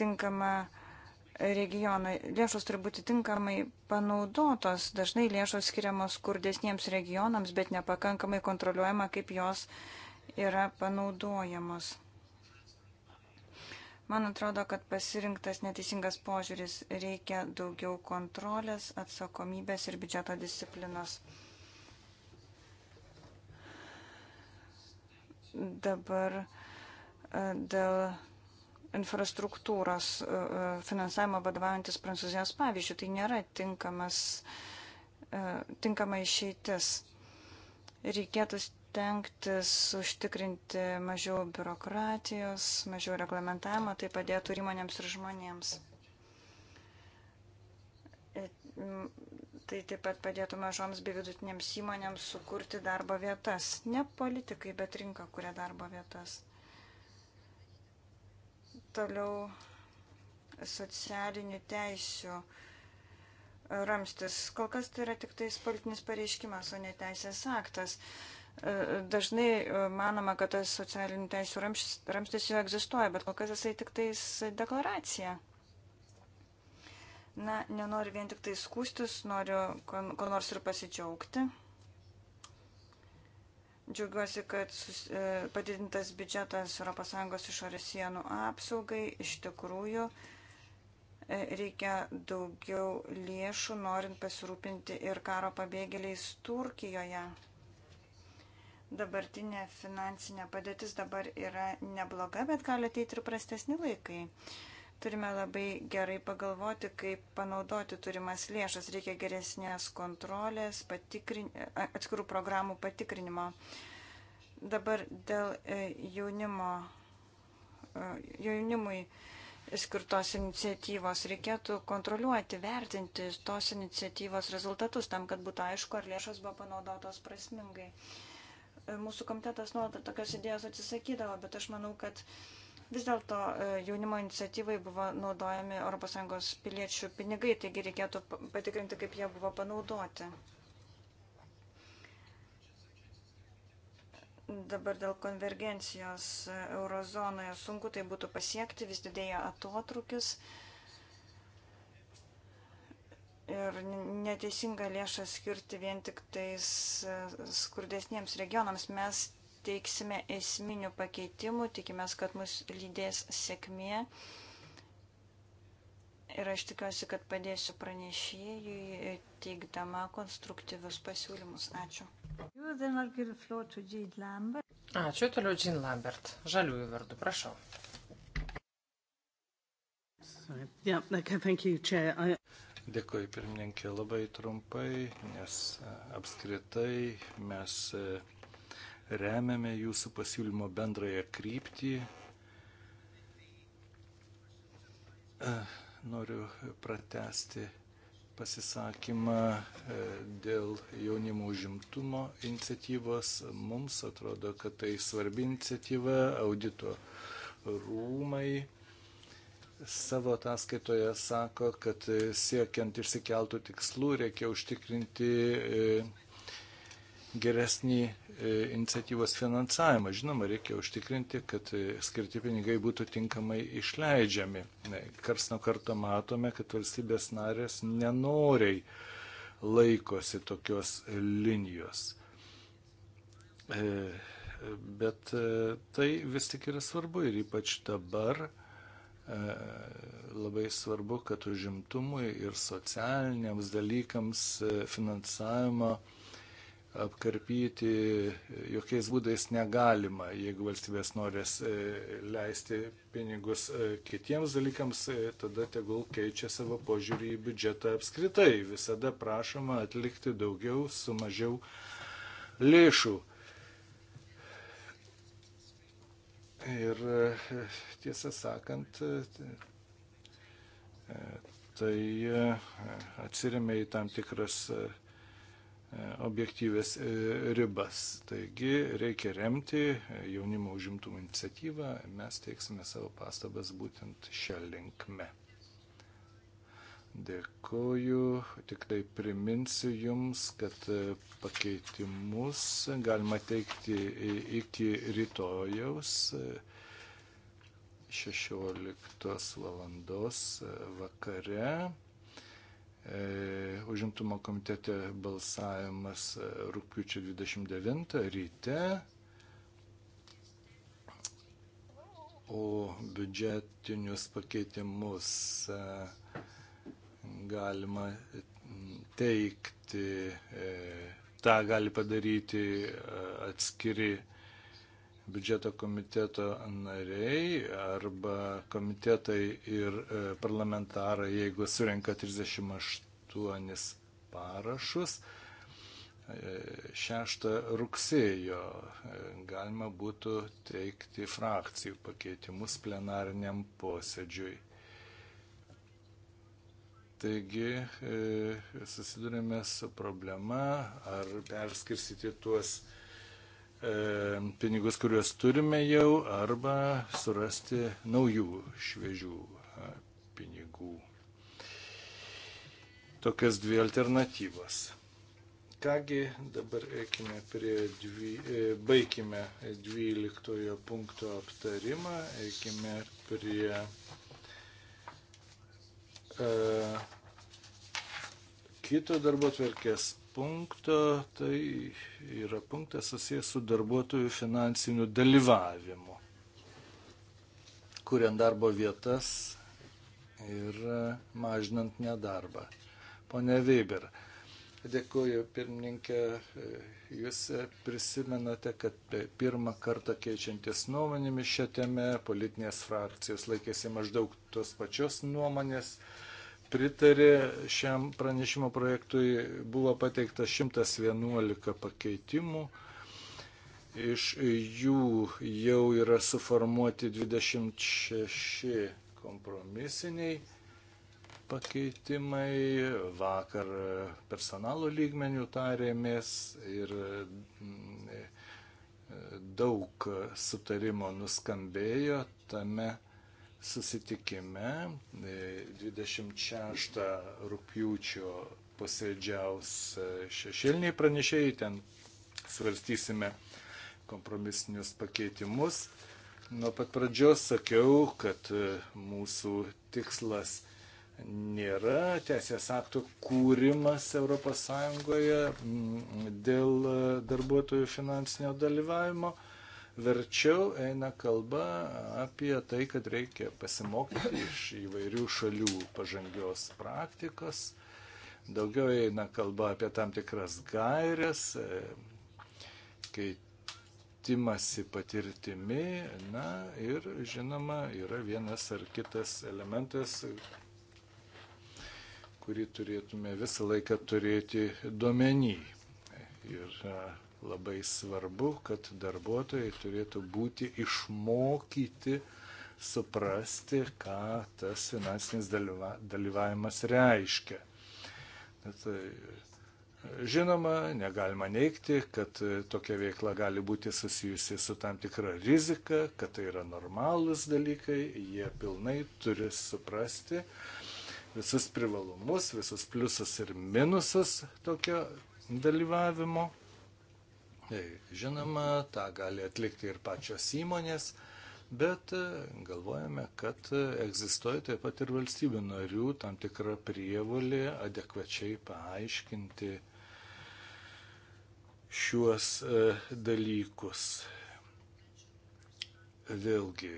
tinkamą regionai. Lėšos turi būti tinkamai panaudotos. Dažnai lėšos skiriamos skurdesniems regionams, bet nepakankamai kontroliuojama, kaip jos yra panaudojamos. Man atrodo, kad pasirinktas neteisingas požiūris reikia daugiau kontrolės, atsakomybės ir biudžeto disciplinos. Dabar e, dėl infrastruktūros e, e, finansavimo vadovaujantis Prancūzijos pavyzdžių. Tai nėra tinkamas, e, tinkama išeitis. Reikėtų stengtis užtikrinti mažiau biurokratijos, mažiau reglamentavimo, tai padėtų įmonėms ir žmonėms. Tai taip pat padėtų mažoms bei vidutinėms įmonėms sukurti darbo vietas. Ne politikai, bet rinka kuria darbo vietas. Toliau socialinių teisių ramstis. Kol kas tai yra tik tais politinis pareiškimas, o ne teisės aktas. E, dažnai e, manoma, kad tas socialinių teisų ramstis, ramstis jau egzistuoja, bet kol kas jisai tik tais deklaracija. Na, nenoriu vien tik tai skūstis, noriu ko nors ir pasidžiaugti. Džiaugiuosi, kad sus, e, padidintas biudžetas ES išorės sienų apsaugai iš tikrųjų e, reikia daugiau lėšų, norint pasirūpinti ir karo pabėgėliais Turkijoje. Dabartinė finansinė padėtis dabar yra nebloga, bet gali ateiti ir prastesni laikai. Uh, Turime labai gerai pagalvoti, kaip panaudoti turimas lėšas. Reikia geresnės kontrolės, patikrin... atskirų programų patikrinimo. Dabar dėl e, jaunimo, e, jaunimui skirtos iniciatyvos. Reikėtų kontroliuoti, vertinti tos iniciatyvos rezultatus tam, kad būtų aišku, ar lėšos buvo panaudotos prasmingai. E, mūsų komitetas nuolat tokios idėjos atsisakydavo, bet aš manau, kad uh, Vis dėlto e, jaunimo iniciatyvai buvo naudojami ES piliečių pinigai, taigi reikėtų patikrinti, kaip jie buvo panaudoti. Dabar dėl konvergencijos e, eurozonoje sunku tai būtų pasiekti, vis didėja atotrukis ir neteisinga lėšą skirti vien tik tais e, skurdesniems regionams. Mes teiksime esminių pakeitimų, tikimės, kad mus lydės sėkmė. Ir aš tikiuosi, kad padėsiu pranešėjui teikdama konstruktyvius pasiūlymus. Ačiū. Ačiū, toliau Jean Lambert. Žaliųjų vardu, prašau. Yeah, okay, thank you, Chair. I... Dėkui, pirmininkė, labai trumpai, nes apskritai mes remiame jūsų pasiūlymo bendrąją kryptį. E, noriu pratesti pasisakymą e, dėl jaunimo užimtumo iniciatyvos. Mums atrodo, kad tai svarbi iniciatyva audito rūmai savo ataskaitoje sako, kad siekiant išsikeltų tikslų reikia užtikrinti e, geresnį e, iniciatyvos finansavimą. Žinoma, reikia užtikrinti, kad e, skirti pinigai būtų tinkamai išleidžiami. Kars nuo karto matome, kad valstybės narės nenoriai laikosi tokios linijos. E, bet tai vis tik yra svarbu ir ypač dabar labai svarbu, kad užimtumui ir socialiniams dalykams finansavimo uh, apkarpyti jokiais būdais negalima, jeigu valstybės norės e, leisti pinigus e, kitiems dalykams, e, tada tegul keičia savo požiūrį į biudžetą apskritai. Visada prašoma atlikti daugiau su mažiau lėšų. Ir tiesą sakant, tai atsiriamė į tam tikras objektyvės e, ribas. Taigi reikia remti jaunimo užimtumo iniciatyvą, mes teiksime savo pastabas būtent šią linkme. Dėkoju, tik tai priminsiu Jums, kad e, pakeitimus galima teikti iki rytojaus 16 e, valandos vakare. E, užimtumo komitete balsavimas e, rūpiučio 29 ryte, o biudžetinius pakeitimus e, galima teikti, tą gali padaryti atskiri biudžeto komiteto nariai arba komitetai ir e, parlamentarai, jeigu surenka 38 parašus, 6 e, rugsėjo e, galima būtų teikti frakcijų pakeitimus plenariniam posėdžiui. Taigi susidurime su problema, ar perskirsyti tuos E, pinigus, kuriuos turime jau, arba surasti naujų šviežių e, pinigų. Tokias dvi alternatyvas. Kągi, dabar eikime prie, dvi, e, baigime 12 punkto aptarimą, eikime prie e, kito darbo tvarkės punkto, tai yra punktas susijęs su darbuotojų finansiniu dalyvavimu, kuriant darbo vietas ir mažinant nedarbą. Pone Weber, dėkuoju pirmininkė, jūs prisimenate, kad pirmą kartą keičiantis nuomonėmis šią temę politinės frakcijos laikėsi maždaug tos pačios nuomonės pritarė šiam pranešimo projektui, buvo pateikta 111 pakeitimų. Iš jų jau yra suformuoti 26 kompromisiniai pakeitimai. Vakar personalo lygmenių tarėmės ir mm, daug sutarimo nuskambėjo tame susitikime 26 e, rūpjūčio posėdžiaus e, šešėliniai pranešėjai, ten svarstysime kompromisinius pakeitimus. Nuo pat pradžios sakiau, kad e, mūsų tikslas nėra teisės aktų kūrimas ES dėl darbuotojų finansinio dalyvavimo. Verčiau eina kalba apie tai, kad reikia pasimokyti iš įvairių šalių pažangios praktikos. Daugiau eina kalba apie tam tikras gairias, e, keitimasi patirtimi. Na ir žinoma, yra vienas ar kitas elementas, kurį turėtume visą laiką turėti duomenį. Ir e, Labai svarbu, kad darbuotojai turėtų būti išmokyti suprasti, ką tas finansinis dalyvavimas reiškia. Žinoma, negalima neikti, kad tokia veikla gali būti susijusi su tam tikra rizika, kad tai yra normalūs dalykai, jie pilnai turi suprasti visus privalumus, visus pliusus ir minusus tokio dalyvavimo. E, žinoma, tą gali atlikti ir pačios įmonės, bet e, galvojame, kad e, egzistuoja taip pat ir valstybių narių tam tikra prievolė adekvačiai paaiškinti šiuos dalykus. Vėlgi,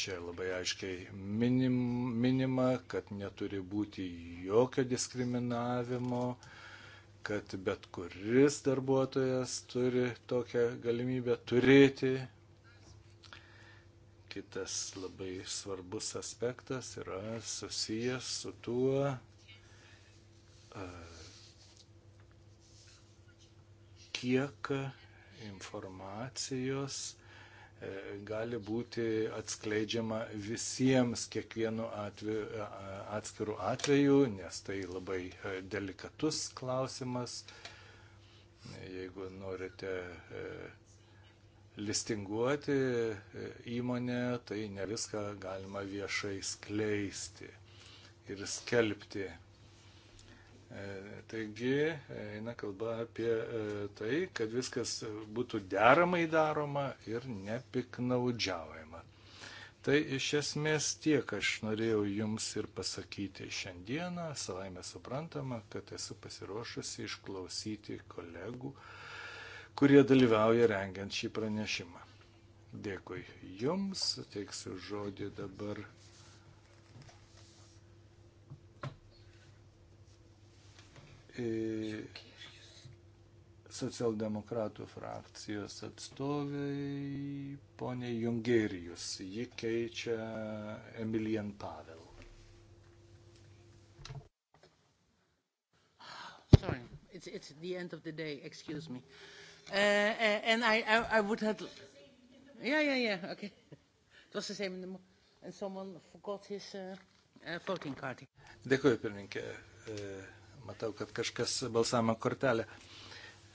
čia labai aiškiai minim, minima, kad neturi būti jokio diskriminavimo, kad bet kuris darbuotojas turi tokią galimybę turėti. Kitas labai svarbus aspektas yra susijęs su tuo, kiek informacijos E, gali būti atskleidžiama visiems kiekvienu atveju, e, atskiru atveju, nes tai labai e, delikatus klausimas. Jeigu norite listinguoti įmonę, tai ne viską galima viešai skleisti ir skelbti. E, taigi e, eina kalba apie e, tai, kad viskas būtų deramai daroma ir nepiknaudžiaujama. Tai iš esmės tiek aš norėjau jums ir pasakyti šiandieną. Savaime suprantama, kad esu pasiruošusi išklausyti kolegų, kurie dalyvauja rengiant šį pranešimą. Dėkui jums, teiksiu žodį dabar socialdemokratų frakcijos atstovai ponė Jungerijus. Ji keičia Emilijan Pavel. Sorry, it's, it's the end of the day, excuse me. Uh, uh, and I, I, I would have... Yeah, yeah, yeah, okay. It was the same in the morning. And someone forgot his uh, uh, voting card. Dėkuoju, pirmininkė. Uh, Matau, kad kažkas balsavimo kortelę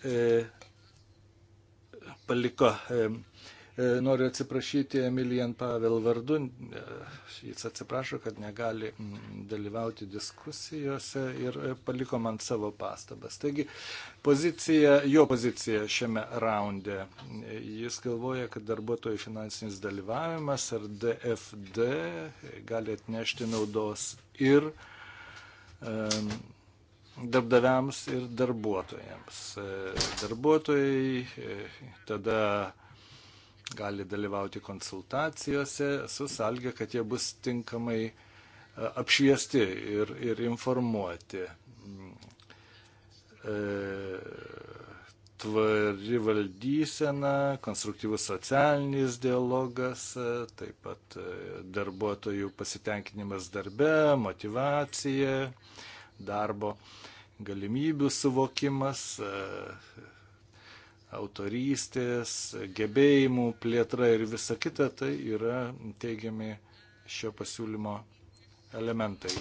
e, paliko. E, e noriu atsiprašyti Emilijan Pavel vardu. E, jis atsiprašo, kad negali mm, dalyvauti diskusijose ir e, paliko man savo pastabas. Taigi, pozicija, jo pozicija šiame raunde. Jis galvoja, kad darbuotojų finansinis dalyvavimas ar DFD gali atnešti naudos ir um, darbdaviams ir darbuotojams. Darbuotojai e, tada gali dalyvauti konsultacijose su salgė, kad jie bus tinkamai e, apšviesti ir, ir informuoti e, tvari valdysena, konstruktyvus socialinis dialogas, taip pat darbuotojų pasitenkinimas darbe, motivacija, darbo galimybių suvokimas, e, autorystės, gebėjimų plėtra ir visa kita, tai yra teigiami šio pasiūlymo elementai.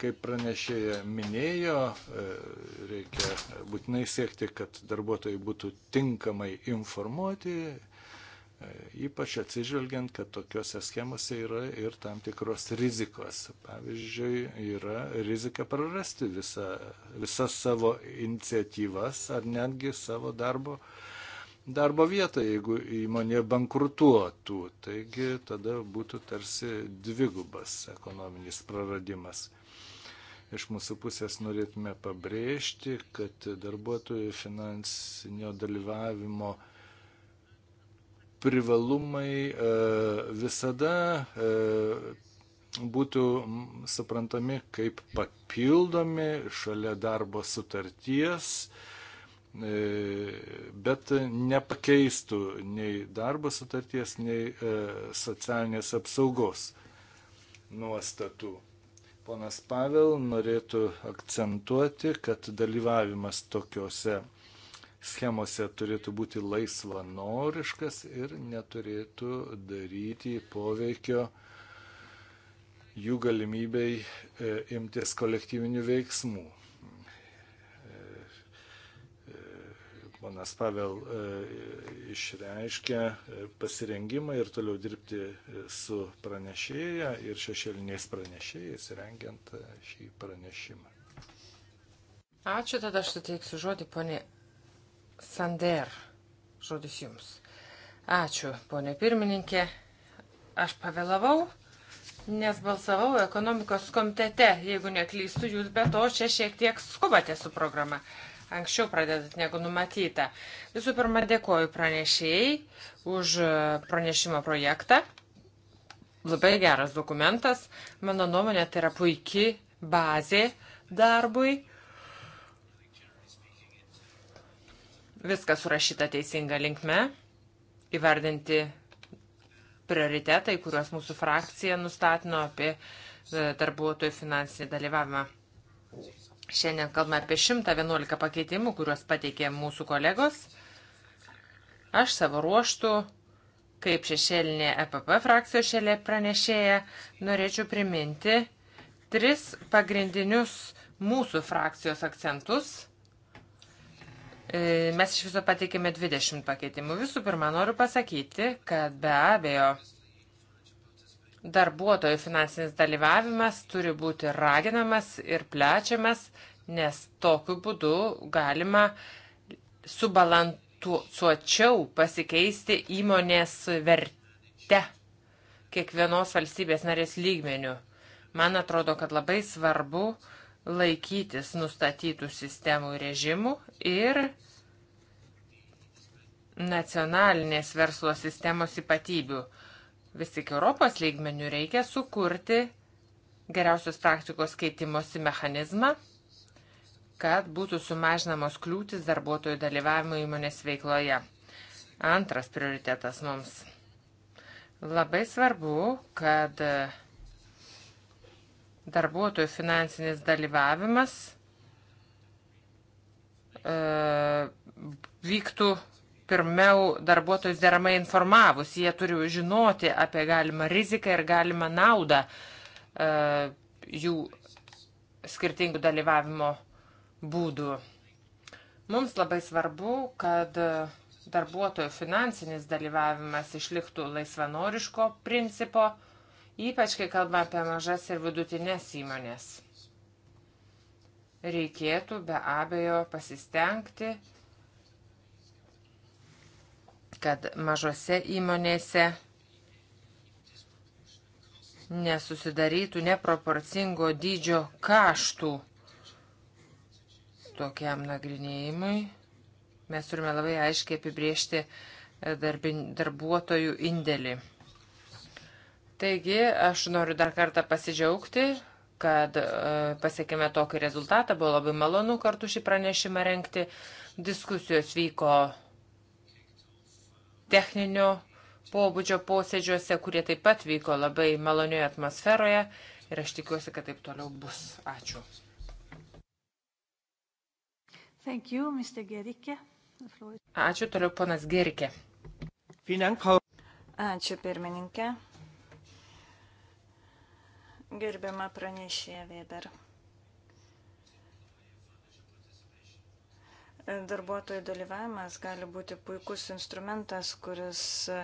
Kaip pranešėja minėjo, e, reikia būtinai siekti, kad darbuotojai būtų tinkamai informuoti, Ypač atsižvelgiant, kad tokiuose schemose yra ir tam tikros rizikos. Pavyzdžiui, yra rizika prarasti visa, visas savo iniciatyvas ar netgi savo darbo, darbo vietą, jeigu įmonė bankrutuotų. Taigi tada būtų tarsi dvigubas ekonominis praradimas. Iš mūsų pusės norėtume pabrėžti, kad darbuotojų finansinio dalyvavimo privalumai e, visada e, būtų suprantami kaip papildomi šalia darbo sutarties, e, bet nepakeistų nei darbo sutarties, nei socialinės apsaugos nuostatų. Ponas Pavel norėtų akcentuoti, kad dalyvavimas tokiuose schemose turėtų būti laisvanoriškas ir neturėtų daryti poveikio jų galimybei e, imtis kolektyvinių veiksmų. E, e, ponas Pavel išreiškia pasirengimą ir toliau dirbti su pranešėja ir šešėliniais pranešėjais, rengiant šį pranešimą. Ačiū, tada aš suteiksiu žodį poniai Sander, žodis jums. Ačiū, ponė pirmininkė. Aš pavėlavau, nes balsavau ekonomikos komitete. Jeigu neklystu, jūs be to čia šiek tiek skubate su programa. Anksčiau pradedat negu numatyta. Visų pirma, dėkoju pranešėjai už e, pranešimo projektą. Labai geras dokumentas. Mano nuomonė, tai yra puikiai bazė darbui viskas surašyta teisinga linkme, įvardinti prioritetai, kuriuos mūsų frakcija nustatino apie e, darbuotojų finansinį dalyvavimą. Šiandien kalbame apie 111 pakeitimų, kuriuos pateikė mūsų kolegos. Aš savo ruoštų, kaip šešėlinė EPP frakcijos šėlė pranešėja, norėčiau priminti tris pagrindinius mūsų frakcijos akcentus E, mes iš viso pateikėme 20 pakeitimų. Visų pirma, noriu pasakyti, kad be abejo darbuotojų finansinis dalyvavimas turi būti raginamas ir plečiamas, nes tokiu būdu galima subalansuočiau pasikeisti įmonės verte kiekvienos valstybės narės lygmenių. Man atrodo, kad labai svarbu uh, laikytis nustatytų sistemų režimų ir nacionalinės verslo sistemos ypatybių. Vis tik Europos lygmenių reikia sukurti geriausios praktikos keitimosi mechanizmą, kad būtų sumažinamos kliūtis darbuotojų dalyvavimo įmonės veikloje. Antras prioritetas mums. Labai svarbu, kad uh, Darbuotojų finansinis dalyvavimas e, vyktų pirmiau darbuotojus deramai informavus. Jie turi žinoti apie galimą riziką ir galimą naudą e, jų skirtingų dalyvavimo būdų. Mums labai svarbu, kad darbuotojų finansinis dalyvavimas išliktų laisvanoriško principo, e, ypač kai kalba apie mažas ir vidutinės įmonės. Reikėtų be abejo pasistengti, kad mažose įmonėse nesusidarytų neproporcingo dydžio kaštų tokiam nagrinėjimui. Mes turime labai aiškiai apibriežti darbin, darbuotojų indėlį. Taigi, aš noriu dar kartą pasidžiaugti, kad e, pasiekėme tokį rezultatą. Buvo labai malonu kartu šį pranešimą renkti. Diskusijos vyko techninio pobūdžio posėdžiuose, kurie taip pat vyko labai malonioje atmosferoje. Ir aš tikiuosi, kad taip toliau bus. Ačiū. Thank you, Mr. Gerike. Ačiū toliau, ponas Gerike. Ačiū, pirmininkė. Gerbiama pranešė Weber. Darbuotojų dalyvavimas gali būti puikus instrumentas, kuris e,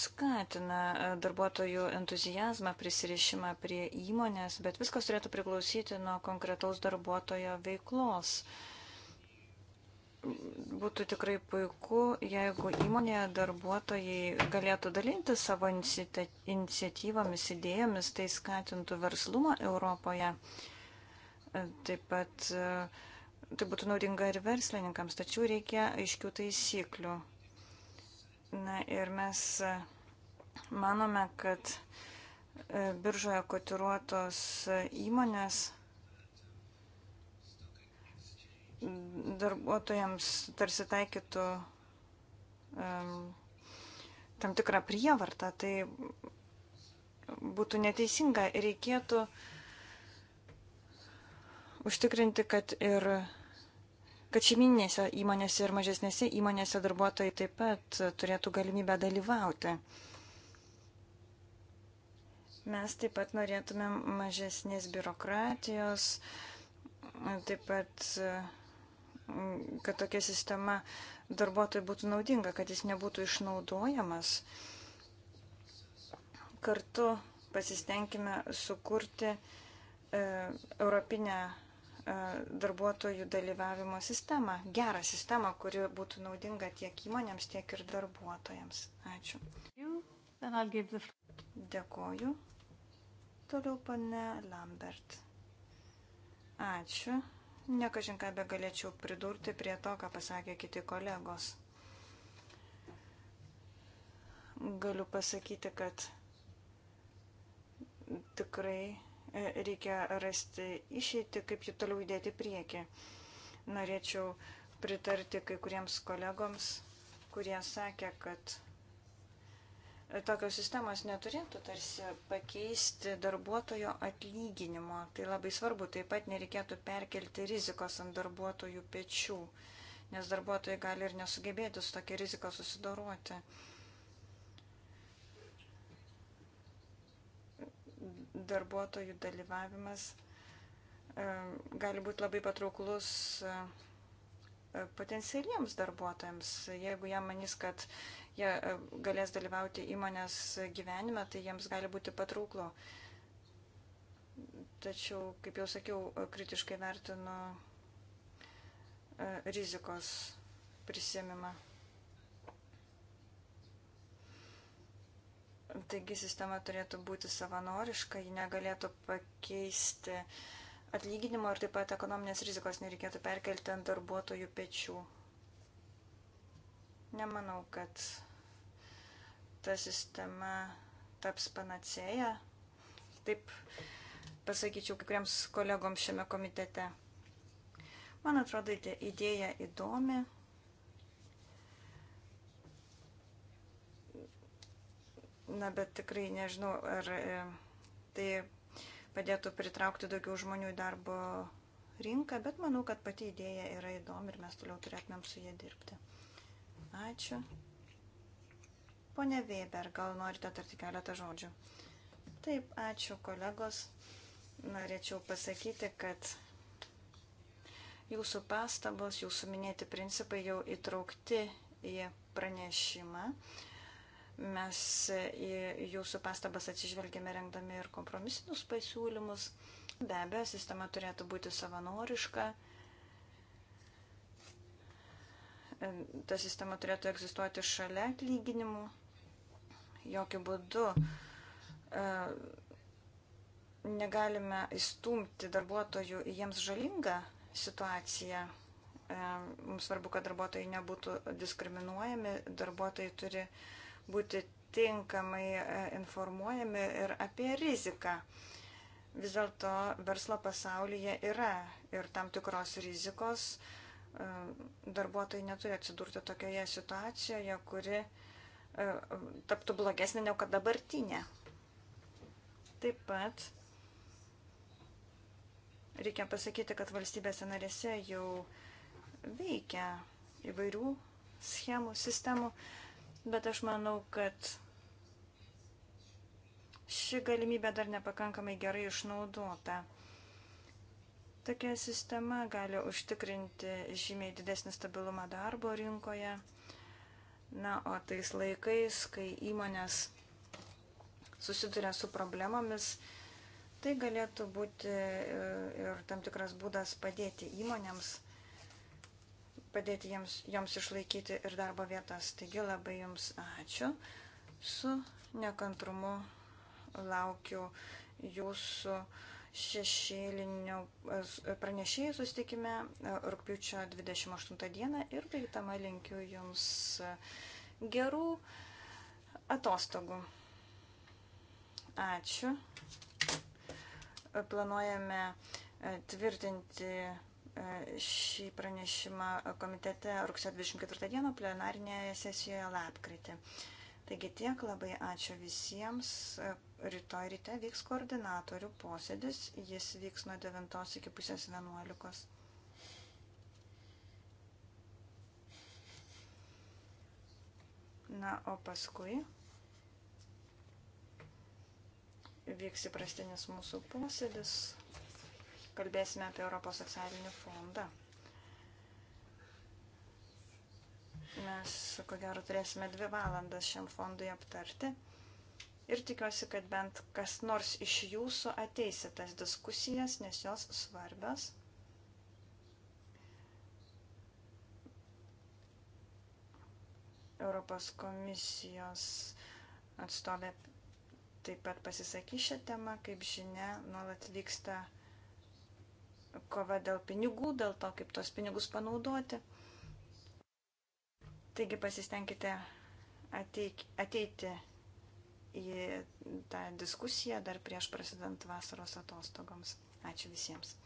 skatina e, darbuotojų entuzijazmą, prisirišimą prie įmonės, bet viskas turėtų priklausyti nuo konkretaus darbuotojo veiklos. Uh, būtų tikrai puiku, jeigu įmonėje darbuotojai galėtų dalinti savo iniciatyvomis, idėjomis, tai skatintų verslumą Europoje. Taip pat e, tai būtų naudinga ir verslininkams, tačiau reikia aiškių taisyklių. Na ir mes e, manome, kad e, biržoje kotiruotos įmonės darbuotojams tarsi taikytų um, tam tikrą prievartą, tai būtų neteisinga. Reikėtų užtikrinti, kad ir kad šeiminėse įmonėse ir mažesnėse įmonėse darbuotojai taip pat turėtų galimybę dalyvauti. Mes taip pat norėtumėm mažesnės biurokratijos, taip pat uh, Mm, kad tokia sistema darbuotojai būtų naudinga, kad jis nebūtų išnaudojamas. Kartu pasistengime sukurti e, europinę e, darbuotojų dalyvavimo sistemą, gerą sistemą, kuri būtų naudinga tiek įmonėms, tiek ir darbuotojams. Ačiū. Dėkoju. Toliau pane Lambert. Ačiū. Nekažinką be galėčiau pridurti prie to, ką pasakė kiti kolegos. Galiu pasakyti, kad tikrai e, reikia rasti išeitį, kaip jį toliau įdėti prieki. Norėčiau pritarti kai kuriems kolegoms, kurie sakė, kad tokios sistemos neturėtų tarsi pakeisti darbuotojo atlyginimo. Tai labai svarbu, taip pat nereikėtų perkelti rizikos ant darbuotojų pečių, nes darbuotojai gali ir nesugebėti su tokia rizika susidoroti. Darbuotojų dalyvavimas e, gali būti labai patrauklus e, E, potencialiems darbuotojams. Jeigu jie manys, kad jie e, galės dalyvauti įmonės gyvenime, tai jiems gali būti patrauklu. Tačiau, kaip jau sakiau, e, kritiškai vertinu rizikos prisėmimą. Taigi sistema turėtų būti savanoriška, ji negalėtų pakeisti uh, atlyginimo ir taip pat ekonominės rizikos nereikėtų perkelti ant darbuotojų pečių. Nemanau, kad ta sistema taps panacėja. Taip pasakyčiau kai kuriems kolegoms šiame komitete. Man atrodo, idėja įdomi. Na, bet tikrai nežinau, ar e, tai padėtų pritraukti daugiau žmonių į darbo rinką, bet manau, kad pati idėja yra įdomi ir mes toliau turėtumėm su jie dirbti. Ačiū. Pone Weber, gal norite tarti keletą žodžių? Taip, ačiū kolegos. Norėčiau pasakyti, kad jūsų pastabos, jūsų minėti principai jau įtraukti į pranešimą. Uh, Mes į jūsų pastabas atsižvelgėme rengdami ir kompromisinius pasiūlymus. Be abejo, sistema turėtų būti savanoriška. Ta sistema turėtų egzistuoti šalia atlyginimų. Jokių būdų e, negalime įstumti darbuotojų į jiems žalingą situaciją. E, mums svarbu, kad darbuotojai nebūtų diskriminuojami, darbuotojai turi uh, būti tinkamai e, informuojami ir apie riziką. Vis dėlto verslo pasaulyje yra ir tam tikros rizikos. E, darbuotojai neturi atsidurti tokioje situacijoje, kuri e, taptų blogesnė negu kad dabartinė. Taip pat reikia pasakyti, kad valstybėse narėse jau veikia įvairių schemų, sistemų. Uh, bet aš manau, kad ši galimybė dar nepakankamai gerai išnaudota. Tokia sistema gali užtikrinti žymiai didesnį stabilumą darbo rinkoje. Na, o tais laikais, kai įmonės susiduria su problemomis, tai galėtų būti e, ir tam tikras būdas padėti įmonėms padėti jiems, joms išlaikyti ir darbo vietas. Taigi labai jums ačiū. Su nekantrumu laukiu jūsų šešėlinio e, pranešėjų sustikime e, rūpiučio 28 dieną ir baigtama linkiu jums e, gerų atostogų. Ačiū. Planuojame tvirtinti E, šį pranešimą komitete rugsėjo 24 dieną plenarinėje sesijoje lapkritį. Taigi tiek, labai ačiū visiems. E, rytoj ryte vyks koordinatorių posėdis, jis vyks nuo 9 iki pusės 11. Na, o paskui vyks įprastinis mūsų posėdis kalbėsime apie Europos socialinį fondą. Mes, ko gero, turėsime dvi valandas šiam fondui aptarti. Ir tikiuosi, kad bent kas nors iš jūsų ateisi tas diskusijas, nes jos svarbios. Europos komisijos atstovė taip pat pasisakys šią temą. Kaip žinia, nuolat vyksta uh, kova dėl pinigų, dėl to, kaip tos pinigus panaudoti. Taigi pasistengkite ateik, ateiti į tą diskusiją dar prieš prasidant vasaros atostogoms. Ačiū visiems.